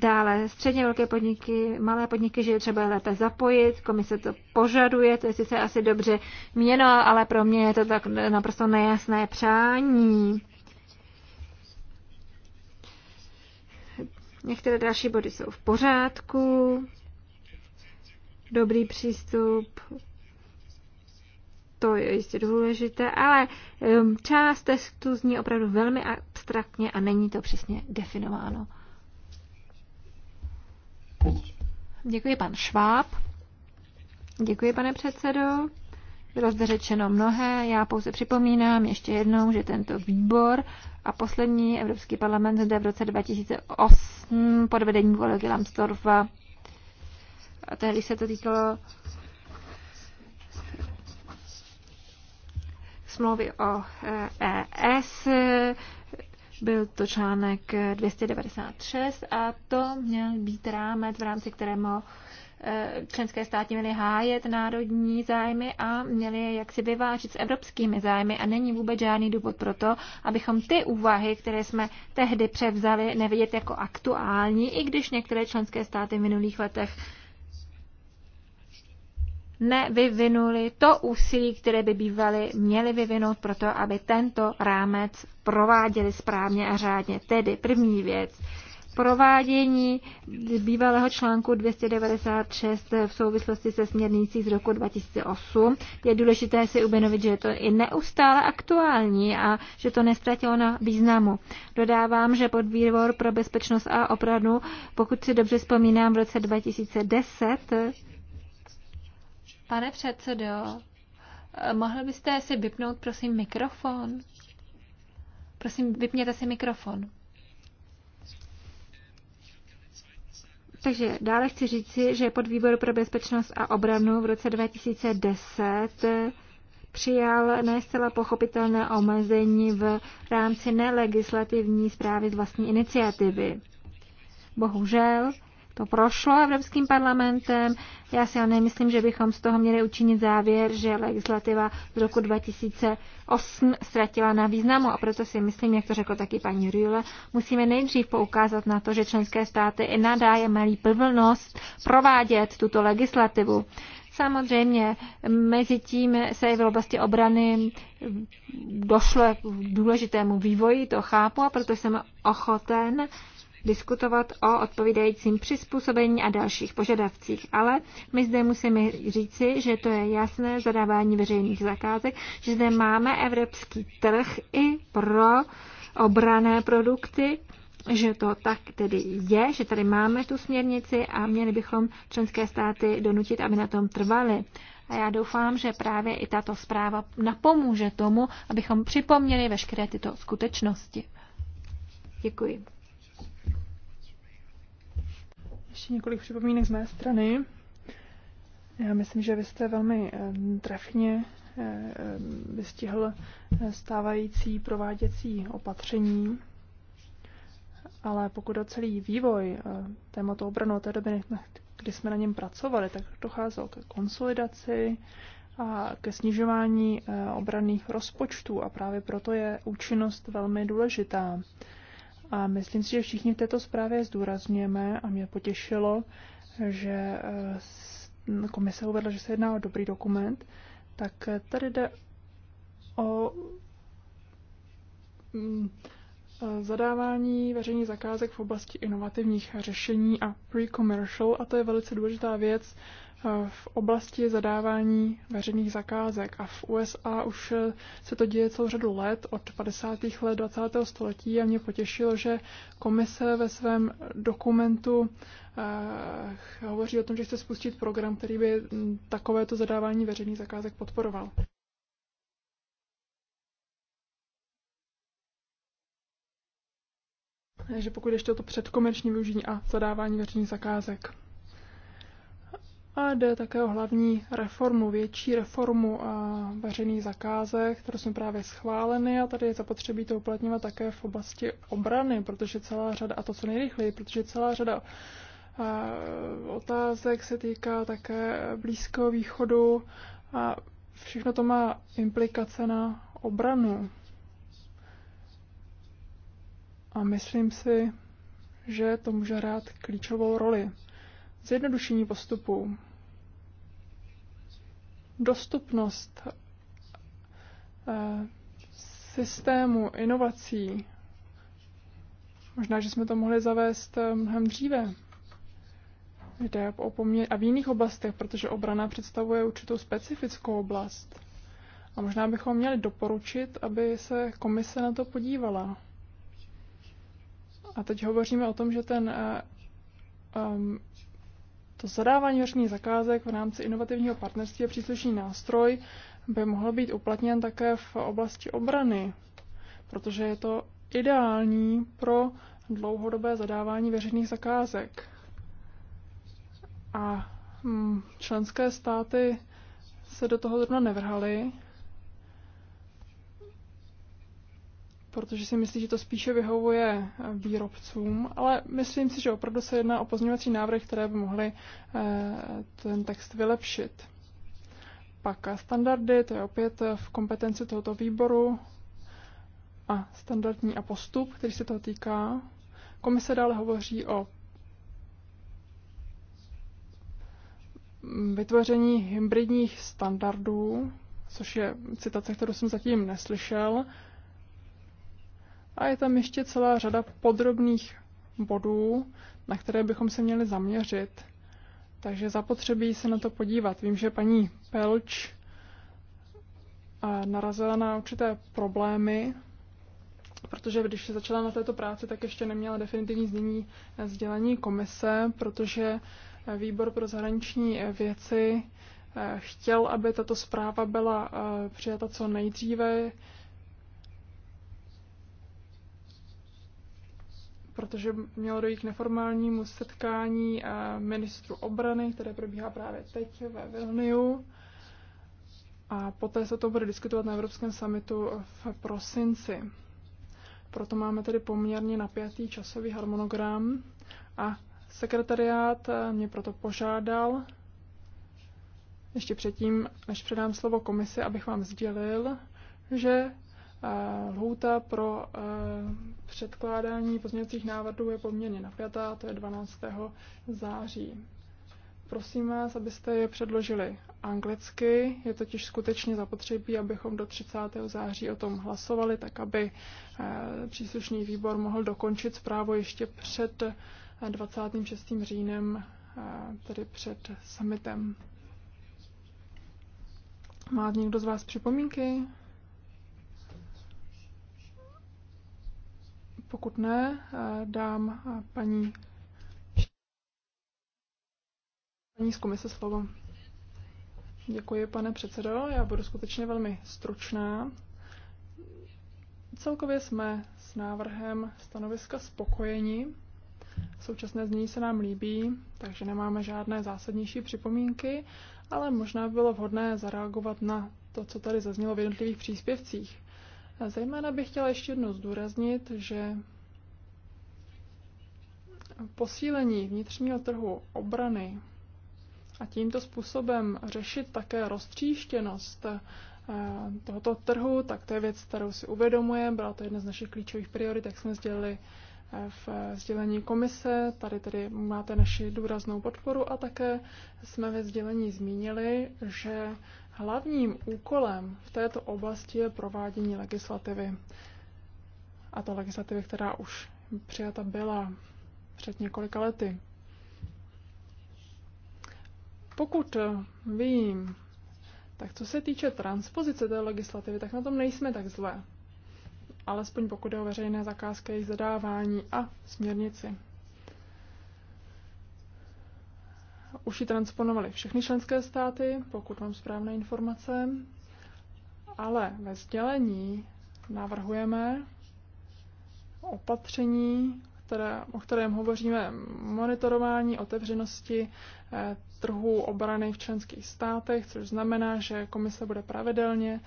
Dále středně velké podniky, malé podniky, že je třeba lépe zapojit, komise to požaduje, to je sice asi dobře měno, ale pro mě je to tak naprosto nejasné přání. Některé další body jsou v pořádku, dobrý přístup, to je jistě důležité, ale um, část testu zní opravdu velmi abstraktně a není to přesně definováno. Děkuji pan Šváb. Děkuji, pane předsedo. Bylo zde řečeno mnohé. Já pouze připomínám ještě jednou, že tento výbor a poslední Evropský parlament zde v roce 2008 pod vedením kolegy Lambsdorfa. A tehdy se to týkalo smlouvy o ES. Eh, e byl to článek 296 a to měl být rámec, v rámci kterého eh, členské státy měly hájet národní zájmy a měly je jaksi vyvážit s evropskými zájmy a není vůbec žádný důvod pro to, abychom ty úvahy, které jsme tehdy převzali, nevidět jako aktuální, i když některé členské státy v minulých letech nevyvinuli to úsilí, které by bývali měli vyvinout pro to, aby tento rámec prováděli správně a řádně. Tedy první věc, provádění bývalého článku 296 v souvislosti se směrnicí z roku 2008. Je důležité si uvědomit, že je to i neustále aktuální a že to nestratilo na významu. Dodávám, že podvýbor pro bezpečnost a opravdu, pokud si dobře vzpomínám, v roce 2010 Pane předsedo, mohl byste si vypnout, prosím, mikrofon? Prosím, vypněte si mikrofon. Takže dále chci říci, že pod výboru pro bezpečnost a obranu v roce 2010 přijal ne zcela pochopitelné omezení v rámci nelegislativní zprávy z vlastní iniciativy. Bohužel to prošlo Evropským parlamentem. Já si ale nemyslím, že bychom z toho měli učinit závěr, že legislativa z roku 2008 ztratila na významu a proto si myslím, jak to řekl taky paní Rühle, musíme nejdřív poukázat na to, že členské státy i nadále mají plnost provádět tuto legislativu. Samozřejmě mezi tím se v oblasti obrany došlo k důležitému vývoji, to chápu, a proto jsem ochoten diskutovat o odpovídajícím přizpůsobení a dalších požadavcích. Ale my zde musíme říci, že to je jasné zadávání veřejných zakázek, že zde máme evropský trh i pro obrané produkty, že to tak tedy je, že tady máme tu směrnici a měli bychom členské státy donutit, aby na tom trvali. A já doufám, že právě i tato zpráva napomůže tomu, abychom připomněli veškeré tyto skutečnosti. Děkuji. Ještě několik připomínek z mé strany. Já myslím, že vy jste velmi eh, trefně eh, eh, vystihl stávající prováděcí opatření, ale pokud o celý vývoj tématu obranu od té doby, kdy jsme na něm pracovali, tak docházelo ke konsolidaci a ke snižování obranných rozpočtů a právě proto je účinnost velmi důležitá. A myslím si, že všichni v této zprávě zdůrazňujeme a mě potěšilo, že eh, komise uvedla, že se jedná o dobrý dokument, tak eh, tady jde o mm, eh, zadávání veřejných zakázek v oblasti inovativních řešení a pre-commercial, a to je velice důležitá věc v oblasti zadávání veřejných zakázek. A v USA už se to děje celou řadu let, od 50. let 20. století a mě potěšilo, že komise ve svém dokumentu uh, hovoří o tom, že chce spustit program, který by takovéto zadávání veřejných zakázek podporoval. Takže pokud ještě o to předkomerční využití a zadávání veřejných zakázek. A jde také o hlavní reformu, větší reformu a veřejných zakázek, kterou jsme právě schváleny a tady je zapotřebí to uplatňovat také v oblasti obrany, protože celá řada, a to co nejrychleji, protože celá řada otázek se týká také Blízkého východu a všechno to má implikace na obranu. A myslím si, že to může hrát klíčovou roli. Zjednodušení postupů dostupnost eh, systému inovací. Možná, že jsme to mohli zavést eh, mnohem dříve. Jde o poměr a v jiných oblastech, protože obrana představuje určitou specifickou oblast. A možná bychom měli doporučit, aby se komise na to podívala. A teď hovoříme o tom, že ten um, to zadávání veřejných zakázek v rámci inovativního partnerství a příslušný nástroj by mohl být uplatněn také v oblasti obrany, protože je to ideální pro dlouhodobé zadávání veřejných zakázek. A mm, členské státy se do toho zrovna nevrhaly, protože si myslí, že to spíše vyhovuje eh, výrobcům, ale myslím si, že opravdu se jedná o pozměňovací návrhy, které by mohly eh, ten text vylepšit. Pak eh, standardy, to je opět v kompetenci tohoto výboru a standardní a postup, který se toho týká. Komise dále hovoří o vytvoření hybridních standardů, což je citace, kterou jsem zatím neslyšel, a je tam ještě celá řada podrobných bodů, na které bychom se měli zaměřit. Takže zapotřebí se na to podívat. Vím, že paní Pelč eh, narazila na určité problémy, protože když se začala na této práci, tak ještě neměla definitivní znění eh, sdělení komise, protože eh, výbor pro zahraniční věci chtěl, aby tato zpráva byla přijata co nejdříve. protože mělo dojít k neformálnímu setkání eh, ministru obrany, které probíhá právě teď ve Vilniu. A poté se to bude diskutovat na Evropském summitu v prosinci. Proto máme tedy poměrně napjatý časový harmonogram a sekretariát eh, mě proto požádal, ještě předtím, než předám slovo komisi, abych vám sdělil, že Lhůta pro e, předkládání pozměňovacích návrhů je poměrně napjatá, to je 12. září. Prosím vás, abyste je předložili anglicky. Je totiž skutečně zapotřebí, abychom do 30. září o tom hlasovali, tak aby e, příslušný výbor mohl dokončit zprávu ještě před 26. E, říjnem, tedy před summitem. Má někdo z vás připomínky? Pokud ne, eh, dám eh, paní, paní z komise slovo. Děkuji, pane předsedo. Já budu skutečně velmi stručná. Celkově jsme s návrhem stanoviska spokojeni. Současné znění se nám líbí, takže nemáme žádné zásadnější připomínky, ale možná by bylo vhodné zareagovat na to, co tady zaznělo v jednotlivých příspěvcích. Zejména bych chtěla ještě jednou zdůraznit, že posílení vnitřního trhu obrany a tímto způsobem řešit také roztříštěnost eh, tohoto trhu, tak to je věc, kterou si uvědomujeme, Byla to jedna z našich klíčových priorit, jak jsme sdělili eh, v eh, sdělení komise. Tady tedy máte naši důraznou podporu a také jsme ve sdělení zmínili, že Hlavním úkolem v této oblasti je provádění legislativy. A to legislativy, která už přijata byla před několika lety. Pokud vím, tak co se týče transpozice té legislativy, tak na tom nejsme tak zlé. Alespoň pokud je o veřejné zakázky, jejich zadávání a směrnici. Už ji transponovaly všechny členské státy, pokud mám správné informace, ale ve sdělení navrhujeme opatření, které, o kterém hovoříme, monitorování otevřenosti eh, trhu obrany v členských státech, což znamená, že komise bude pravidelně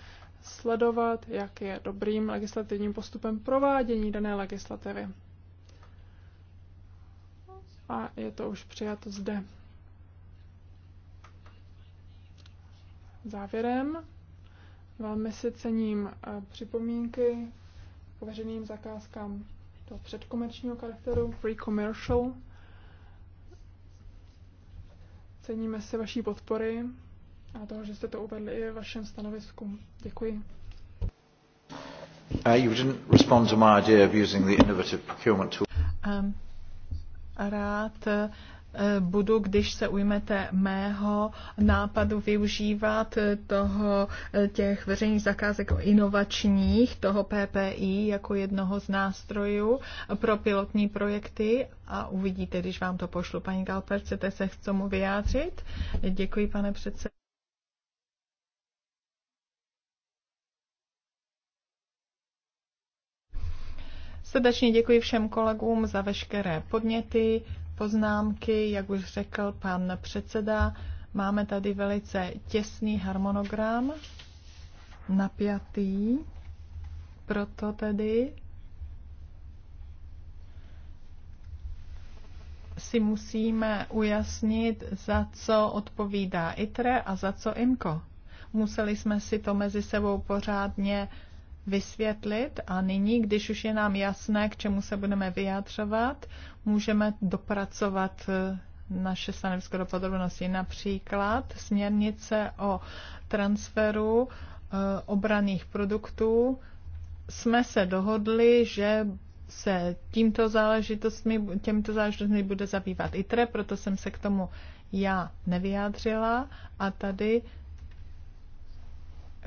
sledovat, jak je dobrým legislativním postupem provádění dané legislativy. A je to už přijato zde. Závěrem velmi si cením eh, připomínky k veřejným zakázkám toho předkomerčního charakteru, pre-commercial. Ceníme si vaší podpory a toho, že jste to uvedli i v vašem stanovisku. Děkuji. Uh, you didn't respond to my idea of using the innovative procurement tool. Um, rád budu, když se ujmete mého nápadu využívat toho, eh, těch veřejných zakázek inovačních, toho PPI jako jednoho z nástrojů pro pilotní projekty a uvidíte, když vám to pošlu. Paní Galper, chcete se k tomu vyjádřit? Děkuji, pane předsedo. Srdečně děkuji všem kolegům za veškeré podněty, poznámky, jak už řekl pan předseda. Máme tady velice těsný harmonogram, napjatý, proto tedy si musíme ujasnit, za co odpovídá ITRE a za co IMCO. Museli jsme si to mezi sebou pořádně vysvětlit a nyní, když už je nám jasné, k čemu se budeme vyjadřovat, můžeme dopracovat eh, naše stanovisko do podrobností. Například směrnice o transferu eh, obraných produktů jsme se dohodli, že se tímto záležitostmi, těmito záležitostmi bude zabývat ITRE, proto jsem se k tomu já nevyjádřila a tady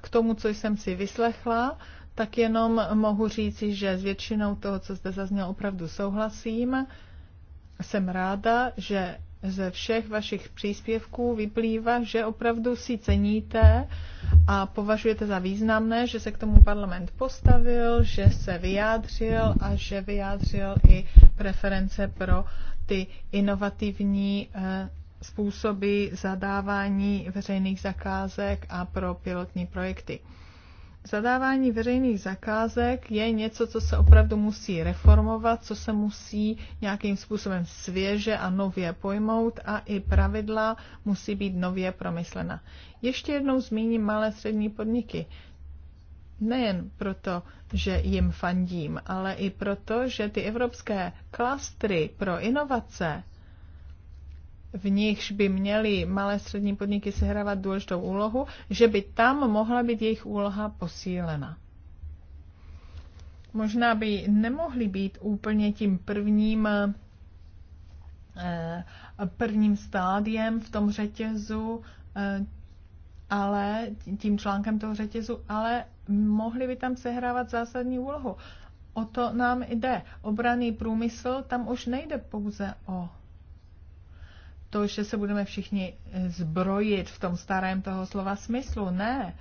k tomu, co jsem si vyslechla, tak jenom mohu říci, že s většinou toho, co zde zaznělo, opravdu souhlasím. Jsem ráda, že ze všech vašich příspěvků vyplývá, že opravdu si ceníte a považujete za významné, že se k tomu parlament postavil, že se vyjádřil a že vyjádřil i preference pro ty inovativní eh, způsoby zadávání veřejných zakázek a pro pilotní projekty zadávání veřejných zakázek je něco, co se opravdu musí reformovat, co se musí nějakým způsobem svěže a nově pojmout a i pravidla musí být nově promyslena. Ještě jednou zmíním malé střední podniky. Nejen proto, že jim fandím, ale i proto, že ty evropské klastry pro inovace v nichž by měly malé střední podniky sehrávat důležitou úlohu, že by tam mohla být jejich úloha posílena. Možná by nemohly být úplně tím prvním eh, prvním stádiem v tom řetězu, eh, ale tím článkem toho řetězu, ale mohli by tam sehrávat zásadní úlohu. O to nám jde. Obraný průmysl tam už nejde pouze o to, že se budeme všichni eh, zbrojit v tom starém toho slova smyslu. Ne.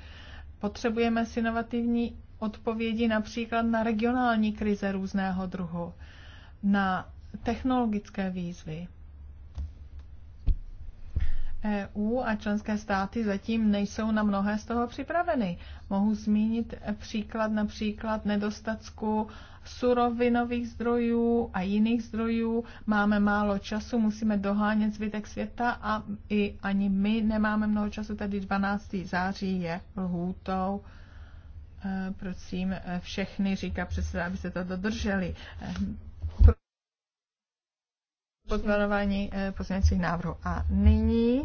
Potřebujeme si inovativní odpovědi například na regionální krize různého druhu, na technologické výzvy, EU a členské státy zatím nejsou na mnohé z toho připraveny. Mohu zmínit příklad například nedostatku surovinových zdrojů a jiných zdrojů. Máme málo času, musíme dohánět zbytek světa a i ani my nemáme mnoho času, tedy 12. září je lhůtou. E, prosím e, všechny, říká předseda, aby se to dodrželi. E, pozměňování eh, pozměňovacích návrhů. A nyní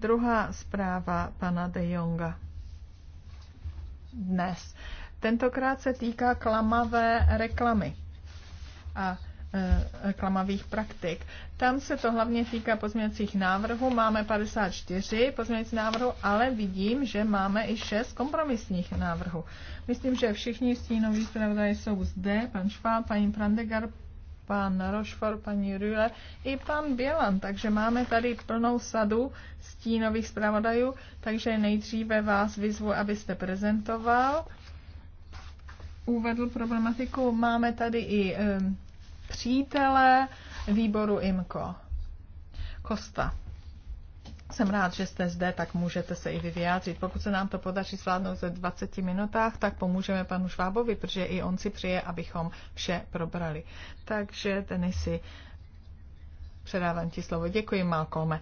druhá zpráva pana De Jonga dnes. Tentokrát se týká klamavé reklamy a e, klamavých praktik. Tam se to hlavně týká pozměňovacích návrhů. Máme 54 pozměňovacích návrhů, ale vidím, že máme i 6 kompromisních návrhů. Myslím, že všichni stínoví zpravodaje jsou zde, pan Švá, paní Prandegar, pan Rošfor, paní Rühle i pan Bělan. Takže máme tady plnou sadu stínových zpravodajů, takže nejdříve vás vyzvu, abyste prezentoval, uvedl problematiku. Máme tady i um, přítele výboru IMKO. Kosta. Jsem rád, že jste zde, tak můžete se i vy vyjádřit. Pokud se nám to podaří zvládnout ve 20 minutách, tak pomůžeme panu Švábovi, protože i on si přeje, abychom vše probrali. Takže, Denisy, Předávám ti slovo. Děkuji, Malkome.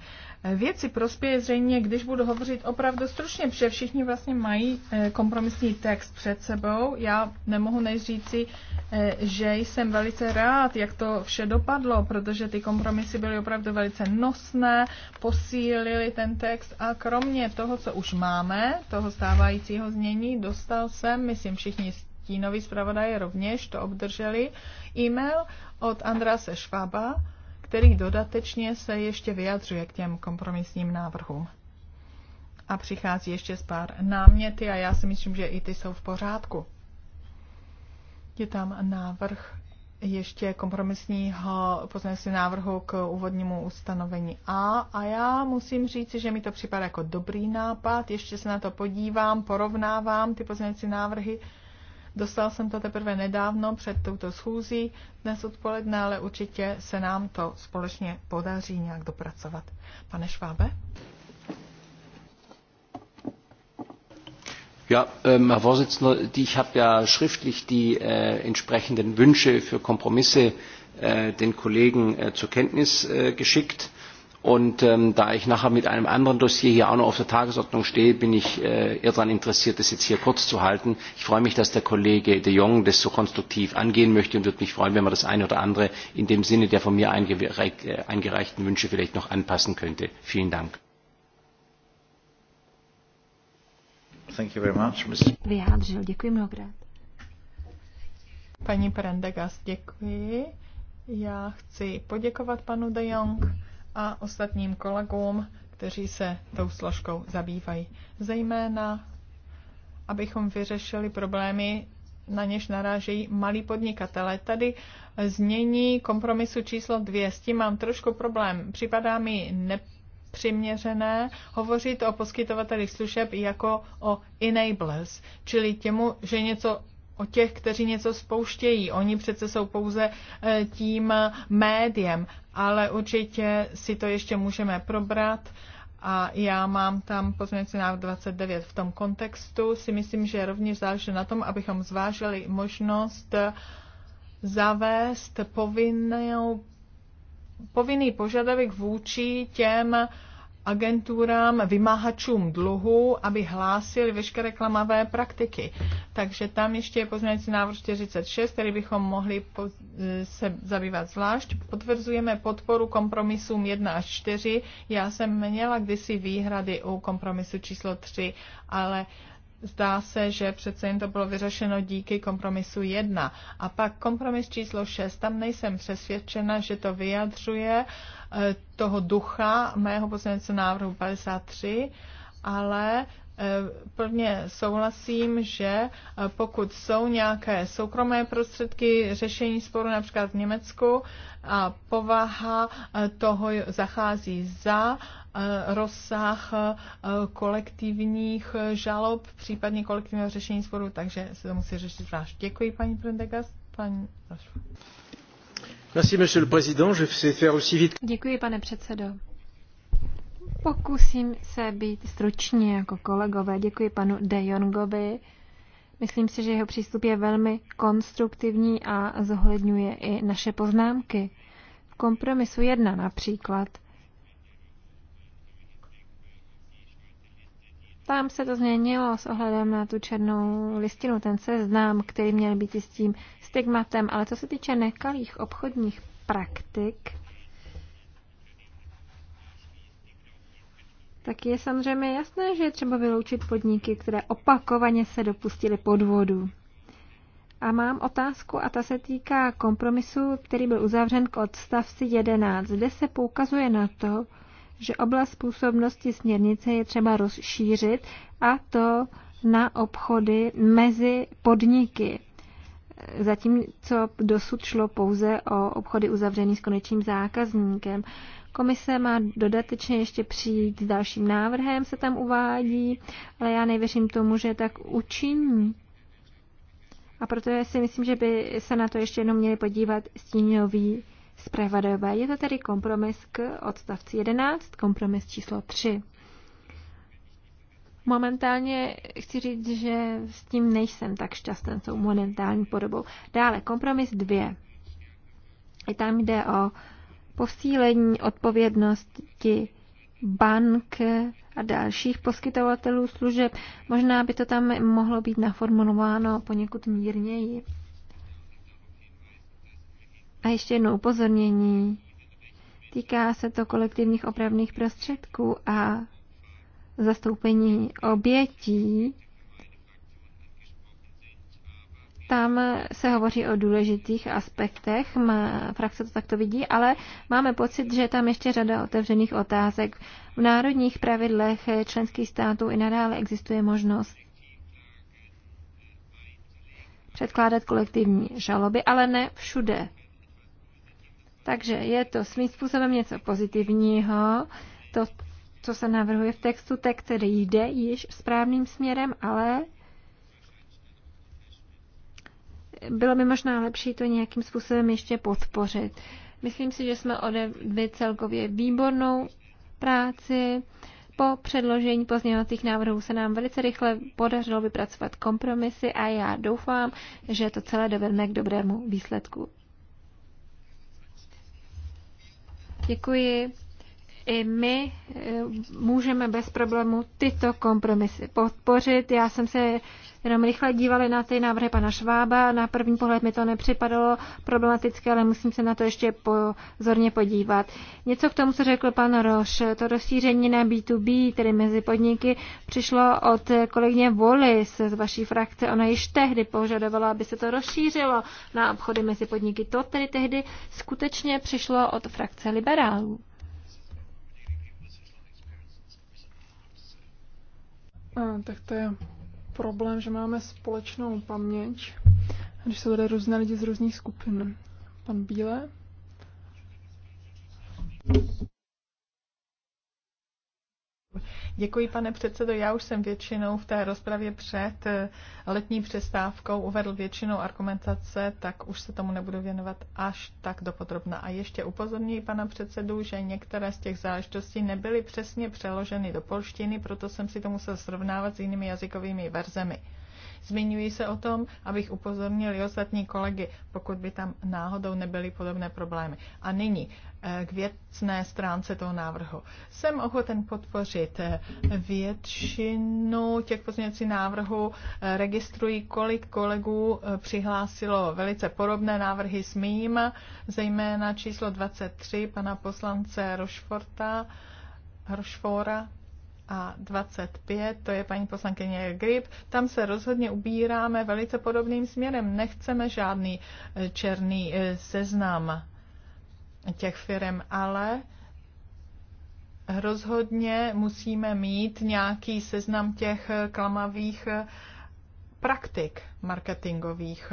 Věci prospěje zřejmě, když budu hovořit opravdu stručně, protože všichni vlastně mají eh, kompromisní text před sebou. Já nemohu než říci, eh, že jsem velice rád, jak to vše dopadlo, protože ty kompromisy byly opravdu velice nosné, posílili ten text a kromě toho, co už máme, toho stávajícího znění, dostal jsem, myslím všichni stínoví zpravodaje rovněž, to obdrželi, e-mail od Andrase Švába, který dodatečně se ještě vyjadřuje k těm kompromisním návrhům. A přichází ještě z pár náměty a já si myslím, že i ty jsou v pořádku. Je tam návrh ještě kompromisního pozměňovacího návrhu k úvodnímu ustanovení A a já musím říct, že mi to připadá jako dobrý nápad. Ještě se na to podívám, porovnávám ty pozměňovací návrhy Dostal jsem to teprve nedávno před touto schůzí dnes odpoledne, ale určitě se nám to společně podaří nějak dopracovat. Pane Švábe? Ja, ähm, Herr Vorsitzender, die, ich habe ja schriftlich die äh, entsprechenden Wünsche für Kompromisse äh, den Kollegen äh, zur Kenntnis äh, geschickt Und ähm, da ich nachher mit einem anderen Dossier hier auch noch auf der Tagesordnung stehe, bin ich äh, eher daran interessiert, das jetzt hier kurz zu halten. Ich freue mich, dass der Kollege de Jong das so konstruktiv angehen möchte und würde mich freuen, wenn man das eine oder andere in dem Sinne der von mir äh, eingereichten Wünsche vielleicht noch anpassen könnte. Vielen Dank. Thank you very much, Mr. Vyjádřil, děkuji mnohokrát. Paní Prendegas, děkuji. Já chci poděkovat panu de Jong a ostatním kolegům, kteří se tou složkou zabývají. Zejména, abychom vyřešili problémy, na něž narážejí malí podnikatele. Tady znění kompromisu číslo dvě. S tím mám trošku problém. Připadá mi ne přiměřené hovořit o poskytovatelích služeb jako o enablers, čili těmu, že něco o těch, kteří něco spouštějí. Oni přece jsou pouze eh, tím médiem, ale určitě si to ještě můžeme probrat a já mám tam pozměnící návrh 29. V tom kontextu si myslím, že rovněž záleží na tom, abychom zvážili možnost eh, zavést povinnou, povinný požadavek vůči těm agenturám, vymáhačům dluhu, aby hlásili veškeré klamavé praktiky. Takže tam ještě je pozměňující návrh 46, který bychom mohli se zabývat zvlášť. Potvrzujeme podporu kompromisům 1 až 4. Já jsem měla kdysi výhrady u kompromisu číslo 3, ale Zdá se, že přece jen to bylo vyřešeno díky kompromisu 1. A pak kompromis číslo 6, tam nejsem přesvědčena, že to vyjadřuje eh, toho ducha mého poslaneckého návrhu 53, ale eh, plně souhlasím, že eh, pokud jsou nějaké soukromé prostředky řešení sporu například v Německu a povaha toho zachází za Eh, rozsah eh, kolektivních žalob, případně kolektivního řešení sporu, takže se to musí řešit zvlášť. Děkuji, paní Prendegas. Paní... Merci, monsieur le président. Je vais faire aussi vite. Děkuji, pane předsedo. Pokusím se být stručně jako kolegové. Děkuji panu De Jongovi. Myslím si, že jeho přístup je velmi konstruktivní a zohledňuje i naše poznámky. V kompromisu jedna, například Tam se to změnilo s ohledem na tu černou listinu, ten seznam, který měl být i s tím stigmatem, ale co se týče nekalých obchodních praktik, tak je samozřejmě jasné, že je třeba vyloučit podniky, které opakovaně se dopustily podvodu. A mám otázku a ta se týká kompromisu, který byl uzavřen k odstavci 11, kde se poukazuje na to, že oblast působnosti směrnice je třeba rozšířit a to na obchody mezi podniky. Zatímco dosud šlo pouze o obchody uzavřený s konečným zákazníkem. Komise má dodatečně ještě přijít s dalším návrhem, se tam uvádí, ale já nevěřím tomu, že tak učiní. A proto já si myslím, že by se na to ještě jenom měli podívat stíňoví zpravodajové. Je to tedy kompromis k odstavci 11, kompromis číslo 3. Momentálně chci říct, že s tím nejsem tak šťastný, jsou momentální podobou. Dále kompromis 2. I tam jde o posílení odpovědnosti bank a dalších poskytovatelů služeb. Možná by to tam mohlo být naformulováno poněkud mírněji. A ještě jedno upozornění. Týká se to kolektivních opravných prostředků a zastoupení obětí. Tam se hovoří o důležitých aspektech, má, frakce to takto vidí, ale máme pocit, že je tam ještě řada otevřených otázek. V národních pravidlech členských států i nadále existuje možnost předkládat kolektivní žaloby, ale ne všude. Takže je to svým způsobem něco pozitivního, to, co se navrhuje v textu, text, který jde již správným směrem, ale bylo by možná lepší to nějakým způsobem ještě podpořit. Myslím si, že jsme odevli celkově výbornou práci. Po předložení pozměňovacích návrhů se nám velice rychle podařilo vypracovat kompromisy a já doufám, že to celé dovedeme k dobrému výsledku. Děkuji i my e, můžeme bez problému tyto kompromisy podpořit. Já jsem se jenom rychle dívala na ty návrhy pana Švába. Na první pohled mi to nepřipadalo problematické, ale musím se na to ještě pozorně podívat. Něco k tomu, co řekl pan Roš, to rozšíření na B2B, tedy mezi podniky, přišlo od kolegyně Volis z vaší frakce. Ona již tehdy požadovala, aby se to rozšířilo na obchody mezi podniky. To tedy tehdy skutečně přišlo od frakce liberálů. Tak to je problém, že máme společnou paměť, když jsou tady různé lidi z různých skupin. Pan Bíle. Děkuji, pane předsedo. Já už jsem většinou v té rozpravě před eh, letní přestávkou uvedl většinou argumentace, tak už se tomu nebudu věnovat až tak dopodrobna. A ještě upozorňuji pana předsedu, že některé z těch záležitostí nebyly přesně přeloženy do polštiny, proto jsem si to musel srovnávat s jinými jazykovými verzemi. Zmiňuji se o tom, abych upozornil i ostatní kolegy, pokud by tam náhodou nebyly podobné problémy. A nyní eh, k věcné stránce toho návrhu. Jsem ochoten podpořit eh, většinu těch pozměňovacích návrhů. Eh, registruji, kolik kolegů přihlásilo velice podobné návrhy s mým, zejména číslo 23 pana poslance Rošforta, Rošfora, a 25, to je paní poslankyně Grip, tam se rozhodně ubíráme velice podobným směrem. Nechceme žádný eh, černý eh, seznam těch firm, ale rozhodně musíme mít nějaký seznam těch eh, klamavých praktik marketingových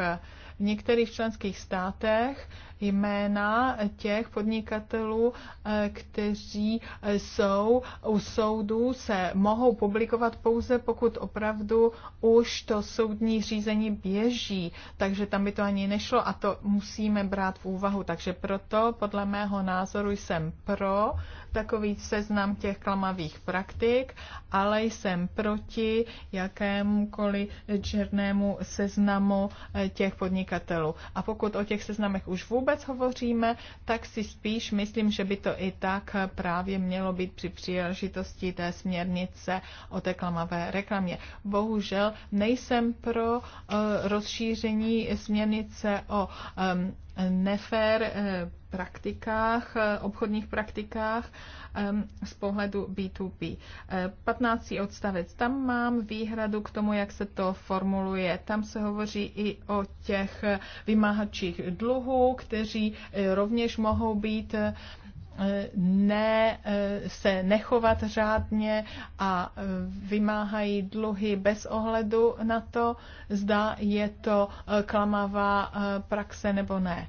v některých členských státech jména těch podnikatelů, eh, kteří eh, jsou u soudu, se mohou publikovat pouze, pokud opravdu už to soudní řízení běží. Takže tam by to ani nešlo a to musíme brát v úvahu. Takže proto podle mého názoru jsem pro takový seznam těch klamavých praktik, ale jsem proti jakémukoliv černému seznamu eh, těch podnikatelů. A pokud o těch seznamech už vůbec hovoříme, tak si spíš myslím, že by to i tak eh, právě mělo být při příležitosti té směrnice o té klamavé reklamě. Bohužel nejsem pro eh, rozšíření směrnice o nefér eh, praktikách, eh, obchodních praktikách ehm, z pohledu B2B. 15. Eh, odstavec. Tam mám výhradu k tomu, jak se to formuluje. Tam se hovoří i o těch vymáhačích dluhů, kteří rovněž mohou být ne, eh, se nechovat řádně a eh, vymáhají dluhy bez ohledu na to, zda je to eh, klamavá praxe nebo ne.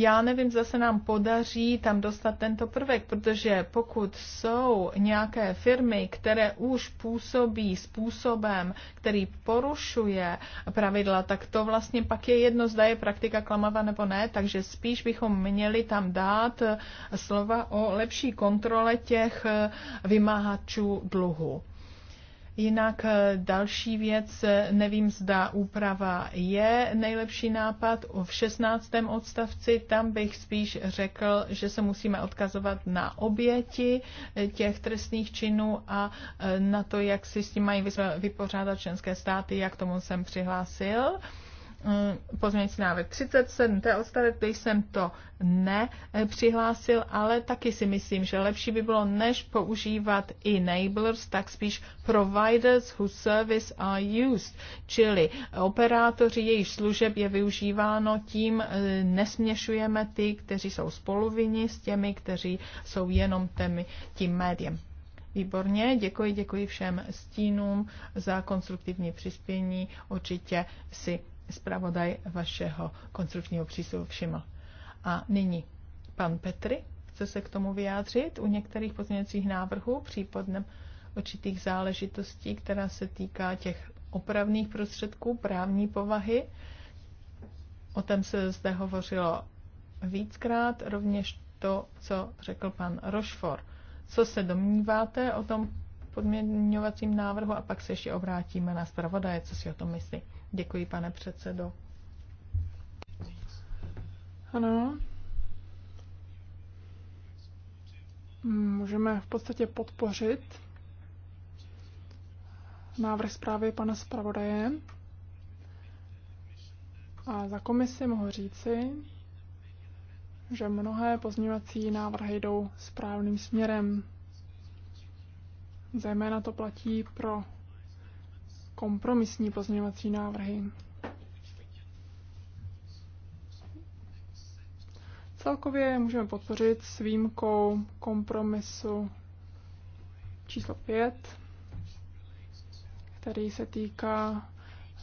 Já nevím, zase, nám podaří tam dostat tento prvek, protože pokud jsou nějaké firmy, které už působí způsobem, který porušuje pravidla, tak to vlastně pak je jedno, zda je praktika klamava nebo ne, takže spíš bychom měli tam dát slova o lepší kontrole těch vymáhačů dluhu Jinak eh, další věc, eh, nevím, zda úprava je nejlepší nápad. V 16. odstavci tam bych spíš řekl, že se musíme odkazovat na oběti eh, těch trestných činů a na to, jak si s tím mají vypořádat členské státy, jak tomu jsem přihlásil. Mm, pozměňující návrh 37, to je odstavec, kde jsem to nepřihlásil, eh, ale taky si myslím, že lepší by bylo, než používat enablers, tak spíš providers whose service are used, čili operátoři, jejich služeb je využíváno, tím eh, nesměšujeme ty, kteří jsou spoluvinni s těmi, kteří jsou jenom těmi, tím médiem. Výborně, děkuji, děkuji všem stínům za konstruktivní přispění. Určitě si zpravodaj vašeho konstrukčního přístupu všiml. A nyní pan Petry chce se k tomu vyjádřit u některých pozměňovacích návrhů, případně určitých záležitostí, která se týká těch opravných prostředků právní povahy. O tom se zde hovořilo víckrát, rovněž to, co řekl pan Rošfor. Co se domníváte o tom podměňovacím návrhu a pak se ještě obrátíme na zpravodaje, co si o tom myslí. Děkuji, pane předsedo. Ano. Můžeme v podstatě podpořit návrh zprávy pana zpravodaje. A za komisi mohu říci, že mnohé pozměňovací návrhy jdou správným směrem. Zejména to platí pro kompromisní pozměňovací návrhy. Celkově můžeme podpořit s výjimkou kompromisu číslo 5, který se týká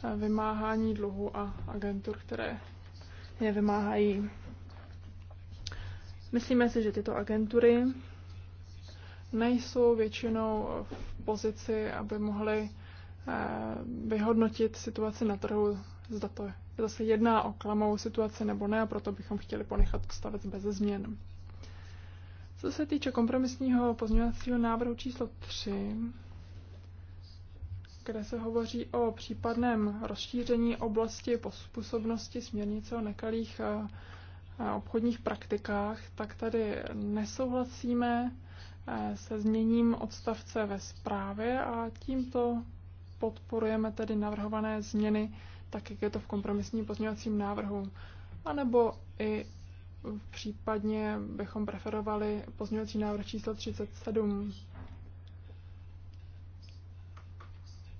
eh, vymáhání dluhu a agentur, které je vymáhají. Myslíme si, že tyto agentury nejsou většinou v pozici, aby mohly Eh, vyhodnotit situaci na trhu, zda to zase jedná o klamovou situaci nebo ne, a proto bychom chtěli ponechat stavec bez změn. Co se týče kompromisního pozměňovacího návrhu číslo 3, kde se hovoří o případném rozšíření oblasti pospůsobnosti směrnice o nekalých eh, eh, obchodních praktikách, tak tady nesouhlasíme se změním odstavce ve zprávě a tímto podporujeme tedy navrhované změny, tak jak je to v kompromisním pozměňovacím návrhu. A nebo i případně bychom preferovali pozměňovací návrh číslo 37.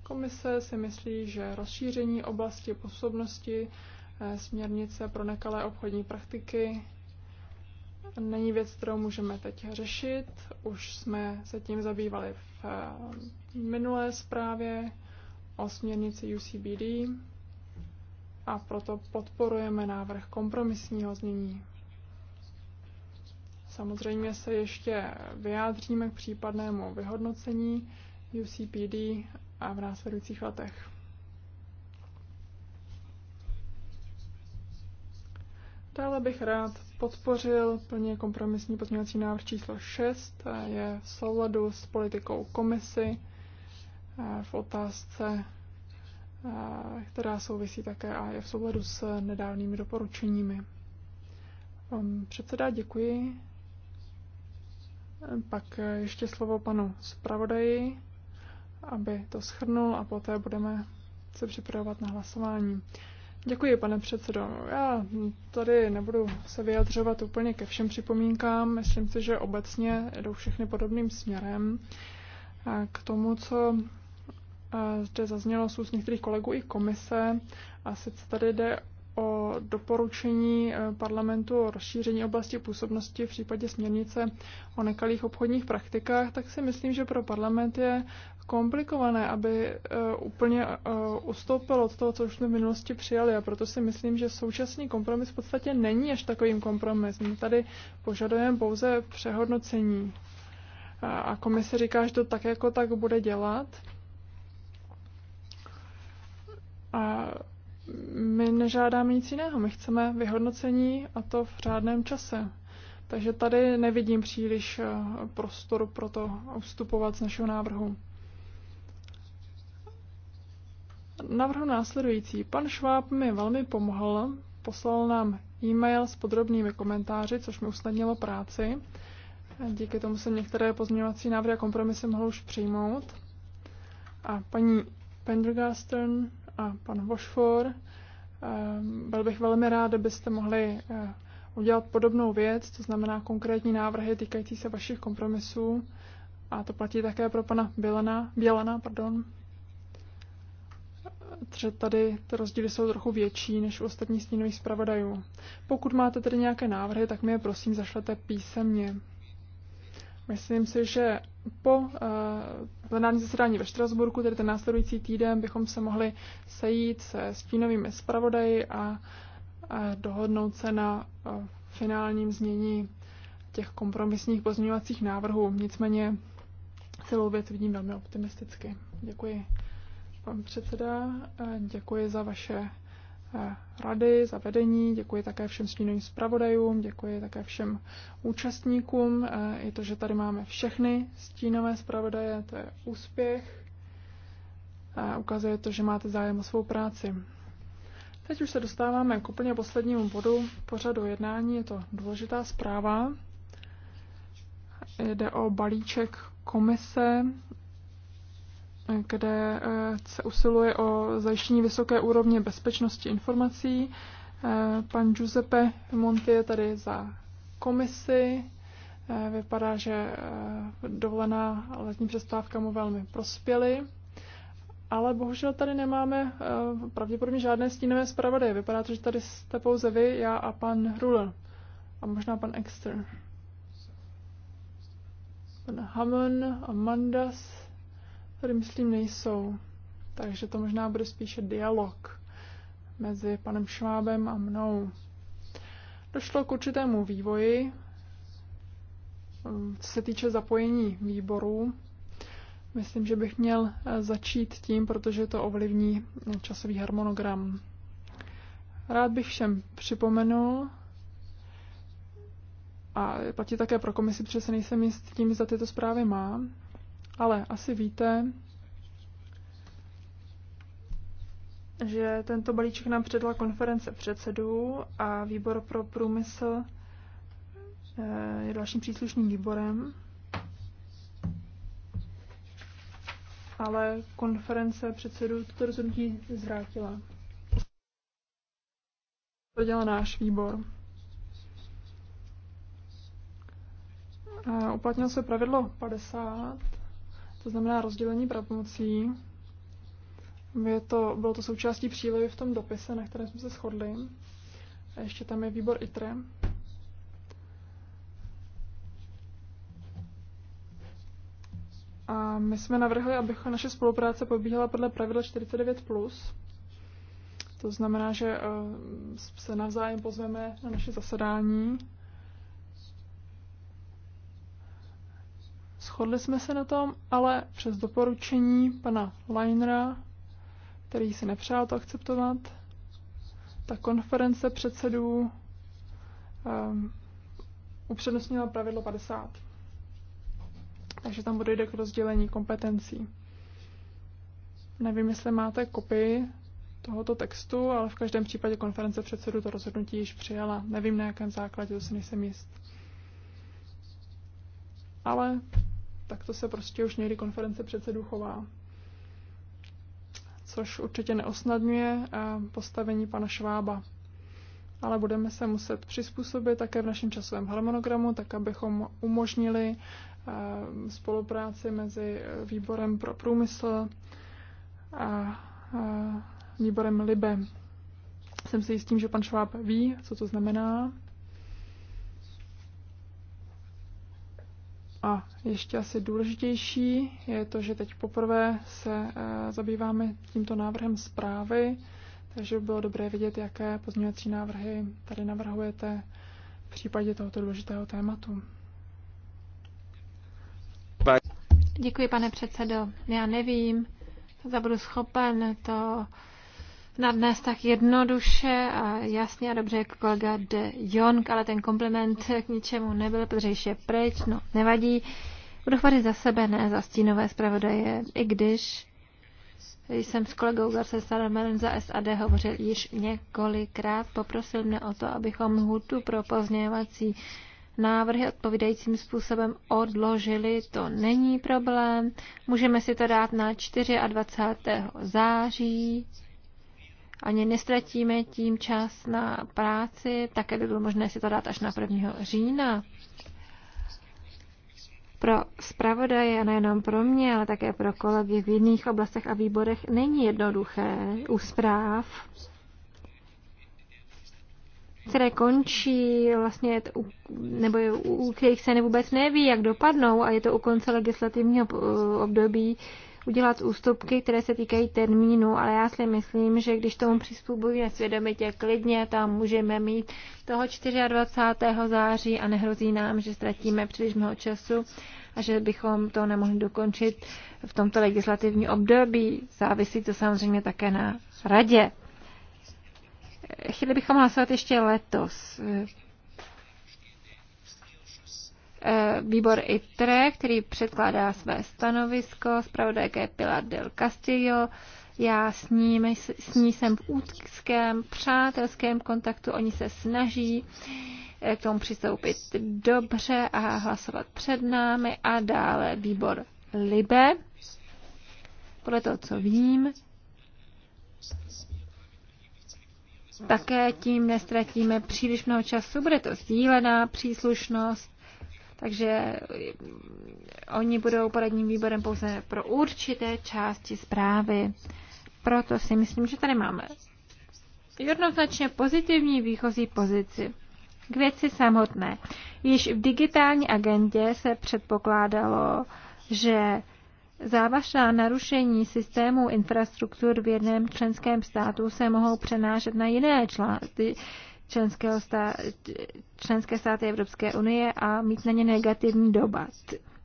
Komise si myslí, že rozšíření oblasti působnosti eh, směrnice pro nekalé obchodní praktiky není věc, kterou můžeme teď řešit. Už jsme se tím zabývali v eh, minulé zprávě o směrnici UCBD a proto podporujeme návrh kompromisního znění. Samozřejmě se ještě vyjádříme k případnému vyhodnocení UCPD a v následujících letech. Dále bych rád podpořil plně kompromisní pozměňovací návrh číslo 6, je v souladu s politikou komisy v otázce, která souvisí také a je v souhledu s nedávnými doporučeními. Předseda, děkuji. Pak ještě slovo panu zpravodaji, aby to schrnul a poté budeme se připravovat na hlasování. Děkuji, pane předsedo. Já tady nebudu se vyjadřovat úplně ke všem připomínkám. Myslím si, že obecně jdou všechny podobným směrem. K tomu, co zde zaznělo z úst některých kolegů i komise. A sice tady jde o doporučení eh, parlamentu o rozšíření oblasti působnosti v případě směrnice o nekalých obchodních praktikách, tak si myslím, že pro parlament je komplikované, aby eh, úplně eh, ustoupil od toho, co už jsme v minulosti přijali. A proto si myslím, že současný kompromis v podstatě není až takovým kompromisem. Tady požadujeme pouze přehodnocení. A komise říká, že to tak jako tak bude dělat. A my nežádáme nic jiného, my chceme vyhodnocení a to v řádném čase. Takže tady nevidím příliš eh, prostoru pro to ustupovat z našeho návrhu. Navrhu následující. Pan Šváb mi velmi pomohl, poslal nám e-mail s podrobnými komentáři, což mi usnadnilo práci. Díky tomu jsem některé pozměňovací návrhy a kompromisy mohl už přijmout. A paní Pendergasten a pan Vošfor. Eh, byl bych velmi rád, kdybyste mohli eh, udělat podobnou věc, to znamená konkrétní návrhy týkající se vašich kompromisů. A to platí také pro pana Bělana, Bělana pardon. Třeba tady ty rozdíly jsou trochu větší než u ostatních stínových zpravodajů. Pokud máte tedy nějaké návrhy, tak mi je prosím zašlete písemně. Myslím si, že po eh, plenární zasedání ve Štrasburku, tedy ten následující týden, bychom se mohli sejít se stínovými zpravodaji a dohodnout se na eh, finálním změní těch kompromisních pozměňovacích návrhů. Nicméně celou věc vidím velmi optimisticky. Děkuji, pan předseda, děkuji za vaše rady, za vedení, děkuji také všem stínovým zpravodajům, děkuji také všem účastníkům. Eh, I to, že tady máme všechny stínové zpravodaje, to je úspěch. Ukazuje to, že máte zájem o svou práci. Teď už se dostáváme k úplně poslednímu bodu pořadu jednání. Je to důležitá zpráva. Jde o balíček komise kde eh, se usiluje o zajištění vysoké úrovně bezpečnosti informací. Eh, pan Giuseppe Monti je tady za komisi. Eh, vypadá, že dovolená letní přestávka mu velmi prospěly. Ale bohužel tady nemáme pravděpodobně žádné stínové zpravodaje. Vypadá to, že tady jste pouze vy, já a pan Ruler. A možná pan Exter. Pan Hamon a Mandas. Tady myslím nejsou. Takže to možná bude spíše dialog mezi panem Švábem a mnou. Došlo k určitému vývoji, mm, co se týče zapojení výborů. Myslím, že bych měl eh, začít tím, protože to ovlivní časový harmonogram. Rád bych všem připomenul, a platí také pro komisi, protože se nejsem jist tím, za tyto zprávy mám, ale asi víte, že tento balíček nám předla konference předsedů a výbor pro průmysl eh, je dalším příslušným výborem. Ale konference předsedů toto rozhodnutí zvrátila. To dělá náš výbor. Uplatnilo se pravidlo 50 to znamená rozdělení pravomocí. to, bylo to součástí přílevy v tom dopise, na kterém jsme se shodli. A ještě tam je výbor ITRE. A my jsme navrhli, aby naše spolupráce pobíhala podle pravidla 49+. To znamená, že eh, se navzájem pozveme na naše zasedání Shodli jsme se na tom, ale přes doporučení pana Leinera, který si nepřál to akceptovat, ta konference předsedů um, upřednostnila pravidlo 50. Takže tam bude jde k rozdělení kompetencí. Nevím, jestli máte kopii tohoto textu, ale v každém případě konference předsedů to rozhodnutí již přijala. Nevím, na jakém základě, to si nejsem jist. Ale tak to se prostě už někdy konference předsedů chová. Což určitě neosnadňuje eh, postavení pana Švába. Ale budeme se muset přizpůsobit také v našem časovém harmonogramu, tak abychom umožnili eh, spolupráci mezi výborem pro průmysl a eh, výborem LIBE. Jsem si jistím, že pan Šváb ví, co to znamená. A ještě asi důležitější je to, že teď poprvé se eh, zabýváme tímto návrhem zprávy, takže by bylo dobré vidět, jaké pozměňovací návrhy tady navrhujete v případě tohoto důležitého tématu. Děkuji, pane předsedo. Já nevím, zda budu schopen to na dnes tak jednoduše a jasně a dobře jako kolega de Jong, ale ten komplement k ničemu nebyl, protože již je pryč, no nevadí. Budu za sebe, ne za stínové zpravodaje, i když jsem s kolegou Garce Salamerem za SAD hovořil již několikrát. Poprosil mě o to, abychom hutu pro pozměňovací návrhy odpovídajícím způsobem odložili. To není problém. Můžeme si to dát na 24. září. Ani nestratíme tím čas na práci. Také by bylo možné si to dát až na 1. října pro zpravodaje, nejenom pro mě, ale také pro kolegy v jiných oblastech a výborech, není jednoduché u zpráv, které končí, vlastně, nebo u kterých se vůbec neví, jak dopadnou a je to u konce legislativního eh, období, udělat ústupky, které se týkají termínu, ale já si myslím, že když tomu přizpůsobíme svědomitě klidně, tam můžeme mít toho 24. září a nehrozí nám, že ztratíme příliš mnoho času a že bychom to nemohli dokončit v tomto legislativní období. Závisí to samozřejmě také na radě. Chtěli bychom hlasovat ještě letos. Eh, výbor ITRE, který předkládá své stanovisko, zpravodajka je Pilar del Castillo. Já s, ním, s ní jsem v úzkém přátelském kontaktu, oni se snaží eh, k tomu přistoupit dobře a hlasovat před námi a dále výbor Libe. Podle toho, co vím, také tím nestratíme příliš mnoho času, bude to sdílená příslušnost takže eh, oni budou poradním výborem pouze pro určité části zprávy. Proto si myslím, že tady máme jednoznačně pozitivní výchozí pozici. K věci samotné. Již v digitální agendě se předpokládalo, že závažná narušení systému infrastruktur v jednom členském státu se mohou přenášet na jiné články členského stá- členské státy Evropské unie a mít na ně negativní dopad.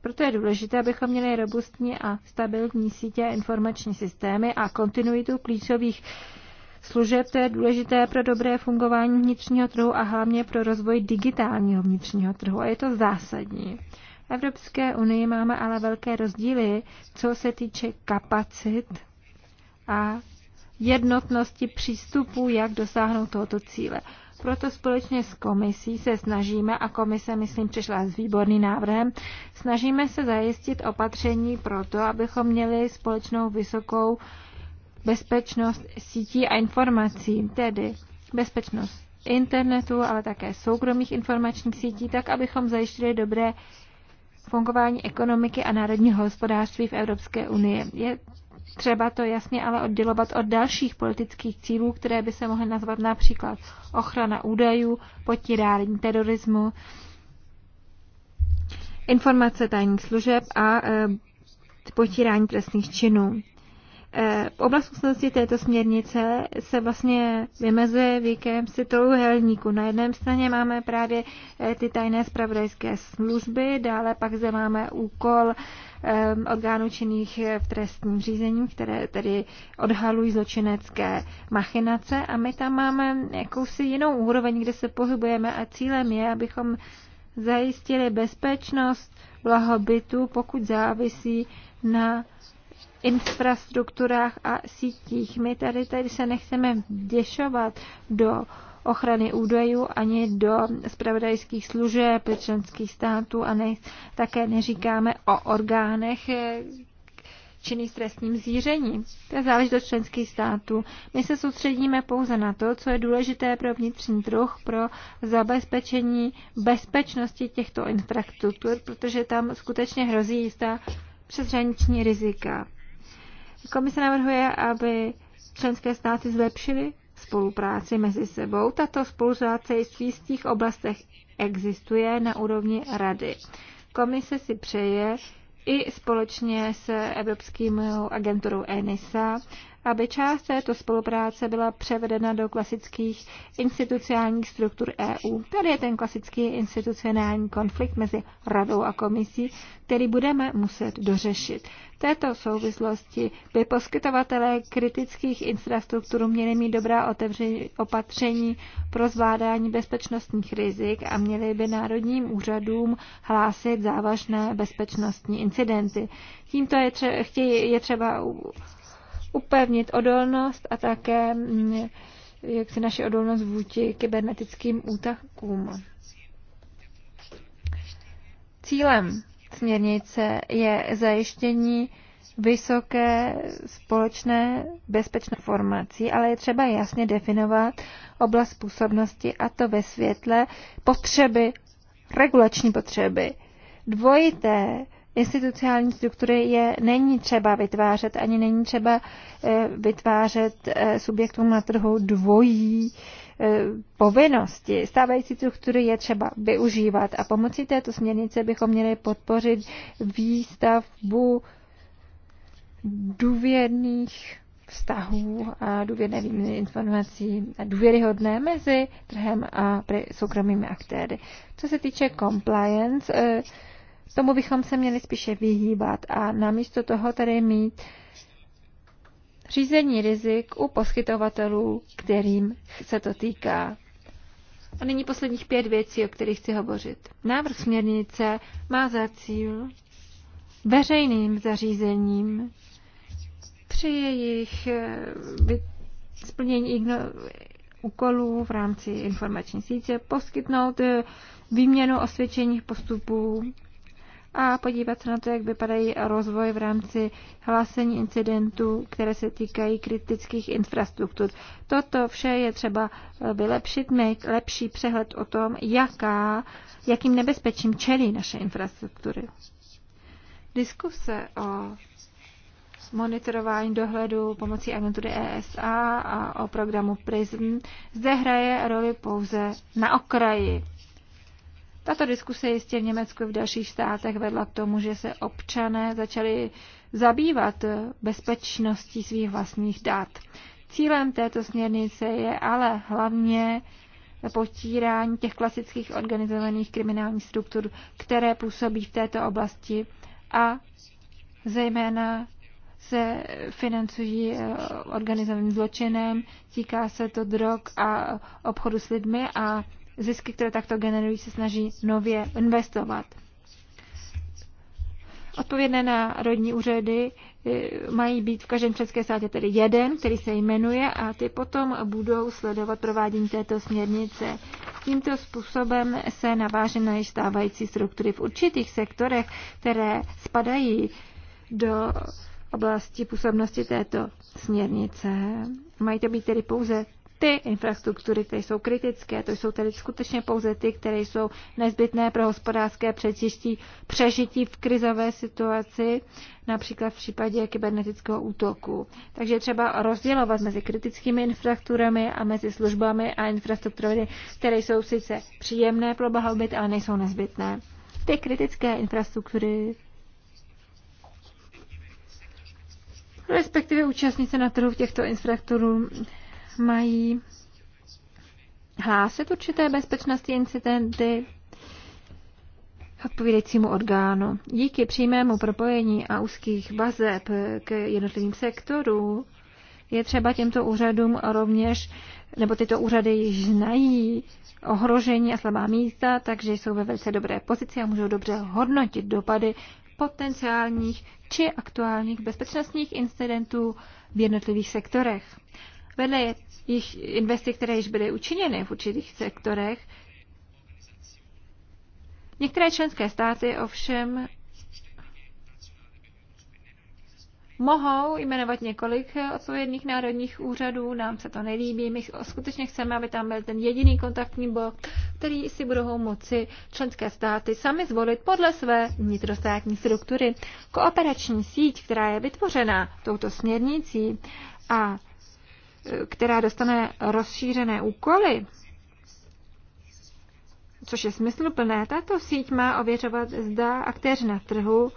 Proto je důležité, abychom měli robustní a stabilní sítě informační systémy a kontinuitu klíčových služeb. To je důležité pro dobré fungování vnitřního trhu a hlavně pro rozvoj digitálního vnitřního trhu. A je to zásadní. V Evropské unii máme ale velké rozdíly, co se týče kapacit a jednotnosti přístupu, jak dosáhnout tohoto cíle. Proto společně s komisí se snažíme, a komise, myslím, přišla s výborným návrhem, snažíme se zajistit opatření pro to, abychom měli společnou vysokou bezpečnost sítí a informací, tedy bezpečnost internetu, ale také soukromých informačních sítí, tak abychom zajištili dobré fungování ekonomiky a národního hospodářství v Evropské unii. Je třeba to jasně ale oddělovat od dalších politických cílů, které by se mohly nazvat například ochrana údajů, potírání terorismu, informace tajných služeb a eh, potírání trestných činů. Eh, v oblast této směrnice se vlastně vymezuje v titulu helníku. Na jedné straně máme právě eh, ty tajné spravodajské služby, dále pak zde máme úkol eh, orgánů činných v trestním řízení, které tedy odhalují zločinecké machinace a my tam máme jakousi jinou úroveň, kde se pohybujeme a cílem je, abychom zajistili bezpečnost blahobytu, pokud závisí na infrastrukturách a sítích. My tady, tady se nechceme vděšovat do ochrany údajů ani do spravodajských služeb členských států a ne, také neříkáme o orgánech eh, činný s trestním zířením. To je záležitost členských států. My se soustředíme pouze na to, co je důležité pro vnitřní trh, pro zabezpečení bezpečnosti těchto infrastruktur, protože tam skutečně hrozí jistá přeshraniční rizika. Komise navrhuje, aby členské státy zlepšily spolupráci mezi sebou. Tato spolupráce v jistých oblastech existuje na úrovni Rady. Komise si přeje i společně s Evropským agenturou ENISA, aby část této spolupráce byla převedena do klasických institucionálních struktur EU. Tady je ten klasický institucionální konflikt mezi radou a komisí, který budeme muset dořešit. V této souvislosti by poskytovatelé kritických infrastruktur měli mít dobrá otevření, opatření pro zvládání bezpečnostních rizik a měli by národním úřadům hlásit závažné bezpečnostní incidenty. Tímto je, tře- je třeba upevnit odolnost a také mm, jak si naše odolnost vůči kybernetickým útakům. Cílem směrnice je zajištění vysoké společné bezpečné formací, ale je třeba jasně definovat oblast působnosti a to ve světle potřeby, regulační potřeby. Dvojité institucionální struktury je není třeba vytvářet, ani není třeba e, vytvářet e, subjektům na trhu dvojí e, povinnosti. Stávající struktury je třeba využívat a pomocí této směrnice bychom měli podpořit výstavbu důvěrných vztahů a důvěrné informací a důvěryhodné mezi trhem a soukromými aktéry. Co se týče compliance, Tomu bychom se měli spíše vyhýbat a namísto toho tedy mít řízení rizik u poskytovatelů, kterým se to týká. A nyní posledních pět věcí, o kterých chci hovořit. Návrh směrnice má za cíl veřejným zařízením při jejich eh, splnění úkolů v rámci informační sítě poskytnout eh, výměnu osvědčených postupů a podívat se na to, jak vypadají rozvoj v rámci hlášení incidentů, které se týkají kritických infrastruktur. Toto vše je třeba vylepšit, mít lepší přehled o tom, jaká, jakým nebezpečím čelí naše infrastruktury. Diskuse o monitorování dohledu pomocí agentury ESA a o programu PRISM zde hraje roli pouze na okraji. Tato diskuse jistě v Německu i v dalších státech vedla k tomu, že se občané začali zabývat bezpečností svých vlastních dat. Cílem této směrnice je ale hlavně potírání těch klasických organizovaných kriminálních struktur, které působí v této oblasti a zejména se financují eh, organizovaným zločinem, týká se to drog a obchodu s lidmi a zisky, které takto generují, se snaží nově investovat. Odpovědné národní úřady eh, mají být v každém české státě tedy jeden, který se jmenuje a ty potom budou sledovat provádění této směrnice. Tímto způsobem se naváže na již stávající struktury v určitých sektorech, které spadají do oblasti působnosti této směrnice. Mají to být tedy pouze ty infrastruktury, které jsou kritické, to jsou tedy skutečně pouze ty, které jsou nezbytné pro hospodářské přežití, přežití v krizové situaci, například v případě kybernetického útoku. Takže třeba rozdělovat mezi kritickými infrastrukturami a mezi službami a infrastrukturami, které jsou sice příjemné pro blahobyt, ale nejsou nezbytné. Ty kritické infrastruktury respektive účastnice na trhu těchto infrastrukturů mají hlásit určité bezpečnostní incidenty odpovídajícímu orgánu. Díky přímému propojení a úzkých vazeb k jednotlivým sektorům je třeba těmto úřadům rovněž, nebo tyto úřady již znají ohrožení a slabá místa, takže jsou ve velice dobré pozici a můžou dobře hodnotit dopady potenciálních či aktuálních bezpečnostních incidentů v jednotlivých sektorech vedle jich investic, které již byly učiněny v určitých sektorech, některé členské státy ovšem mohou jmenovat několik odpovědných národních úřadů, nám se to nelíbí, my skutečně chceme, aby tam byl ten jediný kontaktní bod, který si budou moci členské státy sami zvolit podle své vnitrostátní struktury. Kooperační síť, která je vytvořena touto směrnicí a která dostane rozšířené úkoly, což je smysluplné, tato síť má ověřovat, zda aktéři na trhu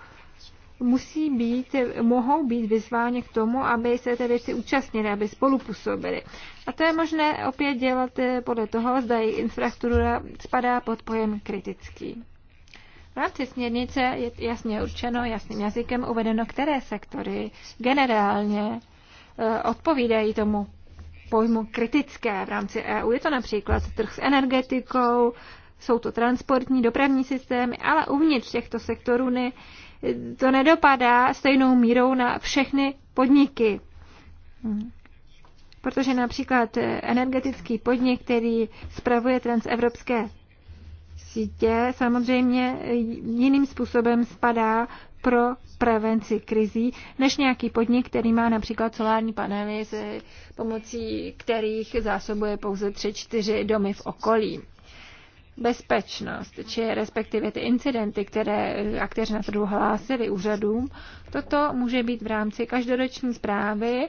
musí být, mohou být vyzváni k tomu, aby se té věci účastnili, aby spolupůsobili. A to je možné opět dělat eh, podle toho, zda její infrastruktura spadá pod pojem kritický. V rámci směrnice je jasně určeno, jasným jazykem uvedeno, které sektory generálně eh, odpovídají tomu pojmu kritické v rámci EU. Je to například trh s energetikou, jsou to transportní, dopravní systémy, ale uvnitř těchto sektorů ne, to nedopadá stejnou mírou na všechny podniky. Protože například energetický podnik, který spravuje transevropské sítě, samozřejmě jiným způsobem spadá pro prevenci krizí, než nějaký podnik, který má například solární panely, s eh, pomocí kterých zásobuje pouze tři čtyři domy v okolí bezpečnost, či respektive ty incidenty, které eh, aktéři na trhu hlásili úřadům, toto může být v rámci každoroční zprávy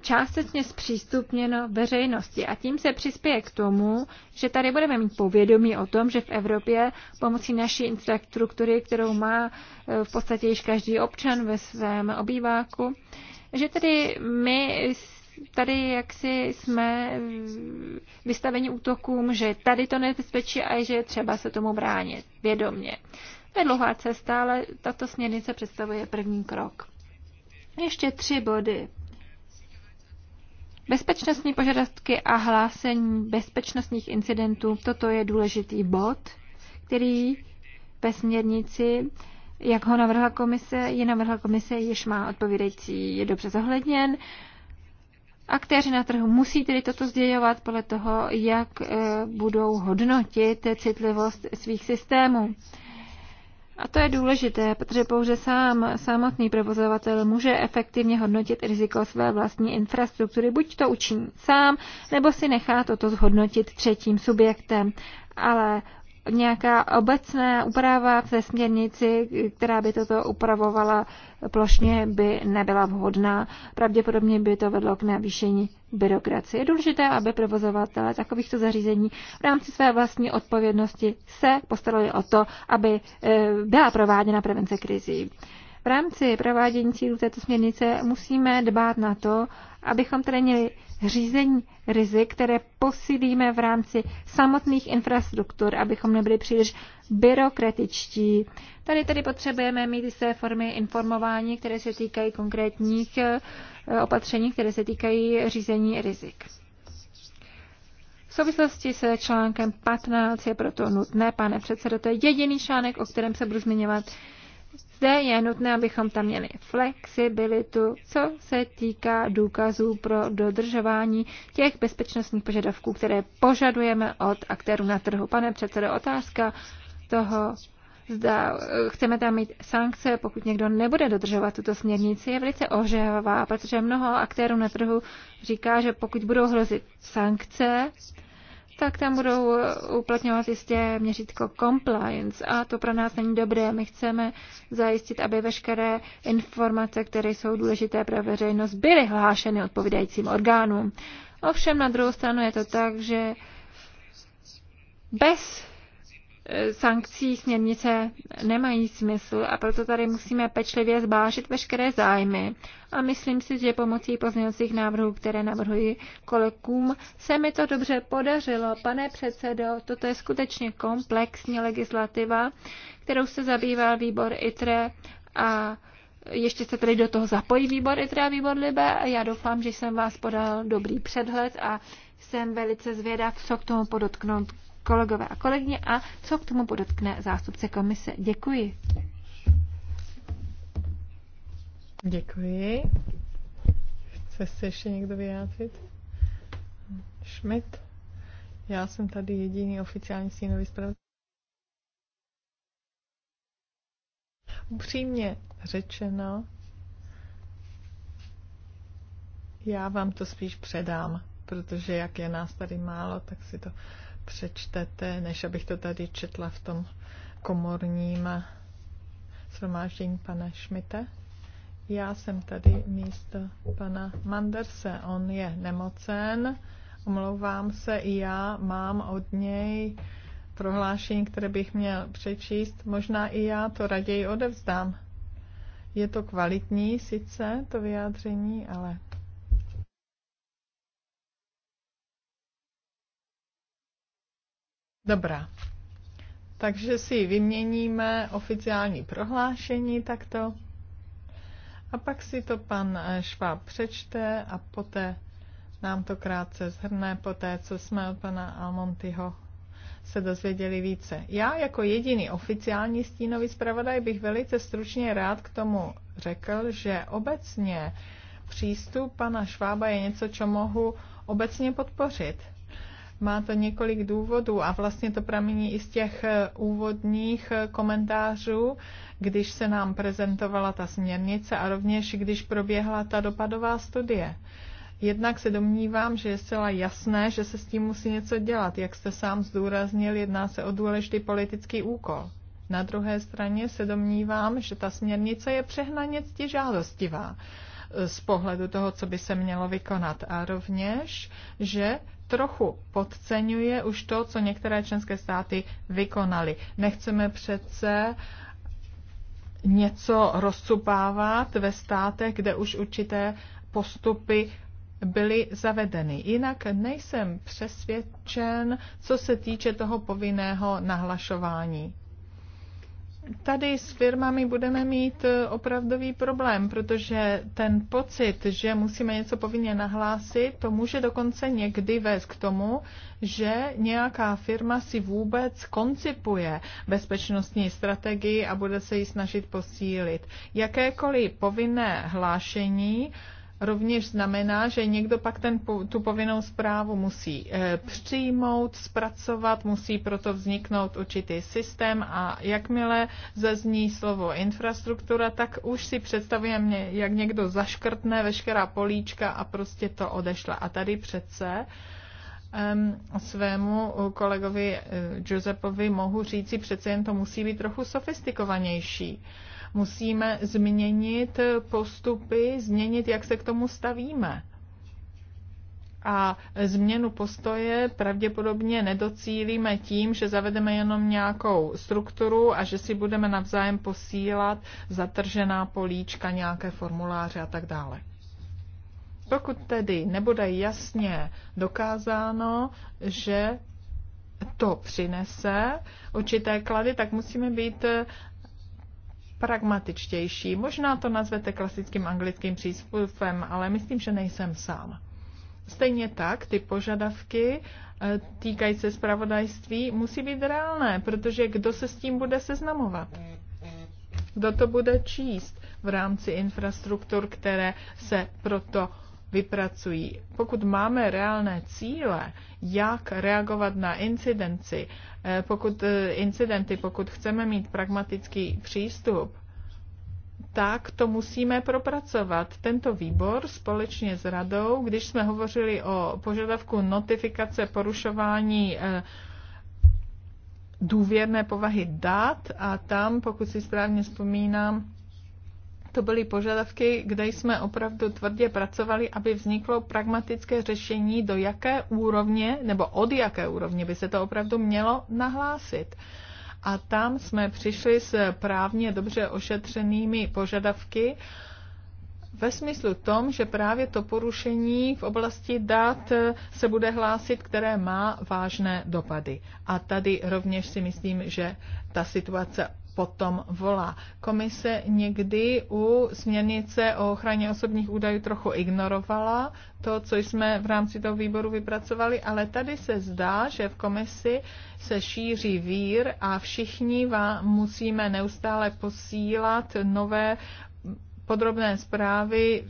částečně zpřístupněno veřejnosti. A tím se přispěje k tomu, že tady budeme mít povědomí o tom, že v Evropě pomocí naší infrastruktury, kterou má e, v podstatě již každý občan ve svém obýváku, že tedy my tady jaksi jsme vystaveni útokům, že tady to nebezpečí a že je třeba se tomu bránit vědomě. To je dlouhá cesta, ale tato směrnice představuje první krok. Ještě tři body. Bezpečnostní požadavky a hlásení bezpečnostních incidentů, toto je důležitý bod, který ve směrnici, jak ho navrhla komise, je navrhla komise, již má odpovídající, je dobře zohledněn. Aktéři na trhu musí tedy toto sdělovat podle toho, jak eh, budou hodnotit citlivost svých systémů. A to je důležité, protože pouze sám samotný provozovatel může efektivně hodnotit riziko své vlastní infrastruktury. Buď to učiní sám, nebo si nechá toto zhodnotit třetím subjektem. Ale nějaká obecná úprava v té směrnici, která by toto upravovala plošně, by nebyla vhodná. Pravděpodobně by to vedlo k navýšení byrokracie. Je důležité, aby provozovatele takovýchto zařízení v rámci své vlastní odpovědnosti se postarali o to, aby eh, byla prováděna prevence krizí. V rámci provádění cílů této směrnice musíme dbát na to, abychom tedy měli řízení rizik, které posílíme v rámci samotných infrastruktur, abychom nebyli příliš byrokratičtí. Tady tedy potřebujeme mít jisté formy informování, které se týkají konkrétních eh, opatření, které se týkají řízení rizik. V souvislosti se článkem 15 je proto nutné, pane předsedo, to je jediný článek, o kterém se budu zmiňovat zde je nutné, abychom tam měli flexibilitu, co se týká důkazů pro dodržování těch bezpečnostních požadavků, které požadujeme od aktérů na trhu. Pane předsedo, otázka toho, zda eh, chceme tam mít sankce, pokud někdo nebude dodržovat tuto směrnici, je velice ohřehová, protože mnoho aktérů na trhu říká, že pokud budou hrozit sankce, tak tam budou eh, uplatňovat jistě měřítko compliance a to pro nás není dobré. My chceme zajistit, aby veškeré informace, které jsou důležité pro veřejnost, byly hlášeny odpovídajícím orgánům. Ovšem na druhou stranu je to tak, že bez sankcí směrnice nemají smysl a proto tady musíme pečlivě zbážit veškeré zájmy. A myslím si, že pomocí pozměňovacích návrhů, které navrhuji kolegům, se mi to dobře podařilo. Pane předsedo, toto je skutečně komplexní legislativa, kterou se zabýval výbor ITRE a ještě se tedy do toho zapojí výbor ITRE a výbor LIBE a já doufám, že jsem vás podal dobrý předhled a jsem velice zvědav, co k tomu podotknout kolegové a kolegyně a co k tomu podotkne zástupce komise. Děkuji. Děkuji. Chce se ještě někdo vyjádřit? Šmit? Já jsem tady jediný oficiální stínový zpravodaj. Upřímně řečeno, já vám to spíš předám, protože jak je nás tady málo, tak si to přečtete, než abych to tady četla v tom komorním shromáždění pana Šmita. Já jsem tady místo pana Manderse. On je nemocen, omlouvám se, i já mám od něj prohlášení, které bych měl přečíst. Možná i já to raději odevzdám. Je to kvalitní sice, to vyjádření, ale Dobrá. Takže si vyměníme oficiální prohlášení takto. A pak si to pan eh, Šváb přečte a poté nám to krátce zhrne, poté co jsme od pana Almontyho se dozvěděli více. Já jako jediný oficiální stínový zpravodaj bych velice stručně rád k tomu řekl, že obecně přístup pana Švába je něco, co mohu obecně podpořit. Má to několik důvodů a vlastně to pramení i z těch eh, úvodních eh, komentářů, když se nám prezentovala ta směrnice a rovněž když proběhla ta dopadová studie. Jednak se domnívám, že je zcela jasné, že se s tím musí něco dělat. Jak jste sám zdůraznil, jedná se o důležitý politický úkol. Na druhé straně se domnívám, že ta směrnice je přehnaně žádostivá eh, z pohledu toho, co by se mělo vykonat. A rovněž, že trochu podceňuje už to, co některé členské státy vykonaly. Nechceme přece něco rozcupávat ve státech, kde už určité postupy byly zavedeny. Jinak nejsem přesvědčen, co se týče toho povinného nahlašování Tady s firmami budeme mít e, opravdový problém, protože ten pocit, že musíme něco povinně nahlásit, to může dokonce někdy vést k tomu, že nějaká firma si vůbec koncipuje bezpečnostní strategii a bude se ji snažit posílit. Jakékoliv povinné hlášení rovněž znamená, že někdo pak ten, tu povinnou zprávu musí eh, přijmout, zpracovat, musí proto vzniknout určitý systém a jakmile zazní slovo infrastruktura, tak už si představujeme, jak někdo zaškrtne veškerá políčka a prostě to odešla. A tady přece svému kolegovi eh, Josepovi mohu říci, přece jen to musí být trochu sofistikovanější Musíme změnit postupy, změnit, jak se k tomu stavíme. A změnu postoje pravděpodobně nedocílíme tím, že zavedeme jenom nějakou strukturu a že si budeme navzájem posílat zatržená políčka, nějaké formuláře a tak dále. Pokud tedy nebude jasně dokázáno, že to přinese určité klady, tak musíme být pragmatičtější. Možná to nazvete klasickým anglickým přístupem, ale myslím, že nejsem sám. Stejně tak ty požadavky eh, týkající se zpravodajství musí být reálné, protože kdo se s tím bude seznamovat? Kdo to bude číst v rámci infrastruktur, které se proto vypracují. Pokud máme reálné cíle, jak reagovat na incidenci, eh, pokud, eh, incidenty, pokud chceme mít pragmatický přístup, tak to musíme propracovat. Tento výbor společně s radou, když jsme hovořili o požadavku notifikace porušování eh, důvěrné povahy dat a tam, pokud si správně vzpomínám, to byly požadavky, kde jsme opravdu tvrdě pracovali, aby vzniklo pragmatické řešení, do jaké úrovně nebo od jaké úrovně by se to opravdu mělo nahlásit. A tam jsme přišli s právně dobře ošetřenými požadavky ve smyslu tom, že právě to porušení v oblasti dat se bude hlásit, které má vážné dopady. A tady rovněž si myslím, že ta situace potom volá. Komise někdy u směrnice o ochraně osobních údajů trochu ignorovala to, co jsme v rámci toho výboru vypracovali, ale tady se zdá, že v komisi se šíří vír a všichni vám musíme neustále posílat nové podrobné zprávy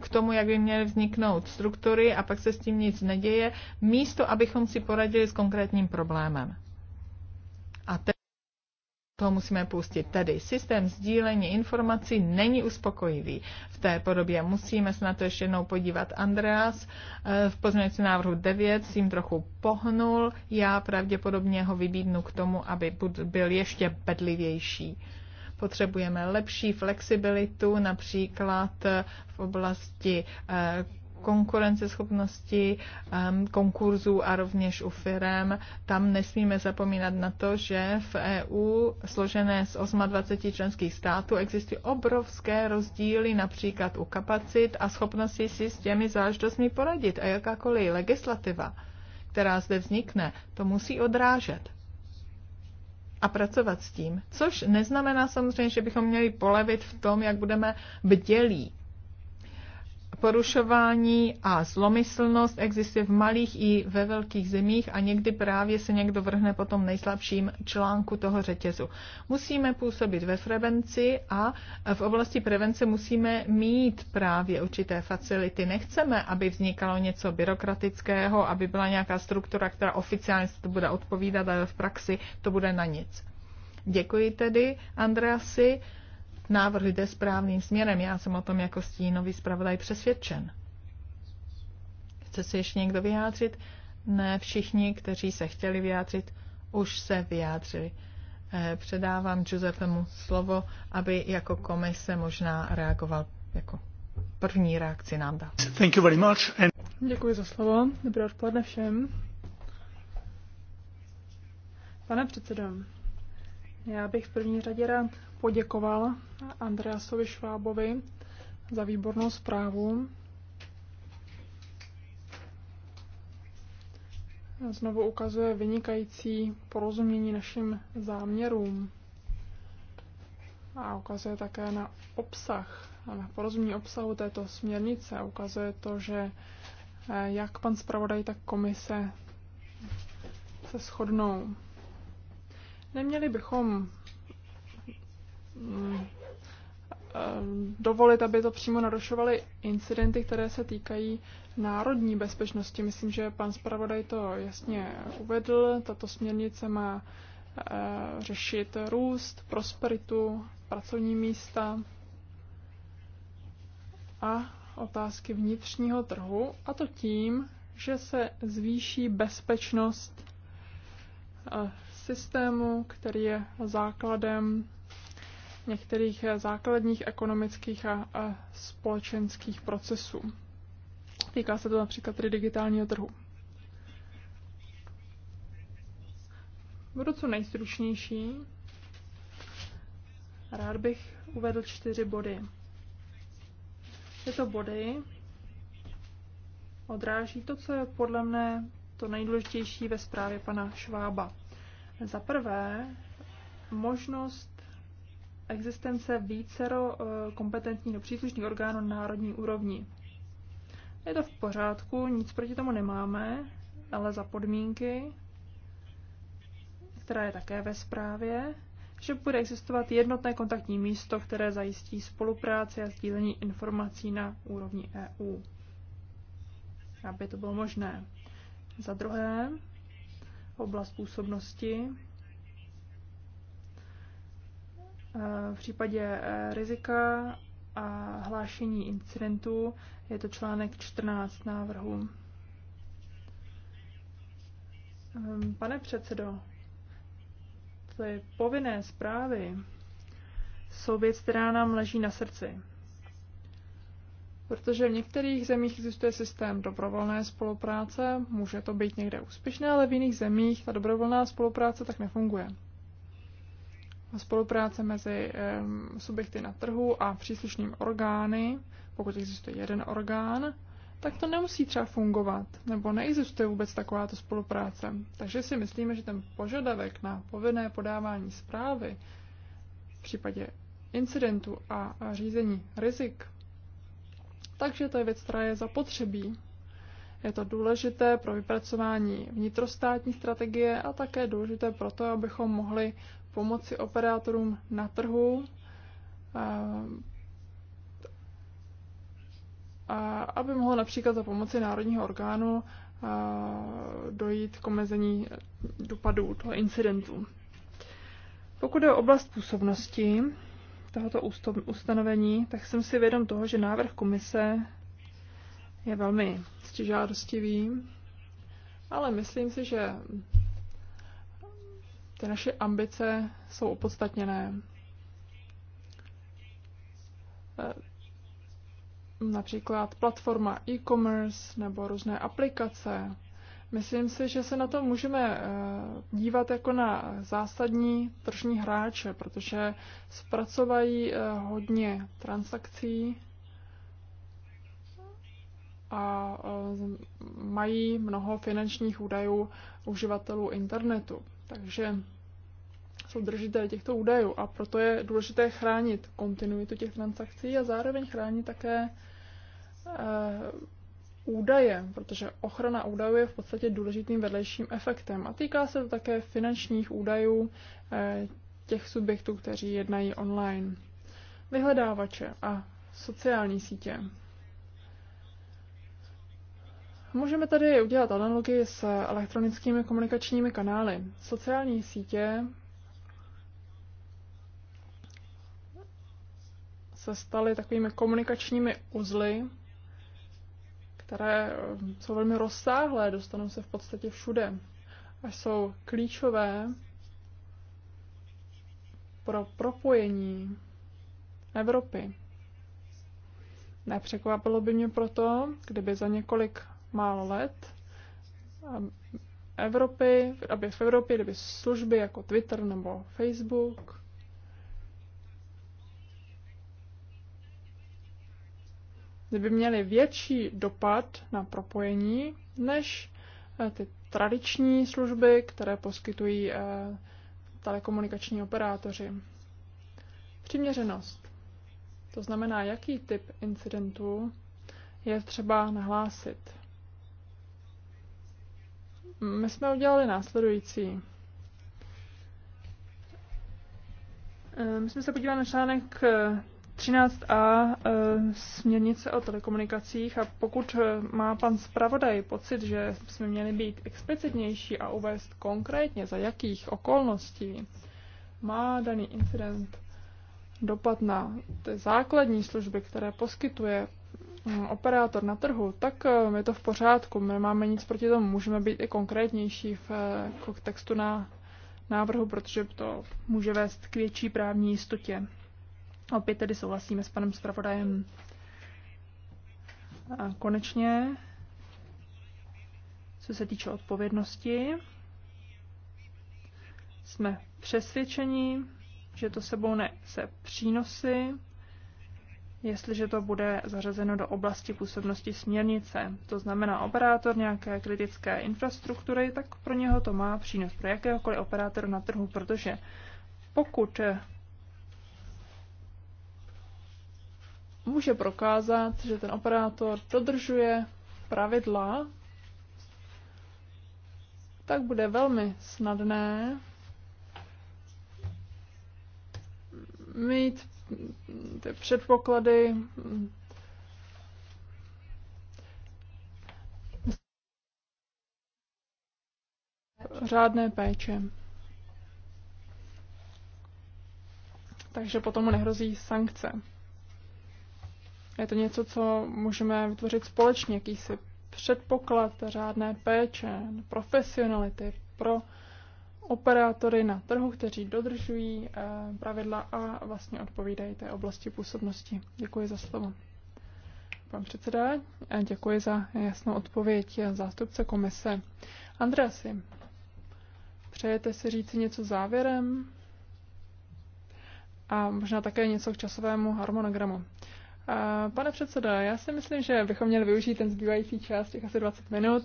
k tomu, jak by měly vzniknout struktury a pak se s tím nic neděje, místo abychom si poradili s konkrétním problémem. A te- toho musíme pustit. Tedy systém sdílení informací není uspokojivý v té podobě. Musíme se na to ještě jednou podívat. Andreas eh, v pozměňovacím návrhu 9 s tím trochu pohnul. Já pravděpodobně ho vybídnu k tomu, aby byl ještě bedlivější. Potřebujeme lepší flexibilitu, například eh, v oblasti eh, konkurenceschopnosti konkurzů a rovněž u firm. Tam nesmíme zapomínat na to, že v EU složené z 28 členských států existují obrovské rozdíly například u kapacit a schopnosti si s těmi záležitostmi poradit a jakákoliv legislativa která zde vznikne, to musí odrážet a pracovat s tím. Což neznamená samozřejmě, že bychom měli polevit v tom, jak budeme bdělí porušování a zlomyslnost existuje v malých i ve velkých zemích a někdy právě se někdo vrhne po tom nejslabším článku toho řetězu. Musíme působit ve prevenci a v oblasti prevence musíme mít právě určité facility. Nechceme, aby vznikalo něco byrokratického, aby byla nějaká struktura, která oficiálně se to bude odpovídat, ale v praxi to bude na nic. Děkuji tedy, Andreasi návrh jde správným směrem. Já jsem o tom jako stínový zpravodaj přesvědčen. Chce se ještě někdo vyjádřit? Ne, všichni, kteří se chtěli vyjádřit, už se vyjádřili. Eh, předávám Giuseppemu slovo, aby jako komise možná reagoval jako první reakci nám dal. Thank you very much and... Děkuji za slovo. Dobré odpoledne všem. Pane předsedo, já bych v první řadě rád poděkoval Andreasovi Švábovi za výbornou zprávu. Znovu ukazuje vynikající porozumění našim záměrům a ukazuje také na obsah, na porozumění obsahu této směrnice a ukazuje to, že eh, jak pan zpravodaj, tak komise se shodnou. Neměli bychom Eh, dovolit, aby to přímo narušovaly incidenty, které se týkají národní bezpečnosti. Myslím, že pan zpravodaj to jasně uvedl. Tato směrnice má eh, řešit růst, prosperitu, pracovní místa a otázky vnitřního trhu, a to tím, že se zvýší bezpečnost eh, systému, který je základem některých eh, základních ekonomických a, společenských procesů. Týká se to například tedy digitálního trhu. Budu co nejstručnější. Rád bych uvedl čtyři body. Tyto body odráží to, co je podle mne to nejdůležitější ve zprávě pana Švába. Za prvé, možnost existence vícero eh, kompetentních příslušných orgánů na národní úrovni. Je to v pořádku, nic proti tomu nemáme, ale za podmínky, která je také ve zprávě, že bude existovat jednotné kontaktní místo, které zajistí spolupráci a sdílení informací na úrovni EU, aby to bylo možné. Za druhé, oblast působnosti v případě eh, rizika a hlášení incidentů je to článek 14 návrhu. Ehm, pane předsedo, ty povinné zprávy jsou věc, která nám leží na srdci. Protože v některých zemích existuje systém dobrovolné spolupráce, může to být někde úspěšné, ale v jiných zemích ta dobrovolná spolupráce tak nefunguje spolupráce mezi subjekty na trhu a příslušnými orgány, pokud existuje jeden orgán, tak to nemusí třeba fungovat, nebo neexistuje vůbec takováto spolupráce. Takže si myslíme, že ten požadavek na povinné podávání zprávy v případě incidentu a řízení rizik, takže to je věc, která je zapotřebí. Je to důležité pro vypracování vnitrostátní strategie a také důležité pro to, abychom mohli pomoci operátorům na trhu, a aby mohlo například za pomoci národního orgánu dojít k omezení dopadů toho incidentu. Pokud je o oblast působnosti tohoto ustanovení, tak jsem si vědom toho, že návrh komise je velmi stěžádostivý, ale myslím si, že ty naše ambice jsou opodstatněné. E, například platforma e-commerce nebo různé aplikace. Myslím si, že se na to můžeme e, dívat jako na zásadní tržní hráče, protože zpracovají e, hodně transakcí a mají mnoho finančních údajů uživatelů internetu. Takže jsou držitelé těchto údajů a proto je důležité chránit kontinuitu těch transakcí a zároveň chránit také e, údaje, protože ochrana údajů je v podstatě důležitým vedlejším efektem a týká se to také finančních údajů e, těch subjektů, kteří jednají online. Vyhledávače a sociální sítě. Můžeme tady udělat analogii s elektronickými komunikačními kanály. Sociální sítě se staly takovými komunikačními uzly, které eh, jsou velmi rozsáhlé, dostanou se v podstatě všude a jsou klíčové pro propojení Evropy. Nepřekvapilo by mě proto, kdyby za několik málo let Evropy, aby v Evropě byly služby jako Twitter nebo Facebook. Kdyby měly větší dopad na propojení než eh, ty tradiční služby, které poskytují eh, telekomunikační operátoři. Přiměřenost. To znamená, jaký typ incidentů je třeba nahlásit. My jsme udělali následující. Eh, my jsme se podívali na článek 13a eh, eh, směrnice o telekomunikacích a pokud má pan zpravodaj pocit, že jsme měli být explicitnější a uvést konkrétně, za jakých okolností má daný incident dopad na ty základní služby, které poskytuje Eh, operátor na trhu, tak eh, je to v pořádku. My nemáme nic proti tomu. Můžeme být i konkrétnější v eh, jako textu na návrhu, protože to může vést k větší právní jistotě. Opět tedy souhlasíme s panem zpravodajem. A konečně, co se týče odpovědnosti, jsme přesvědčeni, že to sebou nese přínosy jestliže to bude zařazeno do oblasti působnosti směrnice. To znamená, operátor nějaké kritické infrastruktury, tak pro něho to má přínos pro jakéhokoliv operátora na trhu, protože pokud může prokázat, že ten operátor dodržuje pravidla, tak bude velmi snadné mít ty předpoklady. Řádné péče. Takže potom nehrozí sankce. Je to něco, co můžeme vytvořit společně, jakýsi předpoklad řádné péče, profesionality pro operátory na trhu, kteří dodržují eh, pravidla a vlastně odpovídají té oblasti působnosti. Děkuji za slovo. Pan předseda, děkuji za jasnou odpověď zástupce komise. Andreasi, přejete si říct něco závěrem? A možná také něco k časovému harmonogramu. Eh, pane předseda, já si myslím, že bychom měli využít ten zbývající čas, těch asi 20 minut.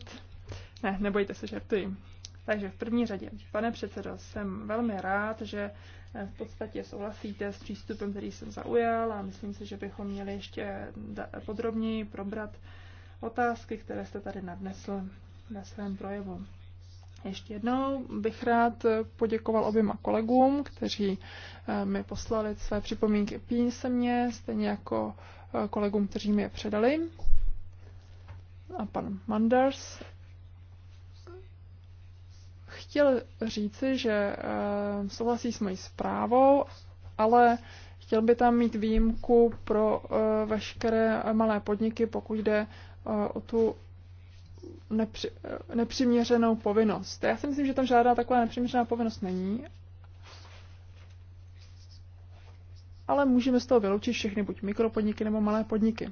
Ne, nebojte se, žertuji. Takže v první řadě, pane předsedo, jsem velmi rád, že eh, v podstatě souhlasíte s přístupem, který jsem zaujal a myslím si, že bychom měli ještě eh, podrobněji probrat otázky, které jste tady nadnesl na svém projevu. Ještě jednou bych rád eh, poděkoval oběma kolegům, kteří mi poslali své připomínky písemně, stejně jako kolegům, kteří mi je předali. A pan Manders chtěl říci, že eh, souhlasí s mojí zprávou, ale chtěl by tam mít výjimku pro eh, veškeré malé podniky, pokud jde eh, o tu nepři, nepřiměřenou povinnost. Já si myslím, že tam žádná taková nepřiměřená povinnost není, ale můžeme z toho vyloučit všechny, buď mikropodniky nebo malé podniky.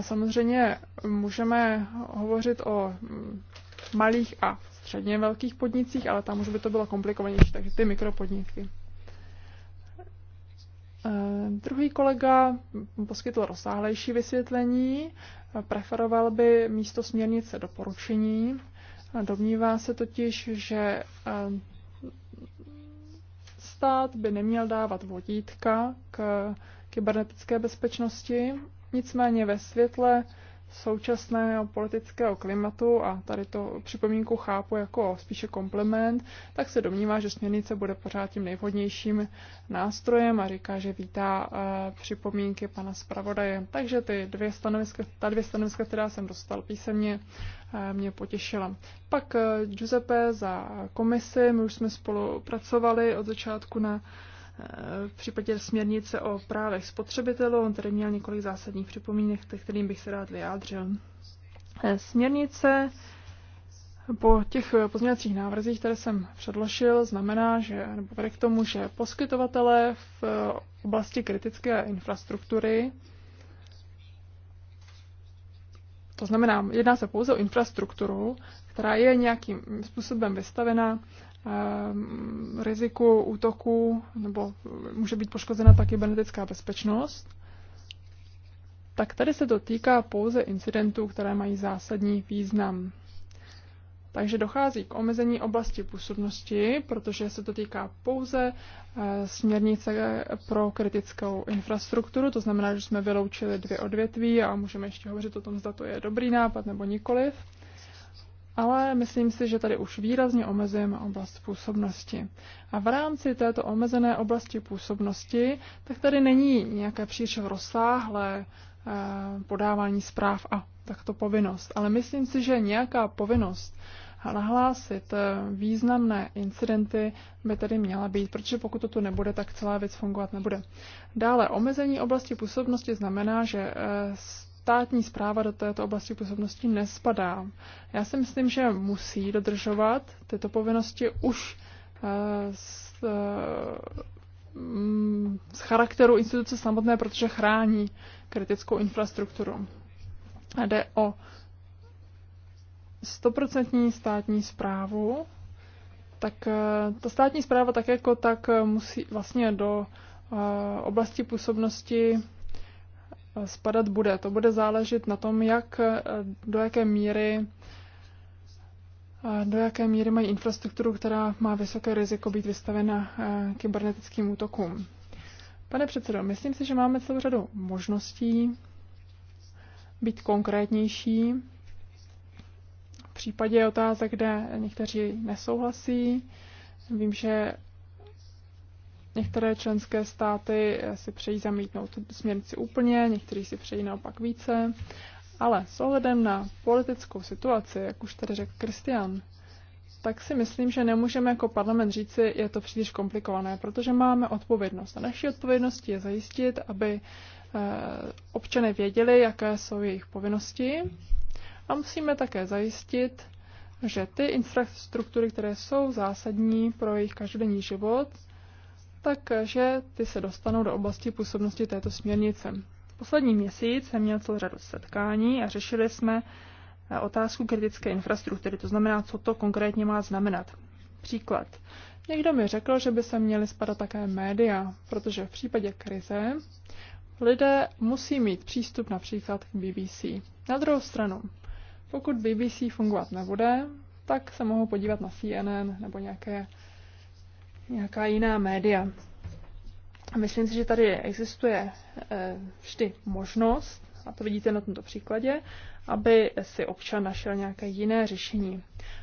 Samozřejmě můžeme hovořit o mm, malých a středně velkých podnicích, ale tam už by to bylo komplikovanější, takže ty mikropodniky. Eh, druhý kolega poskytl rozsáhlejší vysvětlení, preferoval by místo směrnice doporučení. Domnívá se totiž, že eh, stát by neměl dávat vodítka k kybernetické bezpečnosti, nicméně ve světle současného politického klimatu, a tady to připomínku chápu jako spíše komplement, tak se domnívá, že směrnice bude pořád tím nejvhodnějším nástrojem a říká, že vítá eh, připomínky pana zpravodaje. Takže ty dvě stanoviska, ta dvě stanoviska, která jsem dostal písemně, eh, mě potěšila. Pak eh, Giuseppe za komisi, my už jsme spolupracovali od začátku na v případě směrnice o právech spotřebitelů, on tady měl několik zásadních připomínek, kterým bych se rád vyjádřil. Eh, směrnice po těch pozměňovacích návrzích, které jsem předložil, znamená, že, nebo vede k tomu, že poskytovatelé v eh, oblasti kritické infrastruktury, to znamená, jedná se pouze o infrastrukturu, která je nějakým způsobem vystavena Ehm, riziku útoku nebo může být poškozena taky kybernetická bezpečnost, tak tady se to týká pouze incidentů, které mají zásadní význam. Takže dochází k omezení oblasti působnosti, protože se to týká pouze eh, směrnice pro kritickou infrastrukturu, to znamená, že jsme vyloučili dvě odvětví a můžeme ještě hovořit o tom, zda to je dobrý nápad nebo nikoliv ale myslím si, že tady už výrazně omezujeme oblast působnosti. A v rámci této omezené oblasti působnosti, tak tady není nějaké příliš rozsáhlé eh, podávání zpráv a takto povinnost. Ale myslím si, že nějaká povinnost nahlásit eh, významné incidenty by tady měla být, protože pokud to tu nebude, tak celá věc fungovat nebude. Dále, omezení oblasti působnosti znamená, že eh, státní zpráva do této oblasti působnosti nespadá. Já si myslím, že musí dodržovat tyto povinnosti už z, eh, eh, mm, z charakteru instituce samotné, protože chrání kritickou infrastrukturu. A jde o stoprocentní státní zprávu, tak eh, ta státní zpráva tak jako tak musí vlastně do oblasti působnosti Eh, spadat bude. To bude záležet na tom, jak, eh, do jaké míry eh, do jaké míry mají infrastrukturu, která má vysoké riziko být vystavena kybernetickým útokům. Pane předsedo, myslím si, že máme celou řadu možností být konkrétnější. V případě otázek, kde někteří nesouhlasí, vím, že Některé členské státy eh, si přejí zamítnout směrnici úplně, někteří si přejí naopak více, ale s ohledem na politickou situaci, jak už tady řekl Kristian, tak si myslím, že nemůžeme jako parlament říci, je to příliš komplikované, protože máme odpovědnost. A naší odpovědností je zajistit, aby eh, občany věděli, jaké jsou jejich povinnosti. A musíme také zajistit, že ty infrastruktury, které jsou zásadní pro jejich každodenní život, takže ty se dostanou do oblasti působnosti této směrnice. Poslední měsíc jsem měl celou řadu setkání a řešili jsme eh, otázku kritické infrastruktury, to znamená, co to konkrétně má znamenat. Příklad. Někdo mi řekl, že by se měly spadat také média, protože v případě krize lidé musí mít přístup například k BBC. Na druhou stranu, pokud BBC fungovat nebude, tak se mohou podívat na CNN nebo nějaké nějaká jiná média. Myslím si, že tady existuje eh, vždy možnost, a to vidíte na tomto příkladě, aby si občan našel nějaké jiné řešení.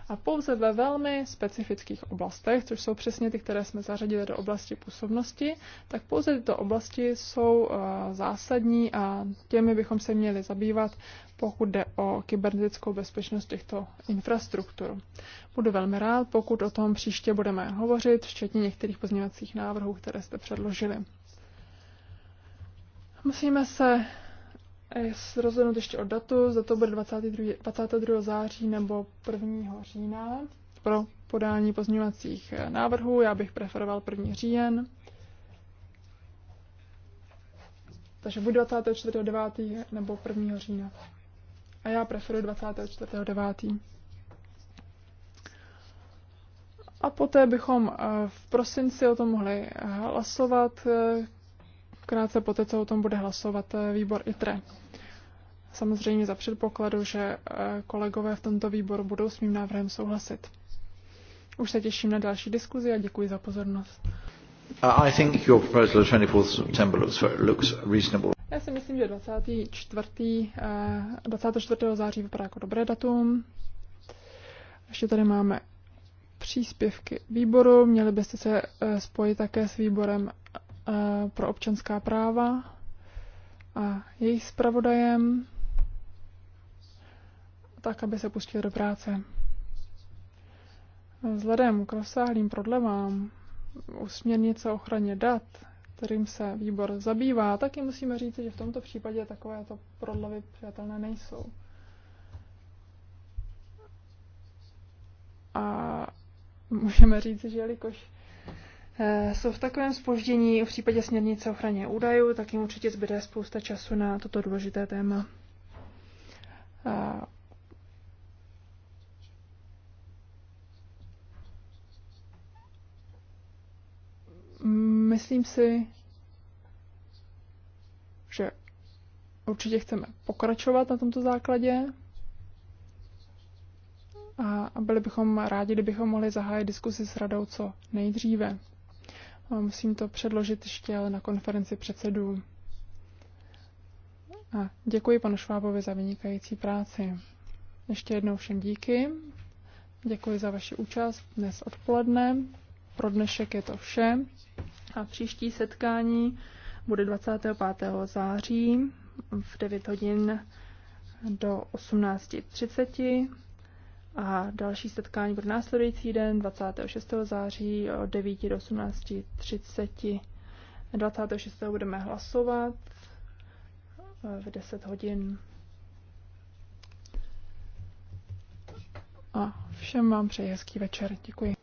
A pouze ve velmi specifických oblastech, což jsou přesně ty, které jsme zařadili do oblasti působnosti, tak pouze tyto oblasti jsou eh, zásadní a těmi bychom se měli zabývat, pokud jde o kybernetickou bezpečnost těchto infrastruktur. Budu velmi rád, pokud o tom příště budeme hovořit, včetně některých pozměňovacích návrhů, které jste předložili. Musíme se je rozhodnout ještě o datu, za to bude 22, 22. září nebo 1. října pro podání pozměňovacích eh, návrhů. Já bych preferoval 1. říjen. Takže buď 24.9. nebo 1. října. A já preferuji 24.9. A poté bychom eh, v prosinci o tom mohli eh, hlasovat, krátce poté, co o tom bude hlasovat eh, výbor ITRE. Samozřejmě za předpokladu, že eh, kolegové v tomto výboru budou s mým návrhem souhlasit. Už se těším na další diskuzi a děkuji za pozornost. Uh, I think your proposal of 24 September looks, looks reasonable. Já si myslím, že 24. 24. Eh, září vypadá jako dobré datum. Ještě tady máme příspěvky výboru. Měli byste se spojit také s výborem pro občanská práva a jejich zpravodajem, tak aby se pustili do práce. Vzhledem k rozsáhlým prodlevám u směrnice ochraně dat, kterým se výbor zabývá, taky musíme říct, že v tomto případě takovéto prodlevy přijatelné nejsou. A můžeme říct, že jelikož Eh, jsou v takovém spoždění v případě směrnice ochraně údajů, tak jim určitě zbyde spousta času na toto důležité téma. Eh, myslím si, že určitě chceme pokračovat na tomto základě a byli bychom rádi, kdybychom mohli zahájit diskusi s radou co nejdříve. Musím to předložit ještě na konferenci předsedů. A děkuji panu Švábovi za vynikající práci. Ještě jednou všem díky. Děkuji za vaši účast dnes odpoledne. Pro dnešek je to vše. A příští setkání bude 25. září v 9 hodin do 18.30. A další setkání bude následující den 26. září od 9 do 18.30. 26. budeme hlasovat v 10 hodin. A všem vám přeji hezký večer. Děkuji.